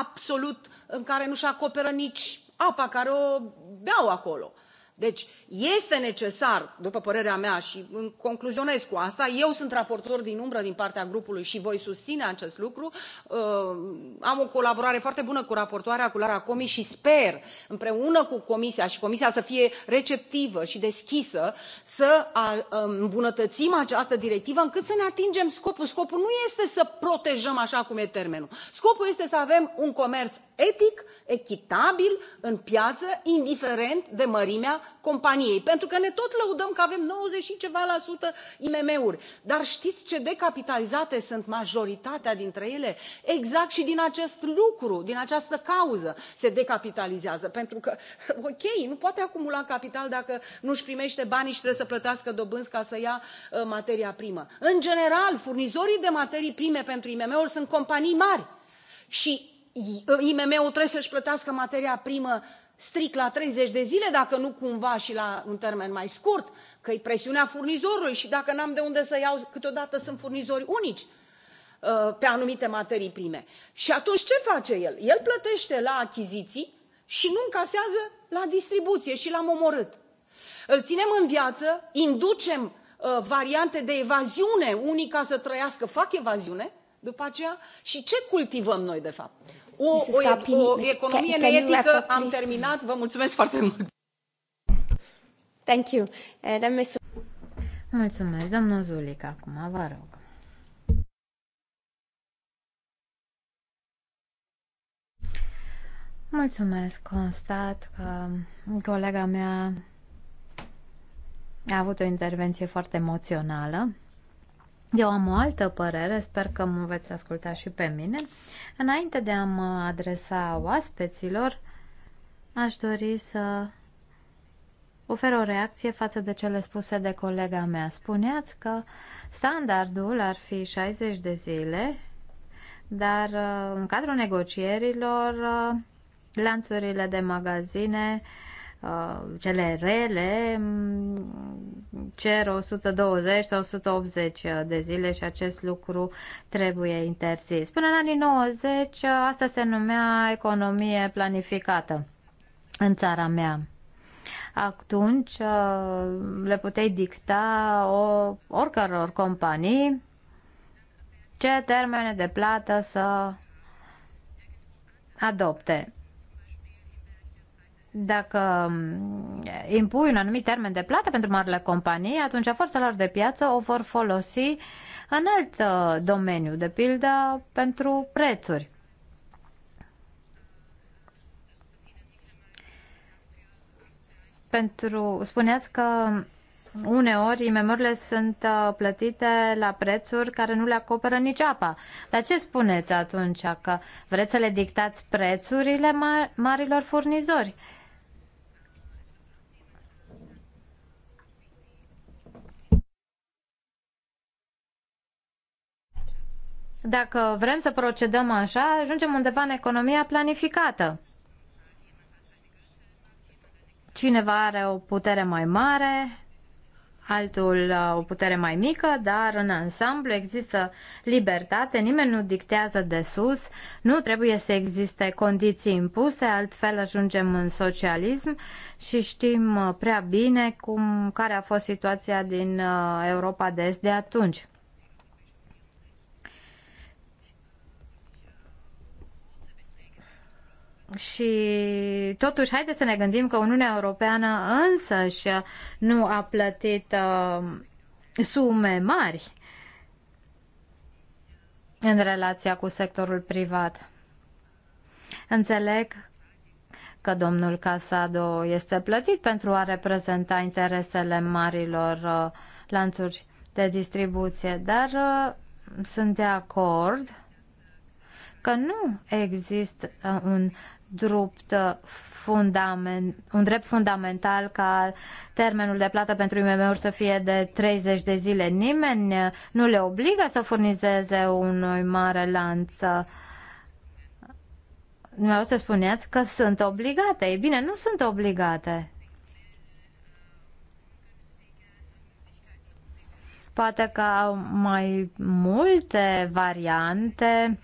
Speaker 6: absolut în care nu și acoperă nici apa care o beau acolo deci este necesar după părerea mea și concluzionez cu asta eu sunt raportor din umbră din partea grupului și voi susține acest lucru uh, am o colaborare foarte bună cu raportoarea cu lara comi și sper împreună cu comisia și comisia să fie receptivă și deschisă să um, îmbunătățim această directivă încât să ne atingem scopul. scopul nu este să protejăm așa cum e termenul scopul este să avem un comerț etic echitabil în piață indiferent de mărimea companiei pentru că ne tot lăudăm că avem nouăzeci și ceva la sută imm uri dar știți ce decapitalizate sunt majoritatea dintre ele exact și din acest lucru din această cauză se decapitalizează pentru că ok nu poate acumula capital dacă nu își primește banii și trebuie să plătească dobânzi ca să ia uh, materia primă. în general furnizorii de materii prime pentru imm uri sunt companii mari și uh, imm ul trebuie să își plătească materia primă strict la treizeci de zile dacă nu cumva și la un termen mai scurt că e presiunea furnizorului și dacă nu am de unde să iau câteodată sunt furnizori unici uh, pe anumite materii prime. Și atunci ce face el? El plătește la achiziții și nu încasează la distribuție și l-am omorât. Îl ținem în viață, inducem uh, variante de evaziune, unii ca să trăiască fac evaziune după aceea și ce cultivăm noi de fapt? o, o, o economie neetică. Am terminat. Vă mulțumesc foarte
Speaker 4: mult.
Speaker 1: Thank you. Eh,
Speaker 4: mulțumesc, domnul Zulic. Acum vă rog. Mulțumesc, constat că colega mea a avut o intervenție foarte emoțională. Eu am o altă părere, sper că mă veți asculta și pe mine. Înainte de a mă adresa oaspeților, aș dori să ofer o reacție față de cele spuse de colega mea. Spuneați că standardul ar fi 60 de zile, dar uh, în cadrul negocierilor uh, lanțurile de magazine uh, Uh, cele rele mm, cer 120 sau 180 de zile și acest lucru trebuie interzis. Până în anii 90 uh, asta se numea economie planificată în țara mea atunci uh, le puteai dicta o, oricăror companii ce termene de plată să adopte dacă mm, impui un anumit termen de plată pentru marile companii, atunci forțelor de piață o vor folosi în alt uh, domeniu, de pildă pentru prețuri. Pentru, spuneați că uneori imm sunt uh, plătite la prețuri care nu le acoperă nici apa. Dar ce spuneți atunci? Că vreți să le dictați prețurile marilor furnizori? Dacă vrem să procedăm așa, ajungem undeva în economia planificată. Cineva are o putere mai mare, altul uh, o putere mai mică, dar în ansamblu există libertate, nimeni nu dictează de sus, nu trebuie să existe condiții impuse, altfel ajungem în socialism și știm uh, prea bine cum, care a fost situația din uh, Europa de Est de atunci. Și totuși, haideți să ne gândim că Uniunea Europeană însăși nu a plătit uh, sume mari în relația cu sectorul privat. Înțeleg că domnul Casado este plătit pentru a reprezenta interesele marilor uh, lanțuri de distribuție, dar uh, sunt de acord că nu există uh, un drept, fundament, un drept fundamental ca termenul de plată pentru IMM-uri să fie de 30 de zile. Nimeni uh, nu le obligă să furnizeze unui mare lanț nu Vreau să spuneți că sunt obligate. Ei bine, nu sunt obligate. Poate că au mai multe variante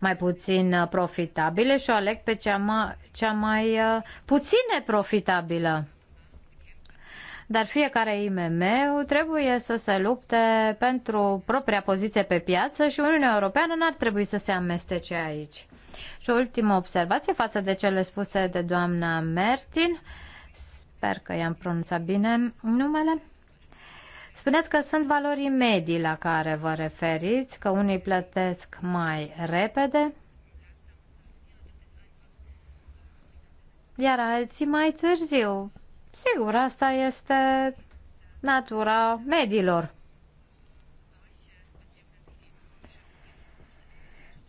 Speaker 4: mai puțin uh, profitabile și o aleg pe cea mai, cea mai uh, puține profitabilă. Dar fiecare IMM trebuie să se lupte pentru propria poziție pe piață și Uniunea Europeană n-ar trebui să se amestece aici. Și o ultimă observație față de cele spuse de doamna Mertin. Sper că i-am pronunțat bine numele. Spuneți că sunt valorii medii la care vă referiți, că unii plătesc mai repede, iar alții mai târziu. Sigur, asta este natura medilor.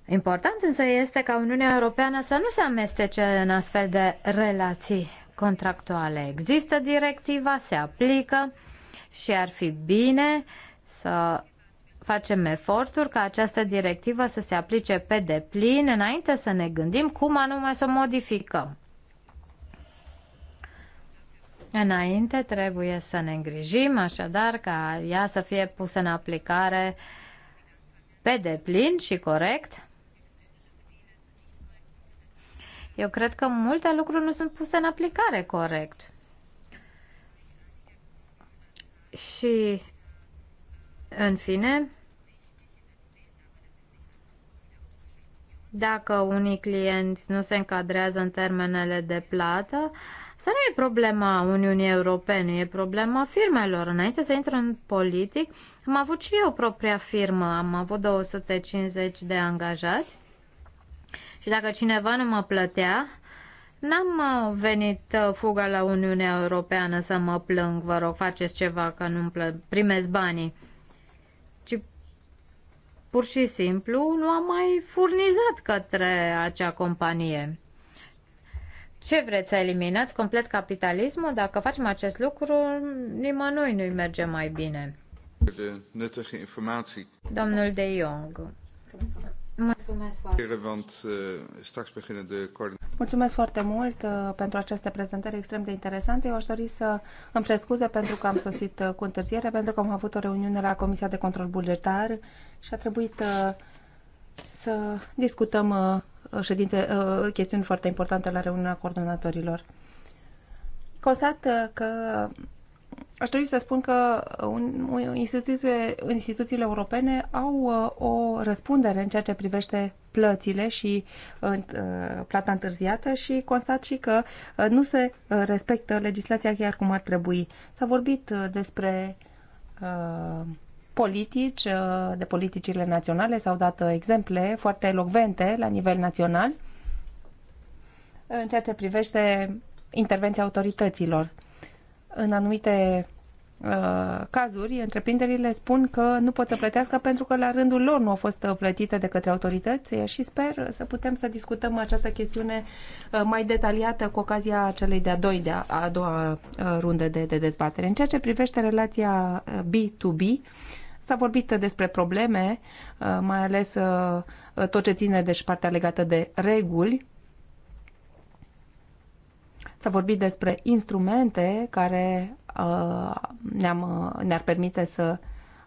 Speaker 4: Important însă este ca Uniunea Europeană să nu se amestece în astfel de relații contractuale. Există directiva, se aplică și ar fi bine să facem eforturi ca această directivă să se aplice pe deplin înainte să ne gândim cum anume să o modificăm. Înainte trebuie să ne îngrijim așadar ca ea să fie pusă în aplicare pe deplin și corect. Eu cred că multe lucruri nu sunt puse în aplicare corect. Și, în fine, dacă unii clienți nu se încadrează în termenele de plată, să nu e problema Uniunii Europene, e problema firmelor. Înainte să intru în politic, am avut și eu propria firmă, am avut 250 de angajați și dacă cineva nu mă plătea, N-am uh, venit uh, fuga la Uniunea Europeană să mă plâng, vă rog, faceți ceva că nu-mi primesc banii. Ci pur și simplu nu am mai furnizat către acea companie. Ce vreți să eliminați complet capitalismul? Dacă facem acest lucru, nimănui nu-i merge mai bine. De Domnul de Jong. Mulțumesc foarte, foarte mult pentru aceste prezentări
Speaker 1: extrem de interesante. Eu aș dori să îmi cer scuze pentru că am sosit cu întârziere, pentru că am avut o reuniune la Comisia de Control Bugetar și a trebuit să discutăm ședințe, chestiuni foarte importante la reuniunea coordonatorilor. Constat că Aș trebui să spun că instituțiile, instituțiile europene au uh, o răspundere în ceea ce privește plățile și uh, uh, plata întârziată și constat și că nu se respectă legislația chiar cum ar trebui. S-a vorbit despre politici, de politicile naționale, s-au dat exemple foarte elocvente la nivel național în ceea ce privește intervenția autorităților în anumite uh, cazuri, întreprinderile spun că nu pot să plătească pentru că la rândul lor nu au fost plătite de către autorități și sper să putem să discutăm această chestiune uh, mai detaliată cu ocazia celei de-a doi, de -a, doua uh, runde de, de dezbatere. În ceea ce privește relația B2B, s-a vorbit despre probleme, mai ales tot ce ține de partea legată de reguli S-a vorbit despre instrumente care uh, ne-am, uh, ne-ar permite să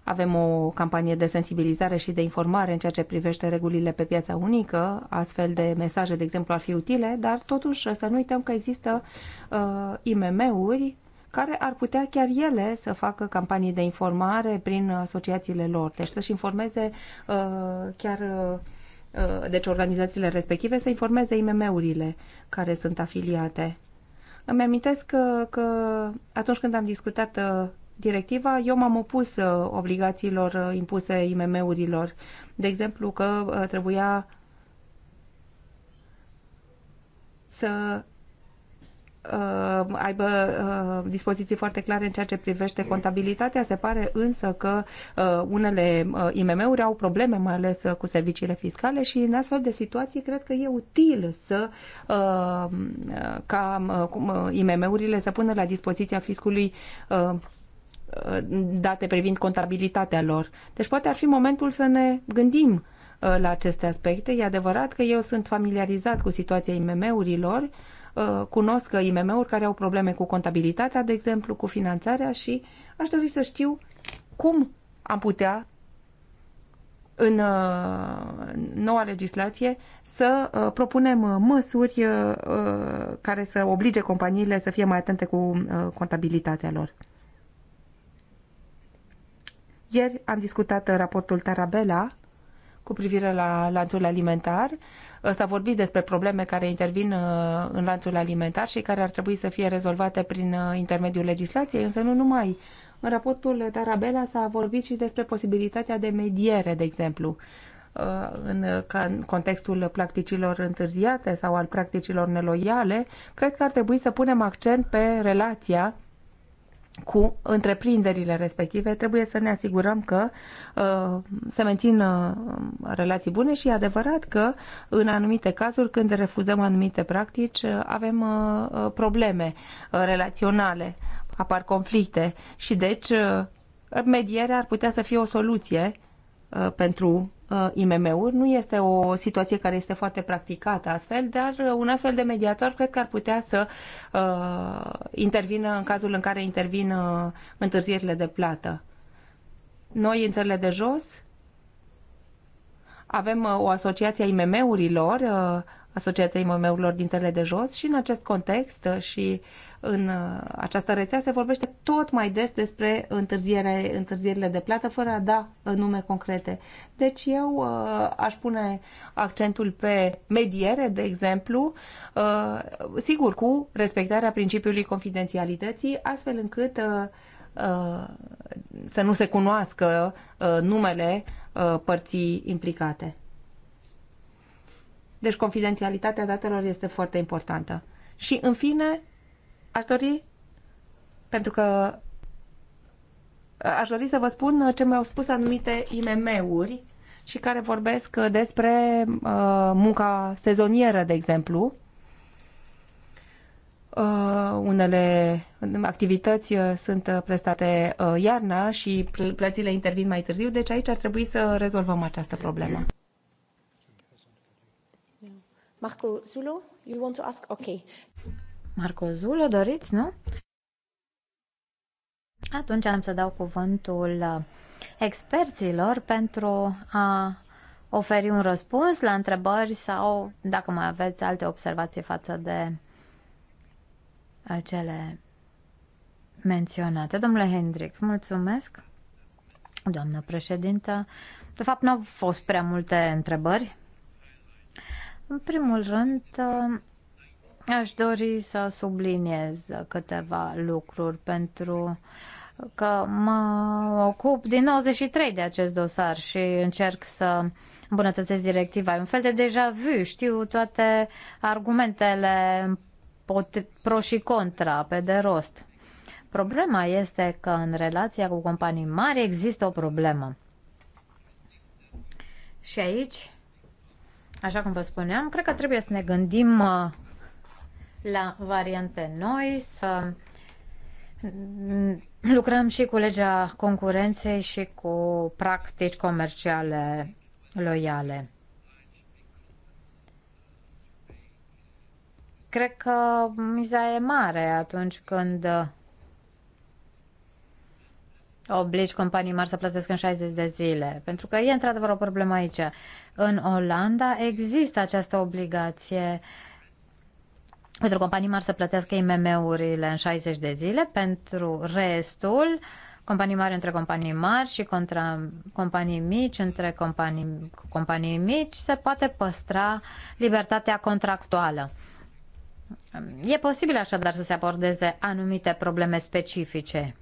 Speaker 1: avem o campanie de sensibilizare și de informare în ceea ce privește regulile pe piața unică, astfel de mesaje, de exemplu, ar fi utile, dar totuși să nu uităm că există uh, IMM-uri care ar putea chiar ele să facă campanii de informare prin asociațiile lor, deci să-și informeze uh, chiar. Uh, uh deci organizațiile respective să informeze IMM-urile care sunt afiliate îmi amintesc că, că atunci când am discutat uh, directiva, eu m-am opus uh, obligațiilor uh, impuse IMM-urilor. De exemplu, că trebuia să uh, aibă uh, dispoziții foarte clare în ceea ce privește contabilitatea. Se pare însă că uh, unele uh, IMM-uri au probleme, mai ales uh, cu serviciile fiscale și în astfel de situații cred că e util să uh, ca uh, uh IMM-urile să pună la dispoziția fiscului uh, uh, date privind contabilitatea lor. Deci poate ar fi momentul să ne gândim uh, la aceste aspecte. E adevărat că eu sunt familiarizat cu situația IMM-urilor, uh, Uh, cunosc IMM-uri care au probleme cu contabilitatea, de exemplu, cu finanțarea și aș dori să știu cum am putea în uh, noua legislație să uh, propunem măsuri care să oblige companiile să fie mai atente cu contabilitatea lor. Ieri am discutat raportul Tarabella cu privire la lanțul alimentar S-a vorbit despre probleme care intervin uh, în lanțul alimentar și care ar trebui să fie rezolvate prin uh, intermediul legislației, însă nu numai. În raportul Tarabela s-a vorbit și despre posibilitatea de mediere, de exemplu, uh, în contextul practicilor întârziate sau al practicilor neloiale. Cred că ar trebui să punem accent pe relația cu întreprinderile respective, trebuie să ne asigurăm că uh, se mențin uh, relații bune și e adevărat că în anumite cazuri, când refuzăm anumite practici, uh, avem uh, uh probleme uh, relaționale, apar conflicte și deci uh, medierea ar putea să fie o soluție uh, pentru Uh, IMM-uri. Nu este o situație care este foarte practicată astfel, dar uh, un astfel de mediator cred că ar putea să uh, intervină în cazul în care intervin uh, întârzierile de plată. Noi în țările de jos avem uh, o asociație a IMM-urilor, uh, Asociația IMM-urilor din țările de jos și în acest context uh, și uh, în uh, această rețea se vorbește tot mai des despre întârziere, întârzierile de plată fără a da uh, nume concrete. Deci eu uh, aș pune accentul pe mediere, de exemplu, sigur cu respectarea principiului confidențialității, astfel încât să nu se cunoască numele părții implicate. Deci confidențialitatea datelor este foarte importantă. Și în fine, Aș dori, pentru că aș dori să vă spun ce mi-au spus anumite IMM-uri și care vorbesc despre uh, munca sezonieră, de exemplu. Uh, unele activități uh, sunt prestate uh, iarna și pl- plățile intervin mai târziu, deci aici ar trebui să rezolvăm această problemă. Marco Zulo, you want to ask? Okay.
Speaker 4: Marco o doriți, nu? Atunci am să dau cuvântul uh, experților pentru a oferi un răspuns la întrebări sau dacă mai aveți alte observații față de cele menționate. Domnule Hendrix, mulțumesc. Doamnă președintă, de fapt nu au fost prea multe întrebări. În primul rând, uh, Aș dori să subliniez câteva lucruri pentru că mă ocup din 93 de acest dosar și încerc să îmbunătățesc directiva. E un fel de deja vu, știu toate argumentele pro și contra, pe de rost. Problema este că în relația cu companii mari există o problemă. Și aici, așa cum vă spuneam, cred că trebuie să ne gândim la variante noi, să mm, lucrăm și cu legea concurenței și cu practici comerciale loiale. Cred că miza e mare atunci când obligi companii mari să plătească în 60 de zile. Pentru că e într-adevăr o problemă aici. În Olanda există această obligație uh, pentru companii mari să plătească IMM-urile în 60 de zile, pentru restul companii mari între companii mari și contra companii mici între companii, companii mici se poate păstra libertatea contractuală. E posibil așadar să se abordeze anumite probleme specifice.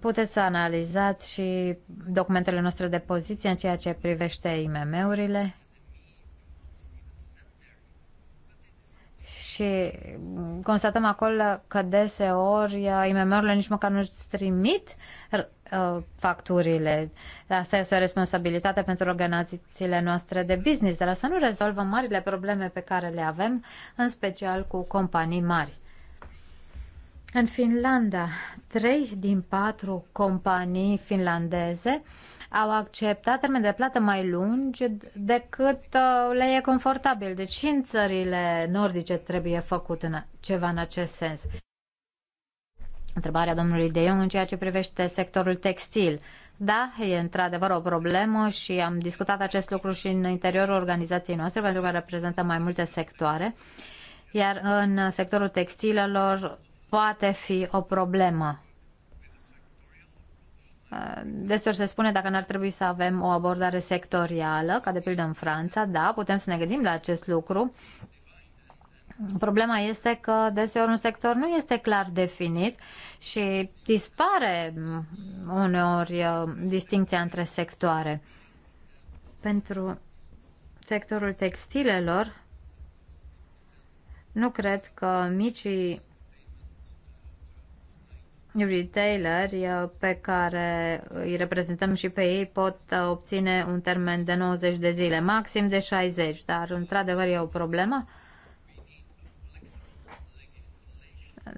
Speaker 4: Puteți să analizați și documentele noastre de poziție în ceea ce privește IMM-urile Și mm, constatăm acolo că deseori uh, IMM-urile nici măcar nu își trimit uh, facturile. Asta este o responsabilitate pentru organizațiile noastre de business, dar asta nu rezolvă marile probleme pe care le avem, în special cu companii mari. În Finlanda, trei din patru companii finlandeze au acceptat termen de plată mai lungi decât uh, le e confortabil. Deci și în țările nordice trebuie făcut în ceva în acest sens. Întrebarea domnului De Jong în ceea ce privește sectorul textil. Da, e într-adevăr o problemă și am discutat acest lucru și în interiorul organizației noastre pentru că reprezentăm mai multe sectoare. Iar în sectorul textilelor poate fi o problemă Desor se spune dacă n-ar trebui să avem o abordare sectorială, ca de pildă în Franța, da, putem să ne gândim la acest lucru. Problema este că deseori un sector nu este clar definit și dispare uneori uh, distinția între sectoare. Pentru sectorul textilelor, nu cred că micii retaileri uh, pe care îi reprezentăm și pe ei pot uh, obține un termen de 90 de zile, maxim de 60, dar într-adevăr e o problemă.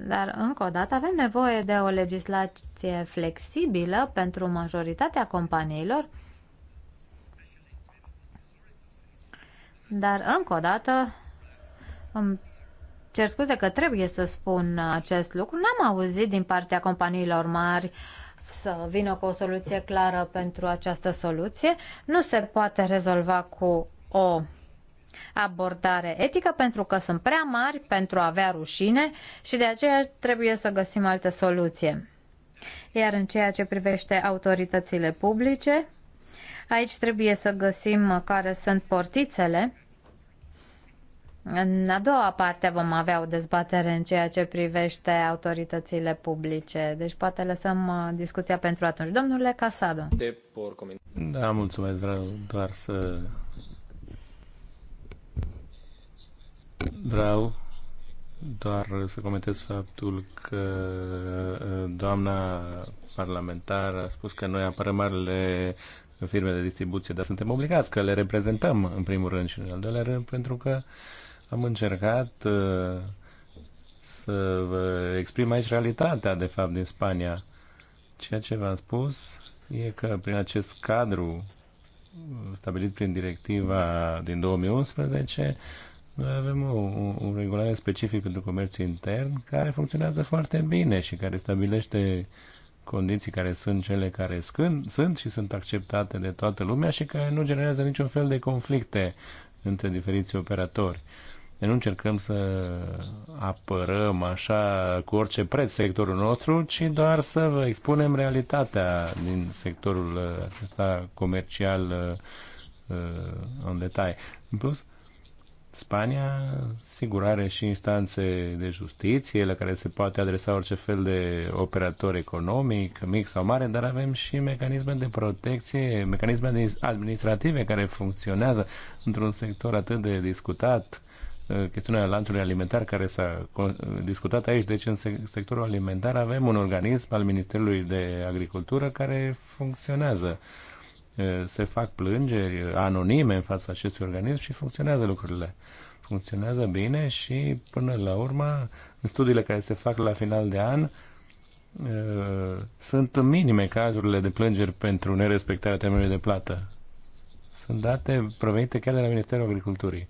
Speaker 4: Dar încă o dată avem nevoie de o legislație flexibilă pentru majoritatea companiilor. Dar încă o dată îmi cer scuze că trebuie să spun acest lucru, n-am auzit din partea companiilor mari să vină cu o soluție clară pentru această soluție. Nu se poate rezolva cu o abordare etică pentru că sunt prea mari pentru a avea rușine și de aceea trebuie să găsim altă soluție. Iar în ceea ce privește autoritățile publice, aici trebuie să găsim care sunt portițele în a doua parte vom avea o dezbatere în ceea ce privește autoritățile publice, deci poate lăsăm uh, discuția pentru atunci. Domnule Casado.
Speaker 2: Da, mulțumesc, vreau doar să... Vreau doar să comentez faptul că uh, doamna parlamentar a spus că noi apărăm marele firme de distribuție, dar suntem obligați că le reprezentăm în primul rând și în al doilea rând pentru că uh, am încercat uh, să vă exprim aici realitatea, de fapt, din Spania. Ceea ce v-am spus e că prin acest cadru uh, stabilit prin directiva din 2011, noi uh, avem un, un regulament specific pentru comerț intern care funcționează foarte bine și care stabilește condiții care sunt cele care scân, sunt și sunt acceptate de toată lumea și care nu generează niciun fel de conflicte între diferiți operatori. Uh, noi deci nu încercăm să apărăm așa cu orice preț sectorul nostru, ci doar să vă expunem realitatea din sectorul uh, acesta comercial uh, uh, în detaliu. În plus, Spania, sigur, are și instanțe de justiție la care se poate adresa orice fel de operator economic, mic sau mare, dar avem și mecanisme de protecție, mecanisme administrative care funcționează într-un sector atât de discutat Eh, chestiunea lanțului alimentar care s-a eh, discutat aici. Deci în sectorul alimentar avem un organism al Ministerului de Agricultură care funcționează. Eh, se fac plângeri anonime în fața acestui organism și funcționează lucrurile. Funcționează bine și până la urmă în studiile care se fac la final de an sunt minime cazurile de plângeri pentru nerespectarea termenului de plată. Sunt date provenite chiar de la Ministerul Agriculturii.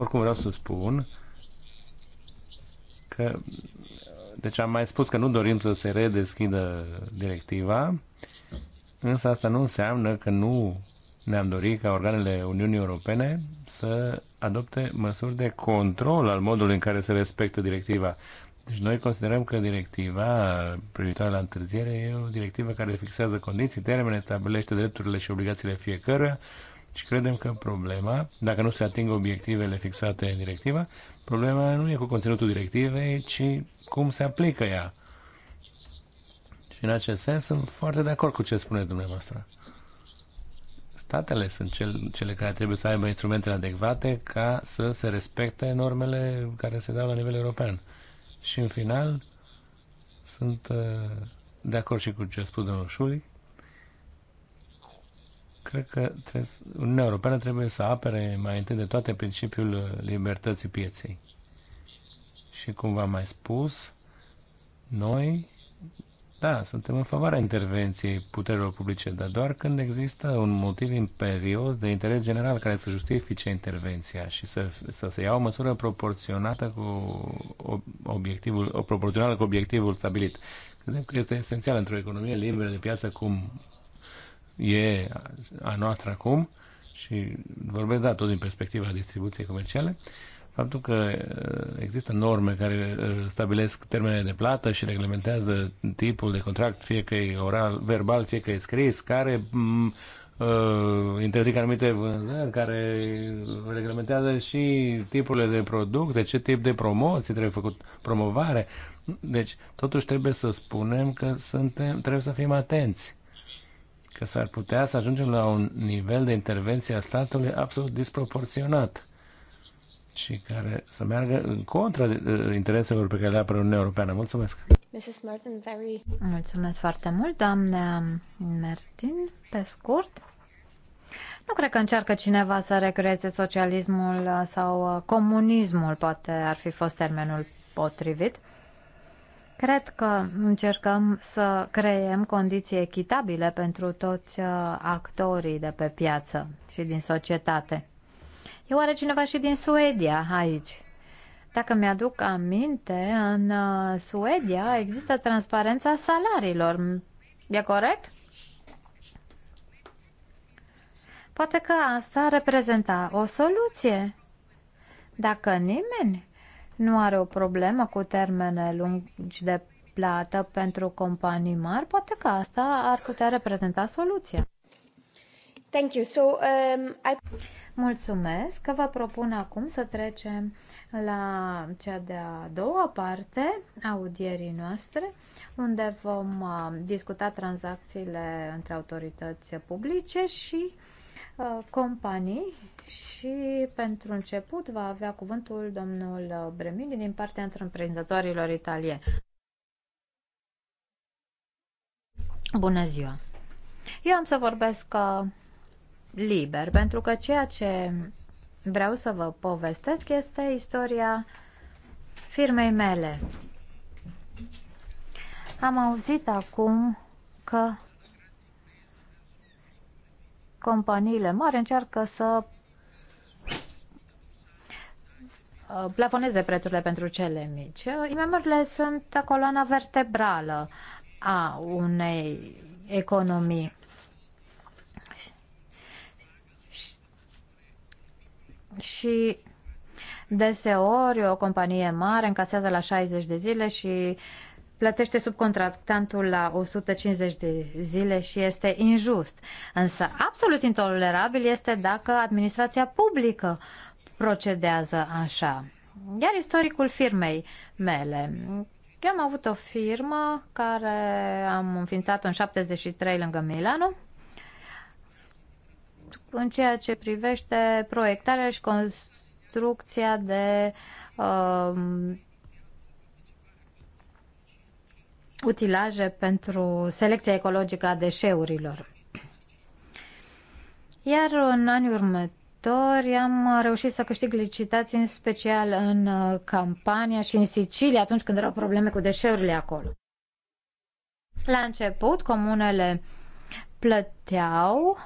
Speaker 2: Oricum vreau să spun că deci am mai spus că nu dorim să se redeschidă directiva, însă asta nu înseamnă că nu ne-am dorit ca organele Uniunii Europene să adopte măsuri de control al modului în care se respectă directiva. Deci noi considerăm că directiva privitoare la întârziere e o directivă care fixează condiții, termene, stabilește drepturile și obligațiile fiecăruia și credem că problema, dacă nu se ating obiectivele fixate în directiva, problema nu e cu conținutul directivei, ci cum se aplică ea. Și în acest sens sunt foarte de acord cu ce spune dumneavoastră. Statele sunt cel, cele care trebuie să aibă instrumentele adecvate ca să se respecte normele care se dau la nivel european. Și în final, sunt uh, de acord și cu ce a spus domnul Șulic, Cred că trebuie, Uniunea Europeană trebuie să apere mai întâi de toate principiul libertății pieței. Și cum v-am mai spus, noi, da, suntem în favoarea intervenției puterilor publice, dar doar când există un motiv imperios de interes general care să justifice intervenția și să, să se ia o măsură proporționată cu obiectivul, o proporțională cu obiectivul stabilit. Cred că este esențial într-o economie liberă de piață cum e a noastră acum și vorbesc, da, tot din perspectiva distribuției comerciale, faptul că uh, există norme care uh, stabilesc termenele de plată și reglementează tipul de contract, fie că e oral, verbal, fie că e scris, care mm, uh, interzic anumite vânzări care reglementează și tipurile de producte, ce tip de promoții trebuie făcut, promovare. Deci, totuși trebuie să spunem că suntem, trebuie să fim atenți că s-ar putea să ajungem la un nivel de intervenție a statului absolut disproporționat și care să meargă în contra uh, intereselor pe care le apără Uniunea Europeană. Mulțumesc!
Speaker 4: Mrs. Martin, very... Mulțumesc foarte mult, doamne Martin, pe scurt. Nu cred că încearcă cineva să recreeze socialismul sau uh, comunismul, poate ar fi fost termenul potrivit. Cred că încercăm să creăm condiții echitabile pentru toți uh, actorii de pe piață și din societate. E oare cineva și din Suedia aici? Dacă mi-aduc aminte, în uh, Suedia există transparența salariilor. E corect? Poate că asta reprezenta o soluție. Dacă nimeni nu are o problemă cu termene lungi de plată pentru companii mari, poate că asta ar putea reprezenta soluția. Thank you. So, um, I... Mulțumesc că vă propun acum să trecem la cea de-a doua parte a audierii noastre, unde vom uh, discuta tranzacțiile între autorități publice și uh, Uh, companii și pentru început va avea cuvântul domnul uh, Bremini din partea întreprinzătorilor italieni. Bună ziua! Eu am să vorbesc uh, liber, pentru că ceea ce vreau să vă povestesc este istoria firmei mele. Am auzit acum că companiile mari încearcă să uh, plafoneze prețurile pentru cele mici. IMM-urile sunt coloana vertebrală a unei economii. Și, deseori o companie mare încasează la 60 de zile și uh, plătește subcontractantul la 150 de zile și este injust. Însă absolut intolerabil este dacă administrația publică procedează așa. Iar istoricul firmei mele. Eu am avut o firmă care am înființat-o în 73 lângă Milano în ceea ce privește proiectarea și construcția de uh, utilaje pentru selecția ecologică a deșeurilor. Iar în anii următori am reușit să câștig licitații, în special în uh, Campania și în Sicilia, atunci când erau probleme cu deșeurile acolo. La început, comunele plăteau,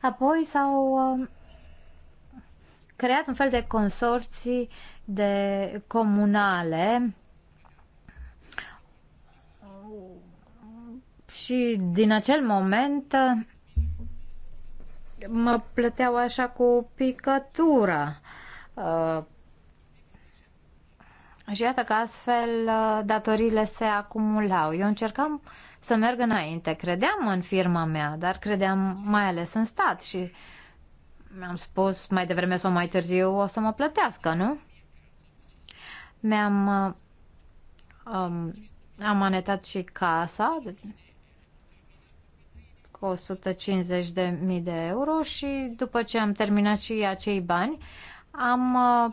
Speaker 4: apoi s-au uh, creat un fel de consorții de comunale Și din acel moment uh, mă plăteau așa cu picătura. Uh, și iată că astfel uh, datorile se acumulau. Eu încercam să merg înainte. Credeam în firma mea, dar credeam mai ales în stat și mi-am spus mai devreme sau mai târziu o să mă plătească, nu? Mi-am um, am și casa deci 150.000 de euro și după ce am terminat și acei bani, am uh,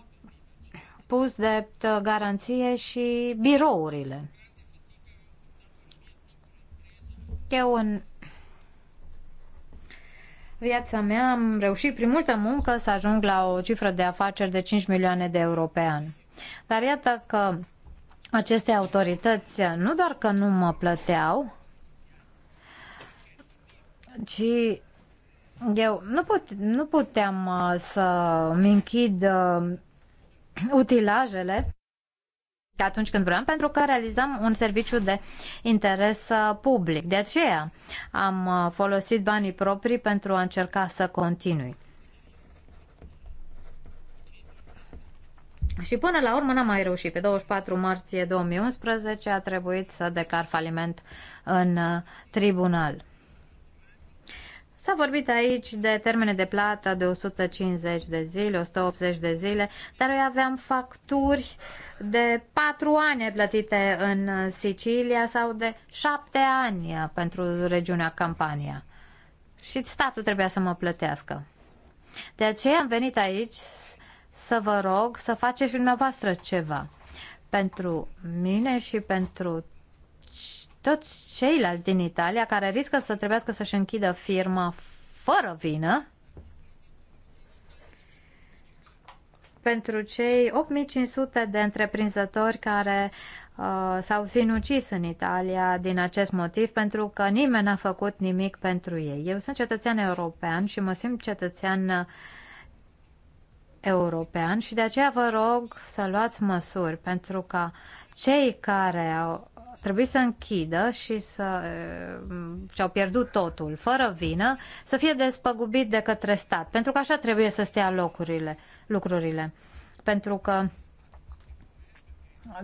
Speaker 4: pus de garanție și birourile. Eu în viața mea am reușit prin multă muncă să ajung la o cifră de afaceri de 5 milioane de euro pe an. Dar iată că aceste autorități nu doar că nu mă plăteau, ci eu nu, put, nu puteam uh, să mi închid uh, utilajele atunci când vreau, pentru că realizam un serviciu de interes uh, public. De aceea am folosit banii proprii pentru a încerca să continui. Și până la urmă n-am mai reușit. Pe 24 martie 2011 a trebuit să declar faliment în tribunal. S-a vorbit aici de termene de plată de 150 de zile, 180 de zile, dar noi aveam facturi de 4 ani plătite în Sicilia sau de 7 ani pentru regiunea Campania. Și statul trebuia să mă plătească. De aceea am venit aici să vă rog să faceți dumneavoastră ceva. Pentru mine și pentru toți ceilalți din Italia care riscă să trebuiască să-și închidă firma fără vină pentru cei 8500 de întreprinzători care uh, s-au sinucis în Italia din acest motiv pentru că nimeni n-a făcut nimic pentru ei. Eu sunt cetățean european și mă simt cetățean uh, european și de aceea vă rog să luați măsuri pentru ca cei care au trebuit să închidă și să și-au pierdut totul fără vină, să fie despăgubit de către stat, pentru că așa trebuie să stea locurile, lucrurile. Pentru că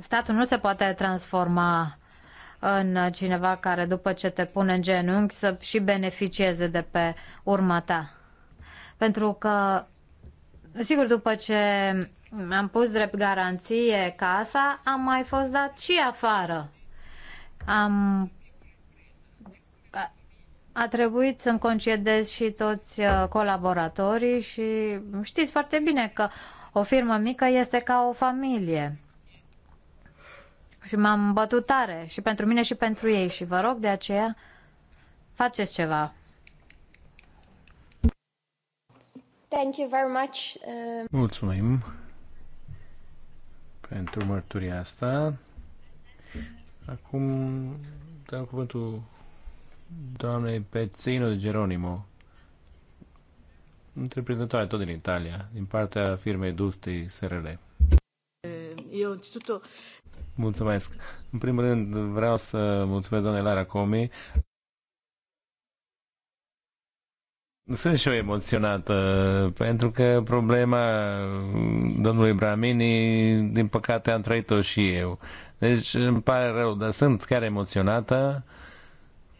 Speaker 4: statul nu se poate transforma în cineva care după ce te pune în genunchi să și beneficieze de pe urma ta. Pentru că, sigur, după ce am pus drept garanție casa, am mai fost dat și afară. Am a trebuit să-mi concedez și toți uh, colaboratorii și știți foarte bine că o firmă mică este ca o familie. Și m-am bătut tare și pentru mine și pentru ei și vă rog de aceea faceți ceva.
Speaker 1: Thank you very much. Uh,
Speaker 2: Mulțumim pentru mărturia asta. Acum dăm cuvântul doamnei Pețino Geronimo, întreprinzătoare tot din Italia, din partea firmei Dusti SRL. Eu,
Speaker 6: eh, institutul...
Speaker 2: Mulțumesc. În primul rând vreau să mulțumesc doamnei Lara Comi. Sunt și eu emoționată, pentru că problema domnului Bramini, din păcate, am trăit-o și eu. Deci îmi pare rău, dar sunt chiar emoționată.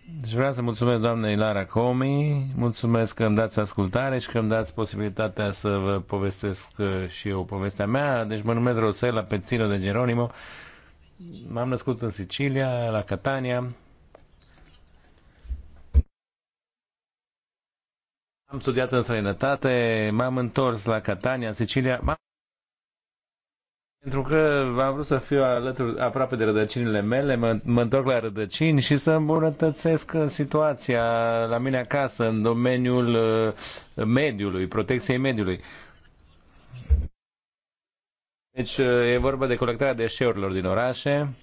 Speaker 2: Și deci vreau să mulțumesc doamnei Lara Comi, mulțumesc că îmi dați ascultare și că îmi dați posibilitatea să vă povestesc uh, și eu povestea mea. Deci mă numesc Rosela Pețino de Geronimo, m-am născut în Sicilia, la Catania. Am studiat în străinătate, m-am întors la Catania, în Sicilia. Pentru că am vrut să fiu alături, aproape de rădăcinile mele, mă, mă întorc la rădăcini și să îmbunătățesc situația la mine acasă, în domeniul uh, mediului, protecției mediului. Deci uh, e vorba de colectarea deșeurilor din orașe.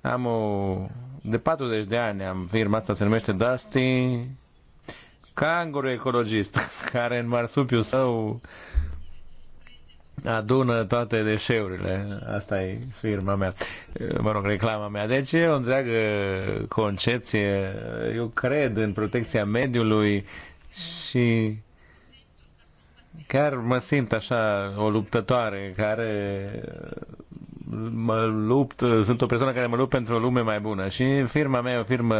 Speaker 2: Am o... De 40 de ani am firma asta, se numește Dusty, canguru ecologist, care în marsupiu său adună toate deșeurile. Asta e firma mea, mă rog, reclama mea. Deci e o întreagă concepție. Eu cred în protecția mediului și chiar mă simt așa o luptătoare care mă lupt, sunt o persoană care mă lupt pentru o lume mai bună și firma mea e o firmă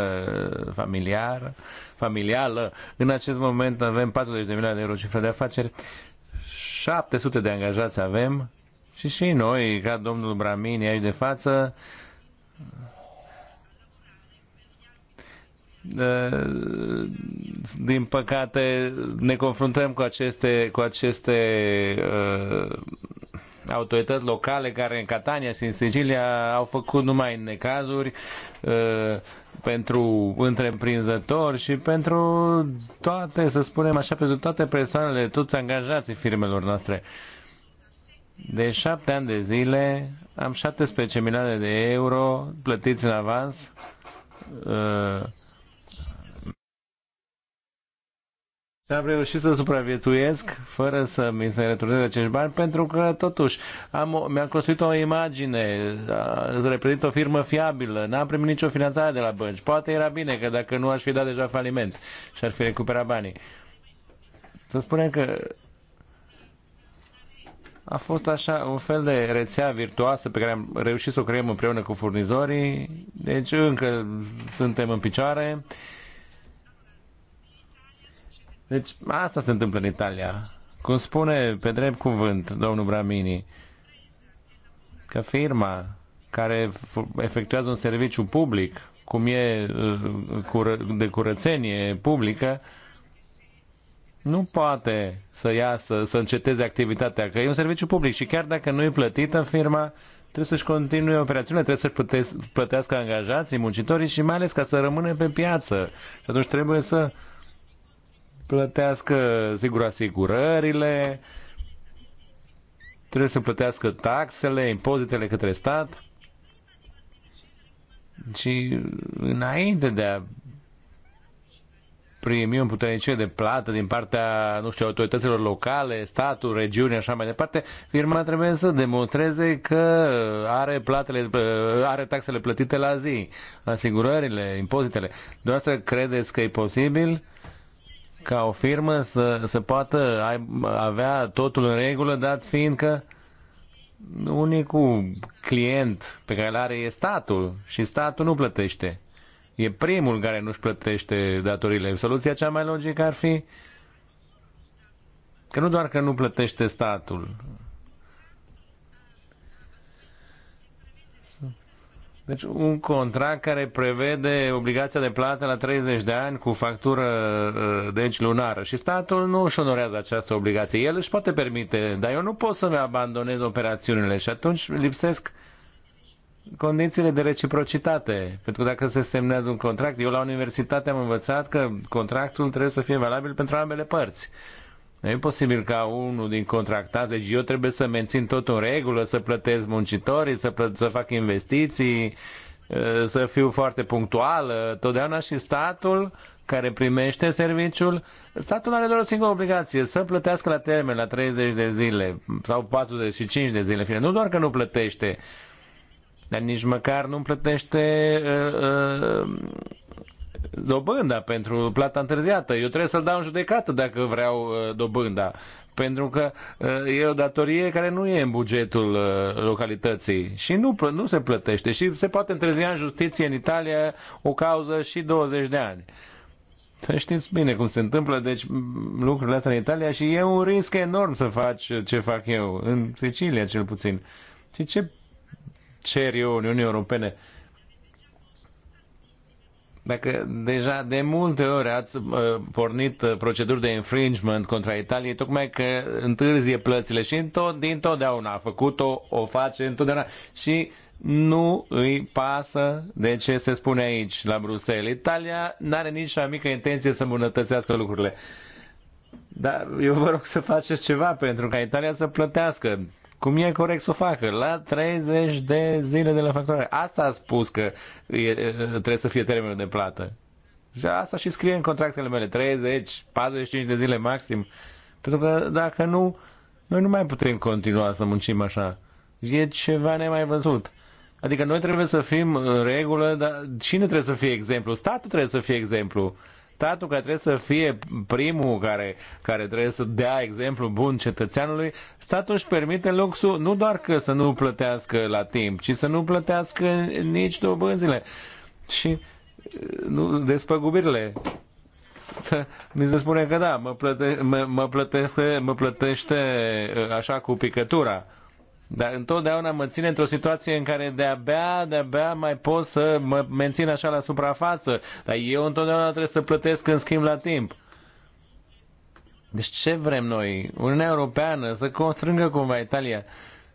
Speaker 2: familiară, familială. În acest moment avem 40 de milioane de euro cifră de afaceri 700 de angajați avem și și noi, ca domnul Bramini aici de față, din păcate ne confruntăm cu aceste, cu aceste uh, autorități locale care în Catania și în Sicilia au făcut numai necazuri uh, pentru întreprinzători și pentru toate, să spunem așa, pentru toate persoanele, toți angajații firmelor noastre. De șapte ani de zile am 17 milioane de euro plătiți în avans uh, am reușit să supraviețuiesc fără să mi se returneze acești bani, pentru că totuși am, mi-am construit o imagine, reprezint o firmă fiabilă, n-am primit nicio finanțare de la bănci. Poate era bine că dacă nu aș fi dat deja faliment și ar fi recuperat banii. Să spunem că a fost așa un fel de rețea virtuoasă pe care am reușit să o creăm împreună cu furnizorii, deci încă suntem în picioare. Uh, deci asta se întâmplă în Italia. Cum spune pe drept cuvânt domnul Bramini, că firma care efectuează un serviciu public, cum e uh, de curățenie publică, nu poate să iasă, să înceteze activitatea, că e un serviciu public și chiar dacă nu e plătită firma, trebuie să-și continue operațiunea, trebuie să-și plătească angajații, muncitorii și mai ales ca să rămână pe piață. Și atunci trebuie să plătească, sigur, asigurările, trebuie să plătească taxele, impozitele către stat. Și înainte de a primi un puternicie de plată din partea, nu știu, autorităților locale, statul, regiuni, așa mai departe, firma trebuie să demonstreze că are, platele, are taxele plătite la zi, asigurările, impozitele. Doar să credeți că e posibil? ca o firmă să, să poată avea totul în regulă, dat fiind că unicul client pe care îl are e statul și statul nu plătește. E primul care nu-și plătește datorile. Soluția cea mai logică ar fi că nu doar că nu plătește statul, Deci un contract care prevede obligația de plată la 30 de ani cu factură uh, deci lunară și statul nu își onorează această obligație. El își poate permite, dar eu nu pot să-mi abandonez operațiunile și atunci lipsesc condițiile de reciprocitate. Pentru că dacă se semnează un contract, eu la universitate am învățat că contractul trebuie să fie valabil pentru ambele părți. E posibil ca unul din contractați, deci eu trebuie să mențin tot în regulă, să plătesc muncitorii, să, plă- să fac investiții, să fiu foarte punctual. Totdeauna și statul care primește serviciul, statul are doar o singură obligație, să plătească la termen, la 30 de zile sau 45 de zile. Fine. Nu doar că nu plătește, dar nici măcar nu plătește uh, uh, dobânda pentru plata întârziată. Eu trebuie să-l dau în judecată dacă vreau uh, dobânda. Pentru că uh, e o datorie care nu e în bugetul uh, localității și nu, nu se plătește. Și se poate întârzia în justiție în Italia o cauză și 20 de ani. Să știți bine cum se întâmplă, deci lucrurile astea în Italia și e un risc enorm să faci ce fac eu, în Sicilia cel puțin. Și ce cer eu Uniunii Europene? Dacă deja de multe ori ați uh, pornit uh, proceduri de infringement contra Italiei, tocmai că întârzie plățile și tot, din totdeauna a făcut-o, o face întotdeauna și nu îi pasă de ce se spune aici, la Bruxelles. Italia nu are nici o mică intenție să îmbunătățească lucrurile. Dar eu vă rog să faceți ceva pentru ca Italia să plătească cum e corect să o facă, la 30 de zile de la facturare. Asta a spus că e, trebuie să fie termenul de plată. Și asta și scrie în contractele mele, 30, 45 de zile maxim. Pentru că dacă nu, noi nu mai putem continua să muncim așa. E ceva nemai văzut. Adică noi trebuie să fim în regulă, dar cine trebuie să fie exemplu? Statul trebuie să fie exemplu statul care trebuie să fie primul care, care trebuie să dea exemplu bun cetățeanului, statul își permite luxul nu doar că să nu plătească la timp, ci să nu plătească nici dobânzile și nu, despăgubirile. Mi se spune că da, mă, plăte, mă, mă, plătește, mă plătește așa cu picătura. Dar întotdeauna mă ține într-o situație în care de-abia, de-abia mai pot să mă mențin așa la suprafață. Dar eu întotdeauna trebuie să plătesc în schimb la timp. Deci ce vrem noi? Uniunea Europeană să constrângă cumva Italia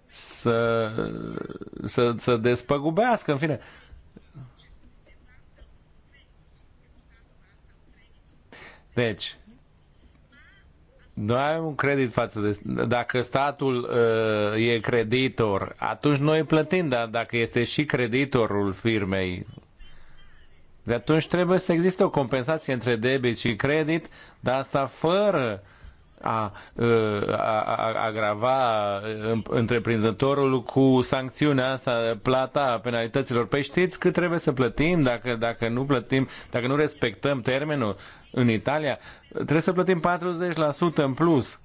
Speaker 2: să, să, să despăgubească, în fine. Deci, noi avem un credit față de... Dacă statul uh, e creditor, atunci noi plătim, dar dacă este și creditorul firmei, de atunci trebuie să existe o compensație între debit și credit, dar asta fără uh, Ă, a, agrava ă, întreprinzătorul cu sancțiunea asta, plata penalităților. Păi știți că trebuie să plătim dacă, dacă nu plătim, dacă nu respectăm termenul în Italia, trebuie să plătim 40% în plus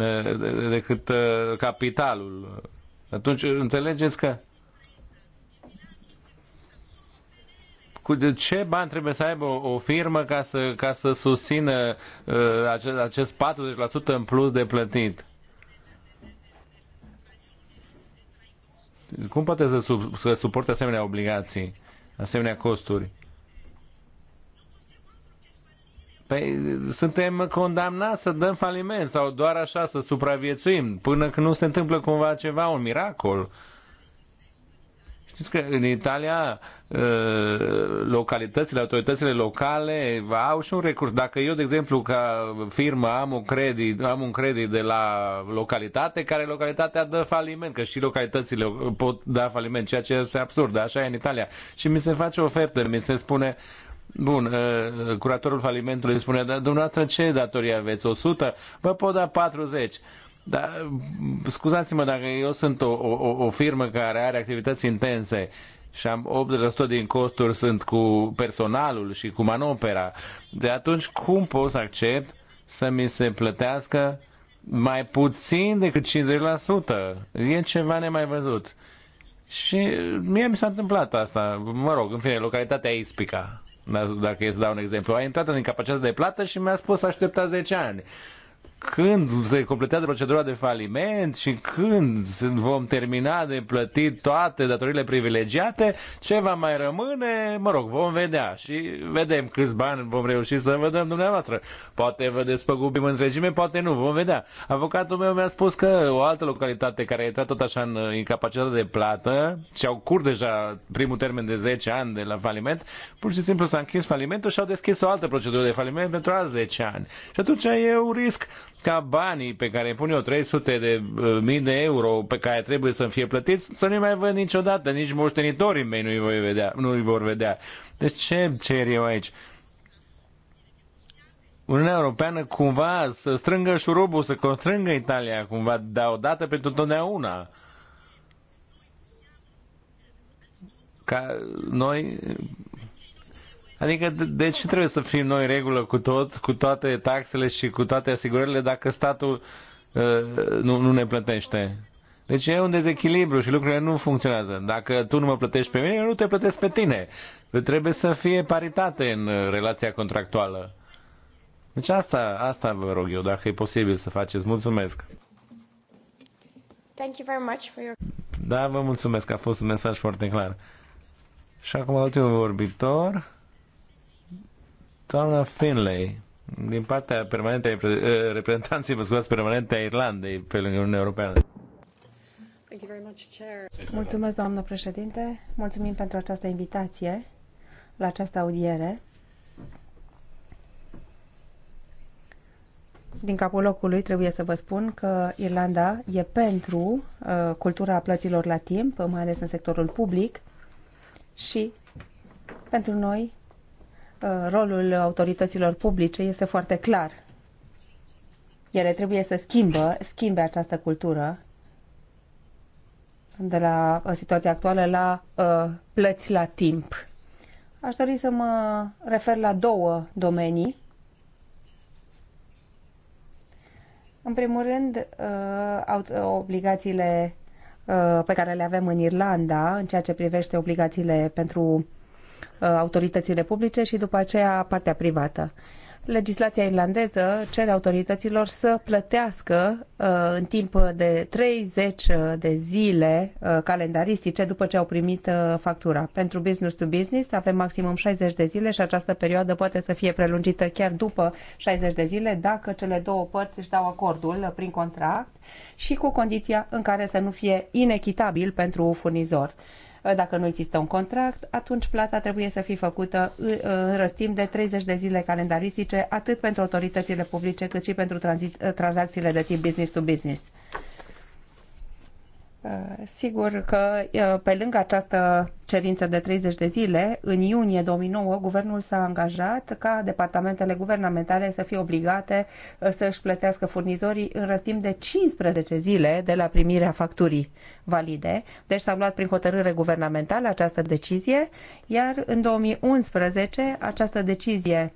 Speaker 2: ă, decât capitalul. Atunci înțelegeți că cu ce bani trebuie să aibă o, o firmă ca să, ca să susțină uh, acest, acest 40% în plus de plătit? Cum poate să, sub, să suporte asemenea obligații, asemenea costuri? Păi suntem condamnați să dăm faliment sau doar așa să supraviețuim până când nu se întâmplă cumva ceva, un miracol. Uh, Știți că în Italia uh, localitățile, autoritățile locale au și un recurs. Dacă eu, de exemplu, ca firmă am un credit, am un credit de la localitate, care localitatea dă faliment, că și localitățile pot da faliment, ceea ce este absurd, așa e în Italia. Și mi se face ofertă, mi se spune, Bun, uh, curatorul falimentului spune, dar dumneavoastră ce datorie aveți? 100? Vă pot da 40. Dar scuzați-mă dacă eu sunt o, o, o firmă care are activități intense și am 80% din costuri sunt cu personalul și cu manopera. De atunci cum pot să accept să mi se plătească mai puțin decât 50%? E ceva nemai văzut. Și mie mi s-a întâmplat asta. Mă rog, în fine, localitatea Ispica, da, dacă e să dau un exemplu. A intrat în incapacitate de plată și mi-a spus să aștepta 10 ani când se completează procedura de faliment și când vom termina de plătit toate datorile privilegiate, ce va mai rămâne, mă rog, vom vedea și vedem câți bani vom reuși să vă dăm dumneavoastră. Poate vă despăgubim întregime, poate nu, vom vedea. Avocatul meu mi-a spus că o altă localitate care a intrat tot așa în incapacitate de plată și au curs deja primul termen de 10 ani de la faliment, pur și simplu s-a închis falimentul și au deschis o altă procedură de faliment pentru a 10 ani. Și atunci e un risc ca banii pe care îi pun eu 300 de uh, mii de euro pe care trebuie să fie plătiți să nu mai văd niciodată, nici moștenitorii mei nu-i, voi vedea, nu-i vor vedea. Deci ce cer eu aici? Uniunea Europeană cumva să strângă șurubul, să constrângă Italia cumva, dar odată pentru totdeauna. Ca noi Adică de ce trebuie să fim noi în regulă cu tot, cu toate taxele și cu toate asigurările dacă statul uh, nu, nu ne plătește? Deci e un dezechilibru și lucrurile nu funcționează. Dacă tu nu mă plătești pe mine, eu nu te plătesc pe tine. Deci trebuie să fie paritate în uh, relația contractuală. Deci asta, asta vă rog eu, dacă e posibil să faceți. Mulțumesc!
Speaker 1: Thank you very
Speaker 3: much for your...
Speaker 2: Da, vă mulțumesc, a fost un mesaj foarte clar. Și acum ultimul vorbitor. Doamna Finlay, din partea permanentă a eh, reprezentanței, vă scuzați, permanente a Irlandei pe lângă Uniunea Europeană.
Speaker 5: Mulțumesc,
Speaker 1: doamnă președinte. Mulțumim pentru această invitație la această audiere. Din capul locului trebuie să vă spun că Irlanda e pentru uh, cultura plăților la timp, mai ales în sectorul public și pentru noi Uh, rolul autorităților publice este foarte clar. Ele trebuie să schimbă, schimbe această cultură de la uh, situația actuală la uh, plăți la timp. Aș dori să mă refer la două domenii. În primul rând, uh, uh obligațiile uh, pe care le avem în Irlanda în ceea ce privește obligațiile pentru uh, Uh, autoritățile publice și după aceea partea privată. Legislația irlandeză cere autorităților să plătească uh, în timp de 30 de zile uh, calendaristice după ce au primit factura. Pentru business to business avem maximum 60 de zile și această perioadă poate să fie prelungită chiar după 60 de zile dacă cele două părți își dau acordul prin contract și cu condiția în care să nu fie inechitabil pentru furnizor dacă nu există un contract, atunci plata trebuie să fie făcută în răstim de 30 de zile calendaristice, atât pentru autoritățile publice, cât și pentru ă, tranzacțiile de tip business to business. Ă, sigur că ă, pe lângă această cerință de 30 de zile, în iunie 2009, guvernul s-a angajat ca departamentele guvernamentale să fie obligate uh, să își plătească furnizorii în răstim de 15 zile de la primirea facturii valide. Deci s-a luat prin hotărâre guvernamentală această decizie, iar în 2011 această decizie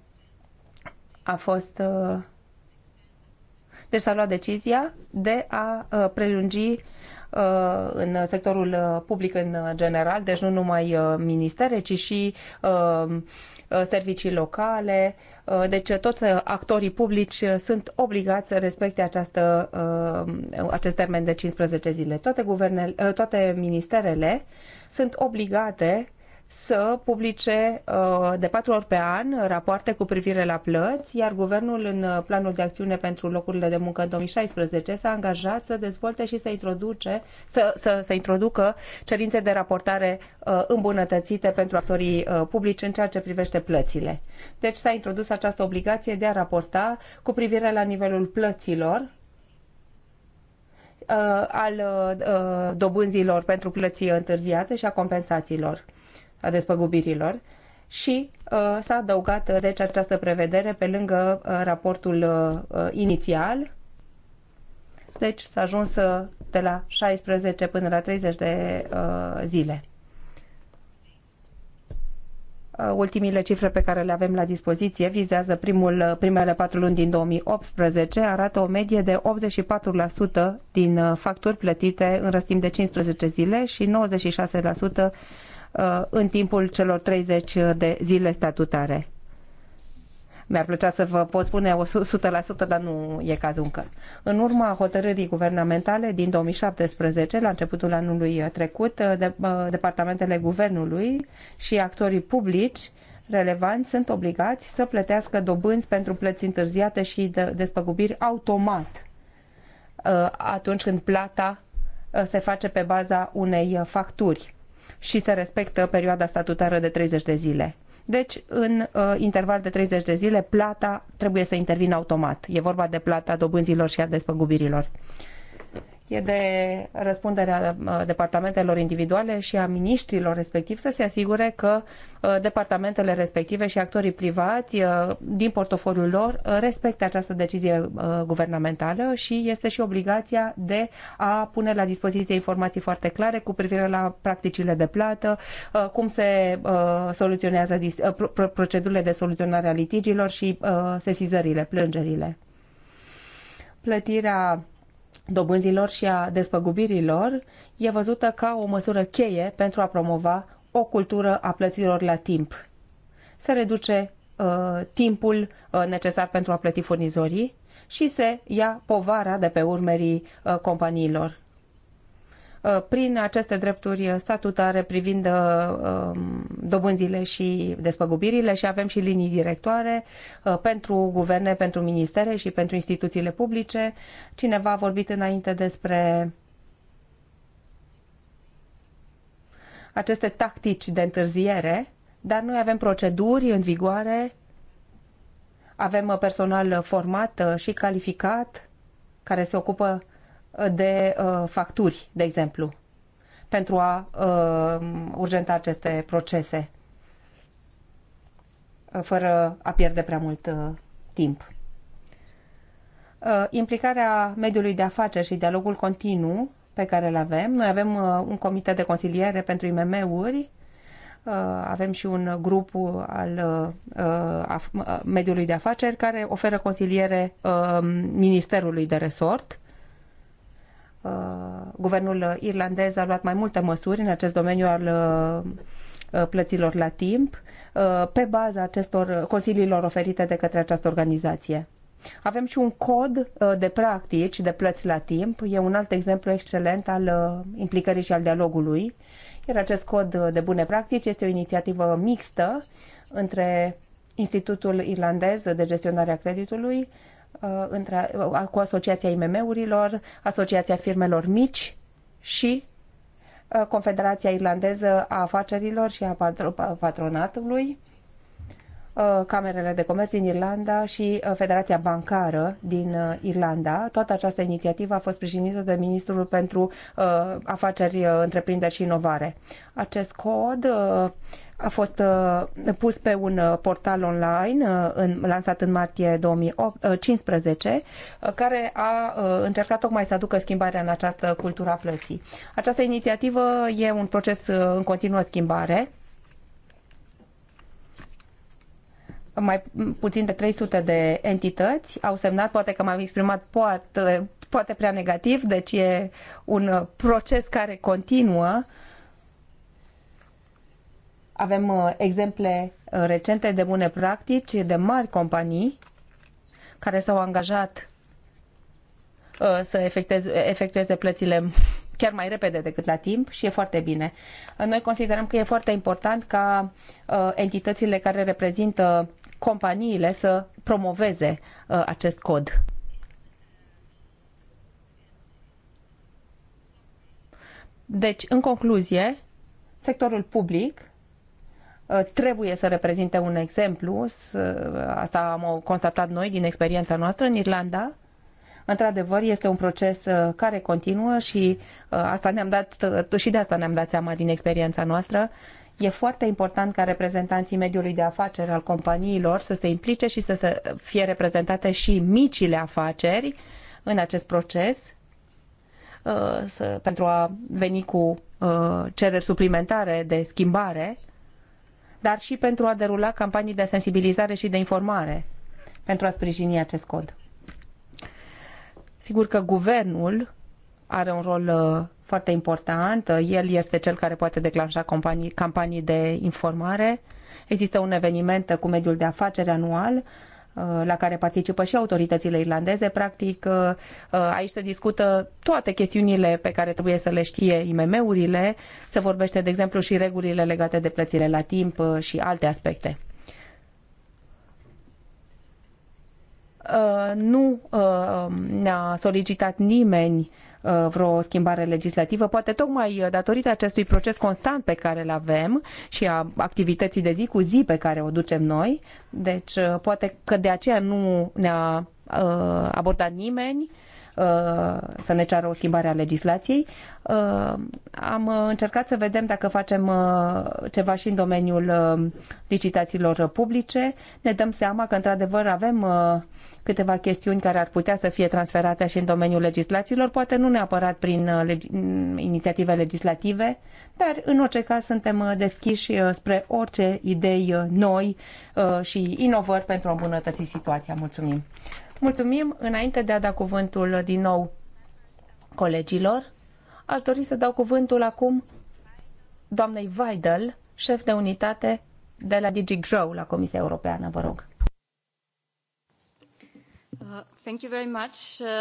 Speaker 1: a fost uh, deci s-a luat decizia de a uh, prelungi Uh, în sectorul uh, public în general, deci nu numai uh, ministere, ci și servicii locale. Deci toți actorii publici sunt obligați să respecte această, acest termen de 15 zile. Toate, guvernele, toate ministerele sunt obligate să publice uh, de patru ori pe an rapoarte cu privire la plăți, iar guvernul în planul de acțiune pentru locurile de muncă în 2016 s-a angajat să dezvolte și să, introduce, să, să, să introducă cerințe de raportare uh, îmbunătățite pentru actorii uh, publici în ceea ce privește plățile. Deci s-a introdus această obligație de a raporta cu privire la nivelul plăților al dobânzilor pentru plății întârziate și a compensațiilor a despăgubirilor și uh, s-a adăugat uh, deci această prevedere pe lângă uh, raportul uh, inițial. Deci s-a ajuns uh, de la 16 până la 30 de uh, zile. Ultimile cifre pe care le avem la dispoziție vizează primul, primele patru luni din 2018, arată o medie de 84% din facturi plătite în răstim de 15 zile și 96% Uh, în timpul celor 30 de zile statutare. Mi-ar plăcea să vă pot spune 100%, dar nu e cazul încă. În urma hotărârii guvernamentale din 2017, la începutul anului trecut, uh, de, uh, departamentele guvernului și actorii publici relevanți sunt obligați să plătească dobânzi pentru plăți întârziate și de, despăgubiri automat atunci când plata se face pe baza unei facturi și se respectă perioada statutară de 30 de zile. Deci, în uh, interval de 30 de zile, plata trebuie să intervină automat. E vorba de plata dobânzilor și a despăgubirilor. Uh, e de răspunderea uh, departamentelor individuale și a miniștrilor respectiv să se asigure că uh, departamentele respective și actorii privați uh, din portofoliul lor respectă această decizie guvernamentală și este și obligația de a pune la dispoziție informații foarte clare cu privire la practicile de plată, cum se soluționează procedurile de soluționare a litigiilor și sesizările, plângerile. Plătirea dobânzilor și a despăgubirilor e văzută ca o măsură cheie pentru a promova o cultură a plăților la timp. Se reduce uh, timpul uh, necesar pentru a plăti furnizorii și se ia povara de pe urmerii uh, companiilor. Uh, prin aceste drepturi statutare privind uh, um, dobânzile și despăgubirile și avem și linii directoare uh, pentru guverne, pentru ministere și pentru instituțiile publice. Cineva a vorbit înainte despre aceste tactici de întârziere, dar noi avem proceduri în vigoare, avem personal format și calificat care se ocupă de uh, facturi, de exemplu, pentru a uh, urgenta aceste procese uh, fără a pierde prea mult timp. Implicarea mediului de afaceri și dialogul continuu pe care îl avem. Noi avem un comitet de consiliere pentru IMM-uri, avem și un grup al mediului de afaceri care oferă consiliere ministerului de resort Uh, guvernul irlandez a luat mai multe măsuri în acest domeniu al uh, uh, plăților la timp pe baza acestor consiliilor oferite de către această organizație. Avem și un cod de practici de plăți la timp. E un alt exemplu excelent al implicării și al dialogului. Iar acest cod de bune practici este o inițiativă mixtă între Institutul Irlandez de Gestionare a Creditului, Uh, între, uh, cu Asociația IMM-urilor, Asociația Firmelor Mici și uh, Confederația Irlandeză a Afacerilor și a Patronatului, Camerele de Comerț din Irlanda și Federația Bancară din Irlanda. Toată această inițiativă a fost sprijinită de Ministrul pentru Afaceri, Întreprinderi și Inovare. Acest cod a fost uh, pus pe un uh, portal online uh, în, lansat în martie 2015, care a încercat tocmai să aducă schimbarea în această cultură a plății. Această inițiativă e un proces în continuă schimbare. mai puțin de 300 de entități au semnat, poate că m-am exprimat poate, poate prea negativ, deci e un proces care continuă uh, avem uh, exemple uh, recente de bune practici de mari companii care s-au angajat uh, să efectueze plățile chiar mai repede decât la timp și e foarte bine. Noi considerăm că e foarte important ca entitățile care reprezintă companiile să promoveze acest cod. Deci, în concluzie, sectorul public Uh, trebuie să reprezinte un exemplu. Uh, asta am constatat noi din experiența noastră în Irlanda. Într-adevăr, este un proces uh, care continuă și asta ne-am dat, și de asta ne-am dat seama din experiența noastră. E foarte important ca reprezentanții mediului de afaceri al companiilor să se implice și să, fie reprezentate și micile afaceri în acest proces să, pentru a veni cu cereri suplimentare de schimbare dar și pentru a derula campanii de sensibilizare și de informare pentru a sprijini acest cod. Sigur că guvernul are un rol uh, foarte important. Uh, el este cel care poate declanșa campanii de informare. Există un eveniment uh, cu mediul de afaceri anual la care participă și autoritățile irlandeze. Practic, uh, uh, aici se discută toate chestiunile pe care trebuie să le știe IMM-urile. Se vorbește, de exemplu, și regulile legate de plățile la timp uh, și alte aspecte. Nu ne-a solicitat nimeni Uh, vreo schimbare legislativă, poate tocmai datorită acestui proces constant pe care îl avem și a activității de zi cu zi pe care o ducem noi. Deci, uh, poate că de aceea nu ne-a uh, abordat nimeni să ne ceară o schimbare a legislației. Am încercat să vedem dacă facem ceva și în domeniul licitațiilor publice. Ne dăm seama că, într-adevăr, avem câteva chestiuni care ar putea să fie transferate și în domeniul legislațiilor, poate nu neapărat prin uh, legi- mm, inițiative legislative, dar în orice caz suntem uh, deschiși uh, spre orice idei noi și inovări pentru a îmbunătăți situația. Mulțumim! Mulțumim! Înainte de a da cuvântul din nou colegilor, aș dori să dau cuvântul acum doamnei Weidel, șef de unitate de la DigiGrow la Comisia Europeană, vă rog.
Speaker 4: Uh, uh,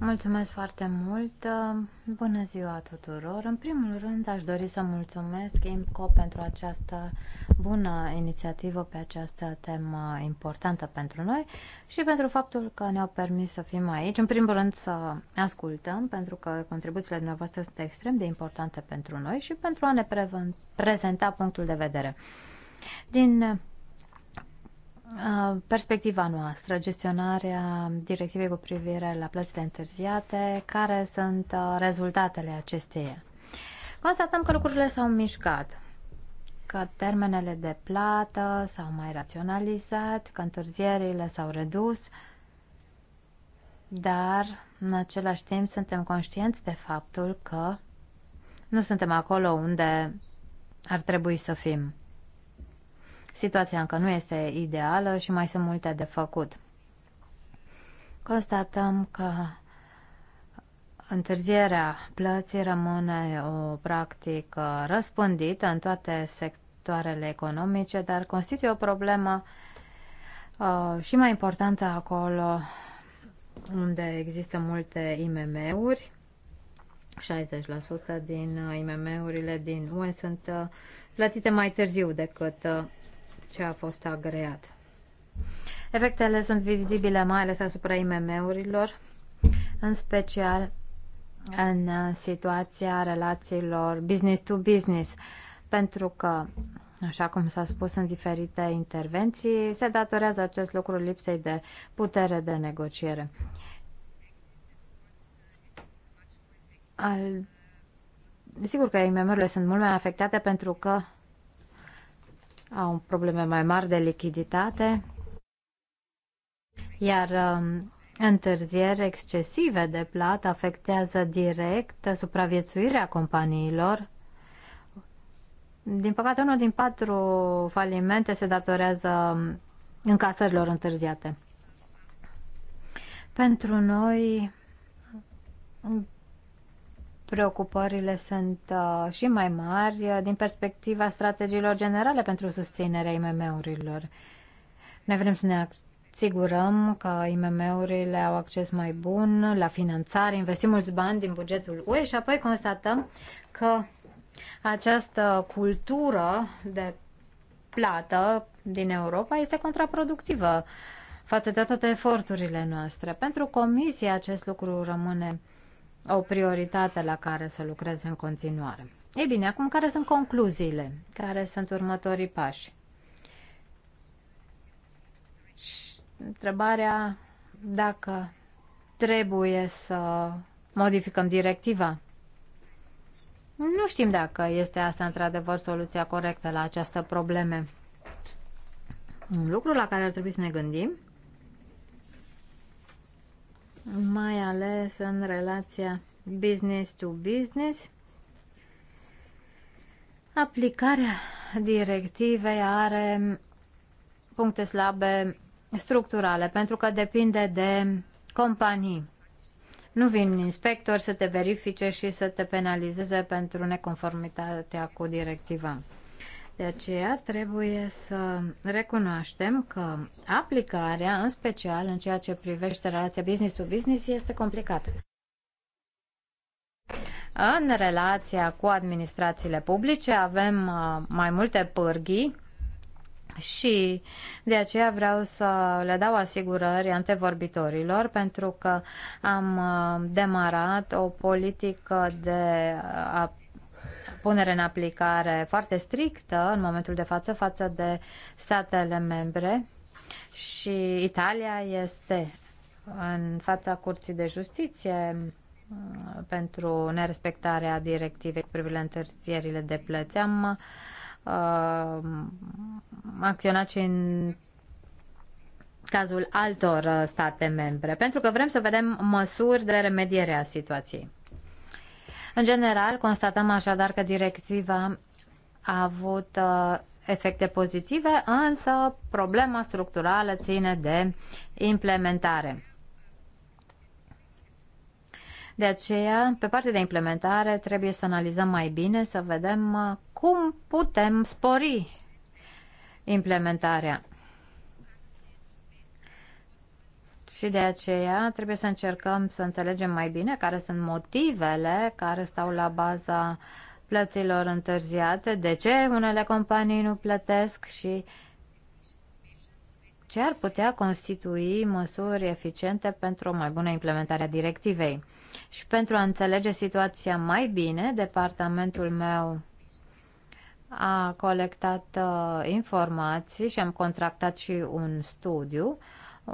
Speaker 4: mulțumesc foarte mult. Uh, bună ziua tuturor. În primul rând, aș dori să mulțumesc IMCO pentru această bună inițiativă pe această temă importantă pentru noi și pentru faptul că ne-au permis să fim aici. În primul rând, să ascultăm, pentru că contribuțiile dumneavoastră sunt extrem de importante pentru noi și pentru a ne prezenta punctul de vedere. Din perspectiva noastră, gestionarea directivei cu privire la plățile întârziate, care sunt rezultatele acesteia. Constatăm că lucrurile s-au mișcat, că termenele de plată s-au mai raționalizat, că întârzierile s-au redus, dar în același timp suntem conștienți de faptul că nu suntem acolo unde ar trebui să fim. Situația încă nu este ideală și mai sunt multe de făcut. Constatăm că întârzierea plății rămâne o practică răspândită în toate sectoarele economice, dar constituie o problemă uh, și mai importantă acolo unde există multe IMM-uri. 60% din IMM-urile din UE sunt uh, plătite mai târziu decât uh, ce a fost agreat. Efectele sunt vizibile mai ales asupra IMM-urilor, în special în uh, situația relațiilor business to business, pentru că, așa cum s-a spus în diferite intervenții, se datorează acest lucru lipsei de putere de negociere. Al... Sigur că IMM-urile sunt mult mai afectate pentru că au probleme mai mari de lichiditate, iar um, întârzieri excesive de plată afectează direct supraviețuirea companiilor. Din păcate, unul din patru falimente se datorează um, încasărilor întârziate. Pentru noi, preocupările sunt uh, și mai mari uh, din perspectiva strategiilor generale pentru susținerea IMM-urilor. Noi vrem să ne asigurăm că IMM-urile au acces mai bun la finanțare, investim mulți bani din bugetul UE și apoi constatăm că această cultură de plată din Europa este contraproductivă față de toate eforturile noastre. Pentru Comisie acest lucru rămâne o prioritate la care să lucrez în continuare. Ei bine, acum care sunt concluziile? Care sunt următorii pași? Și întrebarea dacă trebuie să modificăm directiva. Nu știm dacă este asta într-adevăr soluția corectă la această probleme. Un lucru la care ar trebui să ne gândim mai ales în relația business to business. Aplicarea directivei are puncte slabe structurale, pentru că depinde de companii. Nu vin inspectori să te verifice și să te penalizeze pentru neconformitatea cu directiva. De aceea trebuie să recunoaștem că aplicarea, în special în ceea ce privește relația business to business, este complicată. În relația cu administrațiile publice avem uh, mai multe pârghii și de aceea vreau să le dau asigurări antevorbitorilor pentru că am uh, demarat o politică de uh, a punere în aplicare foarte strictă în momentul de față față de statele membre și Italia este în fața Curții de Justiție uh, pentru nerespectarea directivei cu privire la întârzierile de plăți. Am uh, acționat și în cazul altor uh, state membre, pentru că vrem să vedem măsuri de remediere a situației. În general, constatăm așadar că directiva a avut uh, efecte pozitive, însă problema structurală ține de implementare. De aceea, pe partea de implementare, trebuie să analizăm mai bine, să vedem uh, cum putem spori implementarea. Și de aceea trebuie să încercăm să înțelegem mai bine care sunt motivele care stau la baza plăților întârziate, de ce unele companii nu plătesc și ce ar putea constitui măsuri eficiente pentru o mai bună implementare a directivei. Și pentru a înțelege situația mai bine, departamentul meu a colectat uh, informații și am contractat și un studiu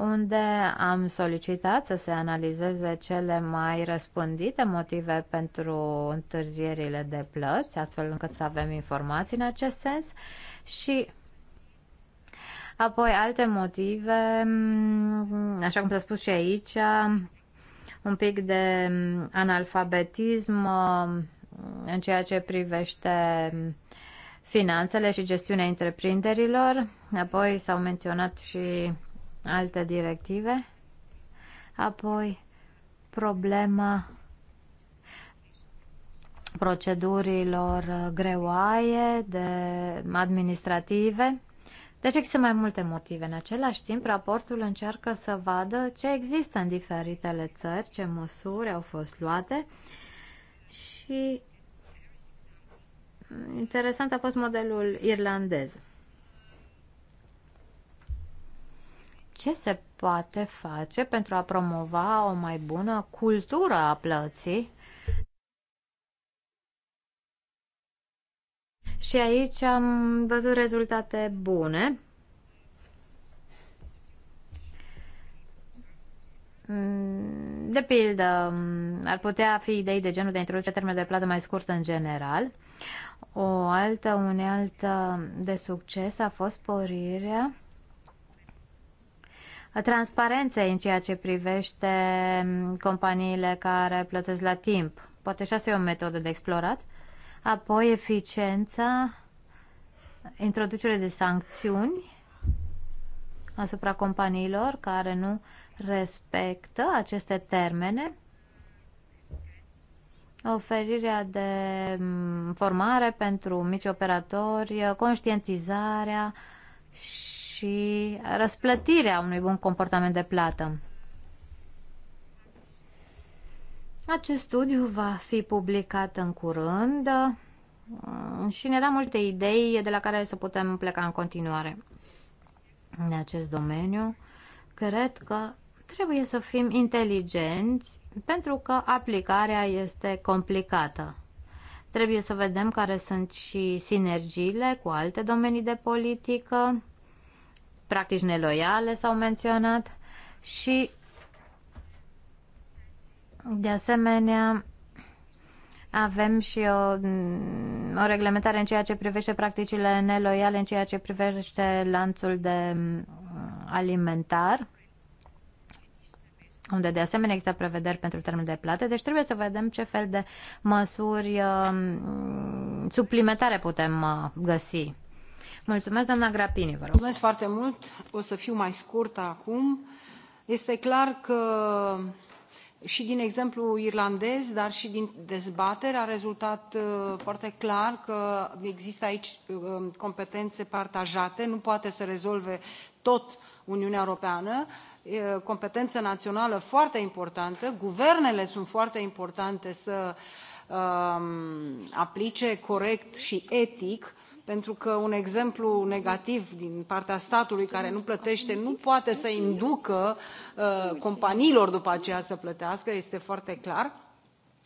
Speaker 4: unde am solicitat să se analizeze cele mai răspândite motive pentru întârzierile de plăți, astfel încât să avem informații în acest sens și apoi alte motive, mm, așa cum s-a spus și aici, un pic de analfabetism mm, în ceea ce privește mm, finanțele și gestiunea întreprinderilor. Apoi s-au menționat și alte directive. Apoi, problema procedurilor greoaie, de administrative. Deci există mai multe motive. În același timp, raportul încearcă să vadă ce există în diferitele țări, ce măsuri au fost luate și interesant a fost modelul irlandez. Ce se poate face pentru a promova o mai bună cultură a plății? Și aici am văzut rezultate bune. Mm, de pildă, mm, ar putea fi idei de genul de introduce termen de plată mai scurt în general. O altă unealtă uh, de succes a fost porirea transparenței în ceea ce privește mm, companiile care plătesc la timp. Poate și asta e o metodă de explorat. Apoi eficiența, introducerea de sancțiuni asupra companiilor care nu respectă aceste termene, oferirea de mm, formare pentru mici operatori, conștientizarea și și răsplătirea unui bun comportament de plată. Acest studiu va fi publicat în curând uh, și ne da multe idei de la care să putem pleca în continuare în acest domeniu. Cred că trebuie să fim inteligenți pentru că aplicarea este complicată. Trebuie să vedem care sunt și sinergiile cu alte domenii de politică practici neloiale s-au menționat și de asemenea avem și o, o reglementare în ceea ce privește practicile neloiale, în ceea ce privește lanțul de mm, alimentar, unde de asemenea există prevederi pentru termen de plată, deci trebuie să vedem ce fel de măsuri uh, suplimentare putem uh, găsi. Mulțumesc, doamna Grapini, vă rog.
Speaker 6: Mulțumesc foarte mult. O să fiu mai scurtă acum. Este clar că și din exemplu irlandez, dar și din dezbatere, a rezultat uh, foarte clar că există aici um, competențe partajate, nu poate să rezolve tot Uniunea Europeană, uh, competență națională foarte importantă, guvernele sunt foarte importante să um, aplice corect și etic pentru că un exemplu negativ din partea statului care nu plătește nu poate să inducă uh, companiilor după aceea să plătească este foarte clar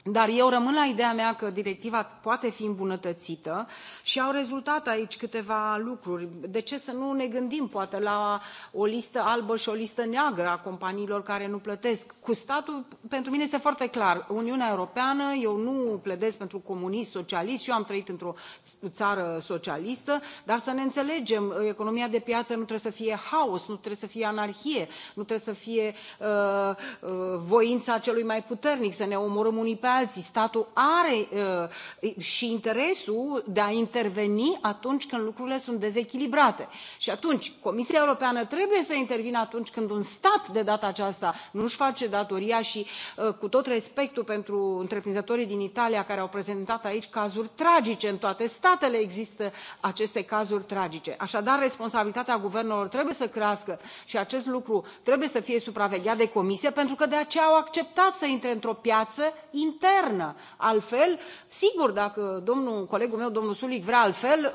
Speaker 6: dar eu rămân la ideea mea că directiva poate fi îmbunătățită și au rezultat aici câteva lucruri de ce să nu ne gândim poate la o listă albă și o listă neagră a companiilor care nu plătesc cu statul pentru mine este foarte clar uniunea europeană eu nu pledez pentru comunism socialist, și eu am trăit într o țară socialistă dar să ne înțelegem economia de piață nu trebuie să fie haos nu trebuie să fie anarhie nu trebuie să fie uh, uh, voința celui mai puternic să ne omorâm unii pe alții. Statul are uh, și interesul de a interveni atunci când lucrurile sunt dezechilibrate. Și atunci, Comisia Europeană trebuie să intervină atunci când un stat, de data aceasta, nu își face datoria și, uh, cu tot respectul pentru întreprinzătorii din Italia care au prezentat aici cazuri tragice, în toate statele există aceste cazuri tragice. Așadar, responsabilitatea guvernelor trebuie să crească și acest lucru trebuie să fie supravegheat de Comisie, pentru că de aceea au acceptat să intre într-o piață internă internă. Altfel, sigur, dacă domnul, colegul meu, domnul Sulic, vrea altfel,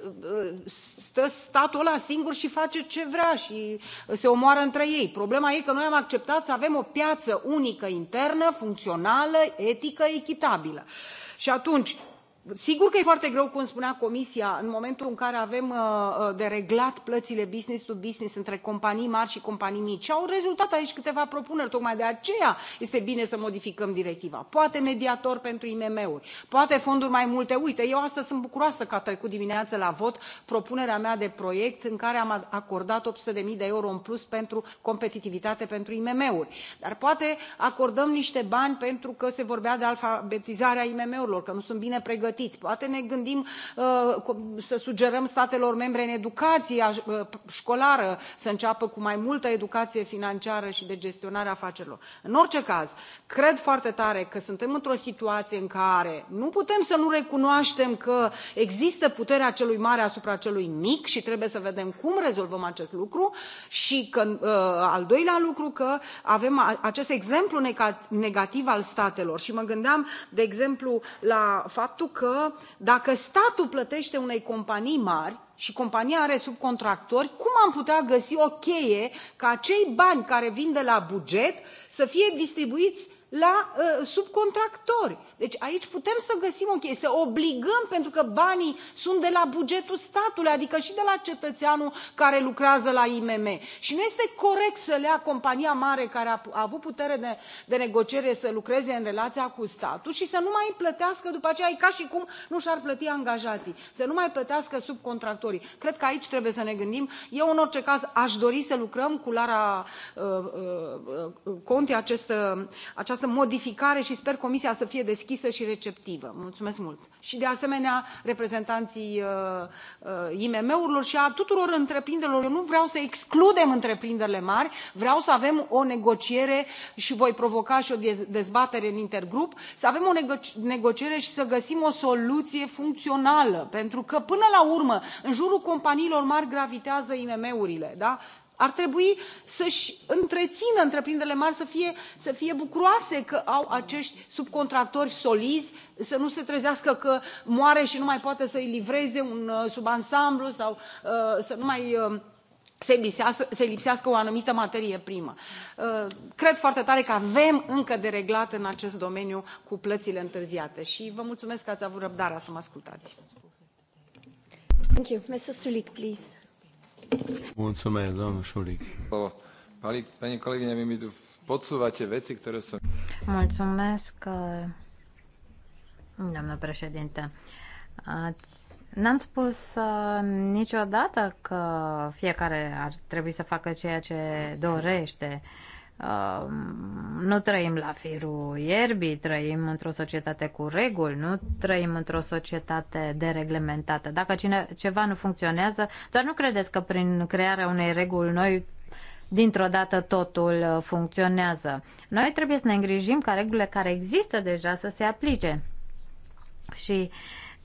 Speaker 6: uh, uh, stă statul ăla singur și face ce vrea și se omoară între ei. Problema e că noi am acceptat să avem o piață unică internă, funcțională, etică, echitabilă. Și atunci, sigur că e foarte greu cum spunea comisia în momentul în care avem uh, uh, de reglat plățile business to business între companii mari și companii mici. au rezultat aici câteva propuneri tocmai de aceea este bine să modificăm directiva poate mediator pentru imm uri poate fonduri mai multe. uite eu astăzi sunt bucuroasă că a trecut dimineață la vot propunerea mea de proiect în care am acordat opt sute zero de euro în plus pentru competitivitate pentru imm uri dar poate acordăm niște bani pentru că se vorbea de alfabetizarea imm urilor că nu sunt bine pregătiți pregătiți poate ne gândim uh, să sugerăm statelor membre în educația uh, școlară să înceapă cu mai multă educație financiară și de gestionare a afacerilor. în orice caz cred foarte tare că suntem într o situație în care nu putem să nu recunoaștem că există puterea celui mare asupra celui mic și trebuie să vedem cum rezolvăm acest lucru și că uh, al doilea lucru că avem acest exemplu negativ al statelor și mă gândeam de exemplu la faptul că dacă statul plătește unei companii mari și compania are subcontractori, cum am putea găsi o cheie ca acei bani care vin de la buget să fie distribuiți la uh, subcontractori? deci aici putem să găsim o cheie să obligăm pentru că banii sunt de la bugetul statului adică și de la cetățeanul care lucrează la imm și nu este corect să le ia compania mare care a, a avut putere de, de negociere să lucreze în relația cu statul și să nu mai plătească după aceea e ca și cum nu și ar plăti angajații să nu mai plătească subcontractorii cred că aici trebuie să ne gândim eu în orice caz aș dori să lucrăm cu Lara uh, uh, uh Conte această, această modificare și sper comisia să fie deschisă deschisă și receptivă. Mulțumesc mult! Și de asemenea reprezentanții uh, uh, IMM urilor și a tuturor întreprinderilor. Eu nu vreau să excludem întreprinderile mari, vreau să avem o negociere și voi provoca și o dezbatere în intergrup, să avem o negociere și să găsim o soluție funcțională, pentru că până la urmă, în jurul companiilor mari gravitează IMM urile, da? ar trebui să și întrețină întreprinderile mari să fie, să fie bucuroase că au acești subcontractori solizi să nu se trezească că moare și nu mai poate să i livreze un uh, subansamblu sau uh, să nu mai uh, se lipsească, se lipsească o anumită materie primă. Cred foarte tare că avem încă de reglat în acest domeniu cu plățile întârziate și vă mulțumesc că ați avut răbdarea să mă ascultați.
Speaker 4: Thank you. Mr. Sulik, please.
Speaker 2: Mulțumesc, domnul Șulic. Pani, pani colegine, mi tu podsúvate veci, care sunt...
Speaker 4: Mulțumesc, uh, doamnă președinte. Ați N-am spus uh, niciodată că fiecare ar trebui să facă ceea ce dorește. Uh, Um, nu trăim la firul ierbii, trăim într-o societate cu reguli, nu trăim într-o societate dereglementată. Dacă cine, ceva nu funcționează, doar nu credeți că prin crearea unei reguli noi dintr-o dată totul uh, funcționează. Noi trebuie să ne îngrijim ca regulile care există deja să se aplice. Și uh,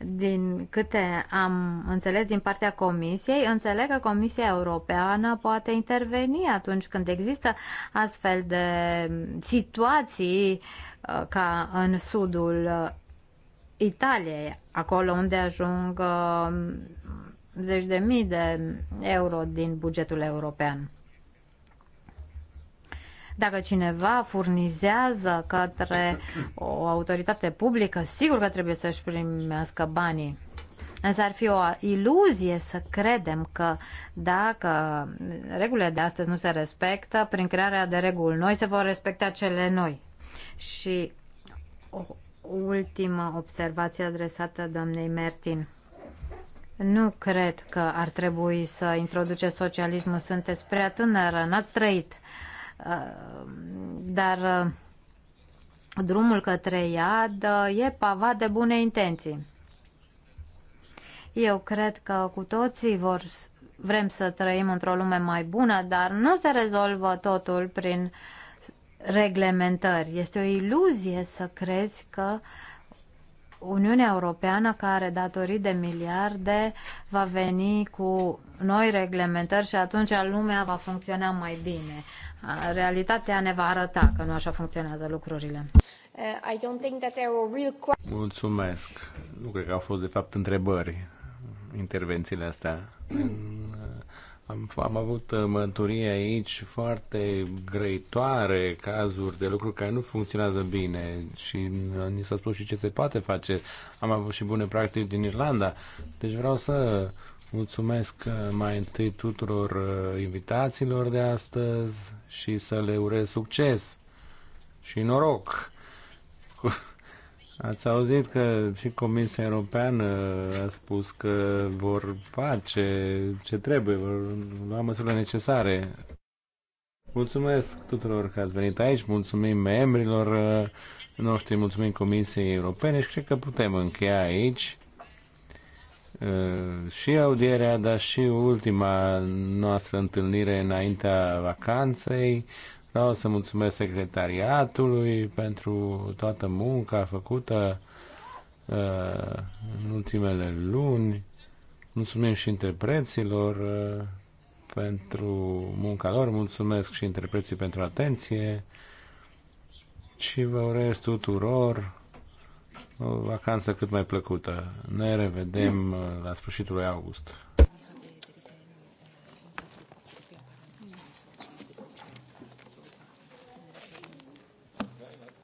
Speaker 4: din câte am înțeles din partea Comisiei, înțeleg că Comisia Europeană poate interveni atunci când există astfel de situații uh, ca în sudul uh, Italiei, acolo unde ajung uh, zeci de mii de euro din bugetul european. Dacă cineva furnizează către o autoritate publică, sigur că trebuie să-și primească banii. Însă ar fi o iluzie să credem că dacă regulile de astăzi nu se respectă, prin crearea de reguli noi se vor respecta cele noi. Și o ultimă observație adresată doamnei Mertin. Nu cred că ar trebui să introduce socialismul. Sunteți prea tânără, n-ați trăit uh, Uh, dar uh, drumul către iad uh, e pavat de bune intenții. Eu cred că cu toții vor, vrem să trăim într-o lume mai bună, dar nu se rezolvă totul prin reglementări. Este o iluzie să crezi că Uniunea Europeană, care datorii de miliarde, va veni cu noi reglementări și atunci lumea va funcționa mai bine. Realitatea ne va arăta că nu așa funcționează lucrurile. Uh,
Speaker 2: Mulțumesc. Nu cred că au fost, de fapt, întrebări intervențiile astea. Uh, am, am avut uh, mărturie aici foarte greitoare, cazuri de lucruri care nu funcționează bine și ni s-a spus și ce se poate face. Am avut și bune practici din Irlanda. Deci vreau să Mulțumesc uh, mai întâi tuturor uh, invitațiilor de astăzi și să le urez succes și noroc. Ați auzit că și Comisia Europeană uh, a spus că vor face ce trebuie, vor lua măsurile necesare. Mulțumesc tuturor că ați venit aici, mulțumim membrilor noștri, mulțumim Comisiei Europene și cred că putem încheia aici Uh, și audierea, dar și ultima noastră întâlnire înaintea vacanței. Vreau să mulțumesc secretariatului pentru toată munca făcută uh, în ultimele luni. Mulțumim și interpreților uh, pentru munca lor, mulțumesc și interpreții pentru atenție și vă urez tuturor o vacanță cât mai plăcută. Ne revedem uh, la sfârșitul lui august.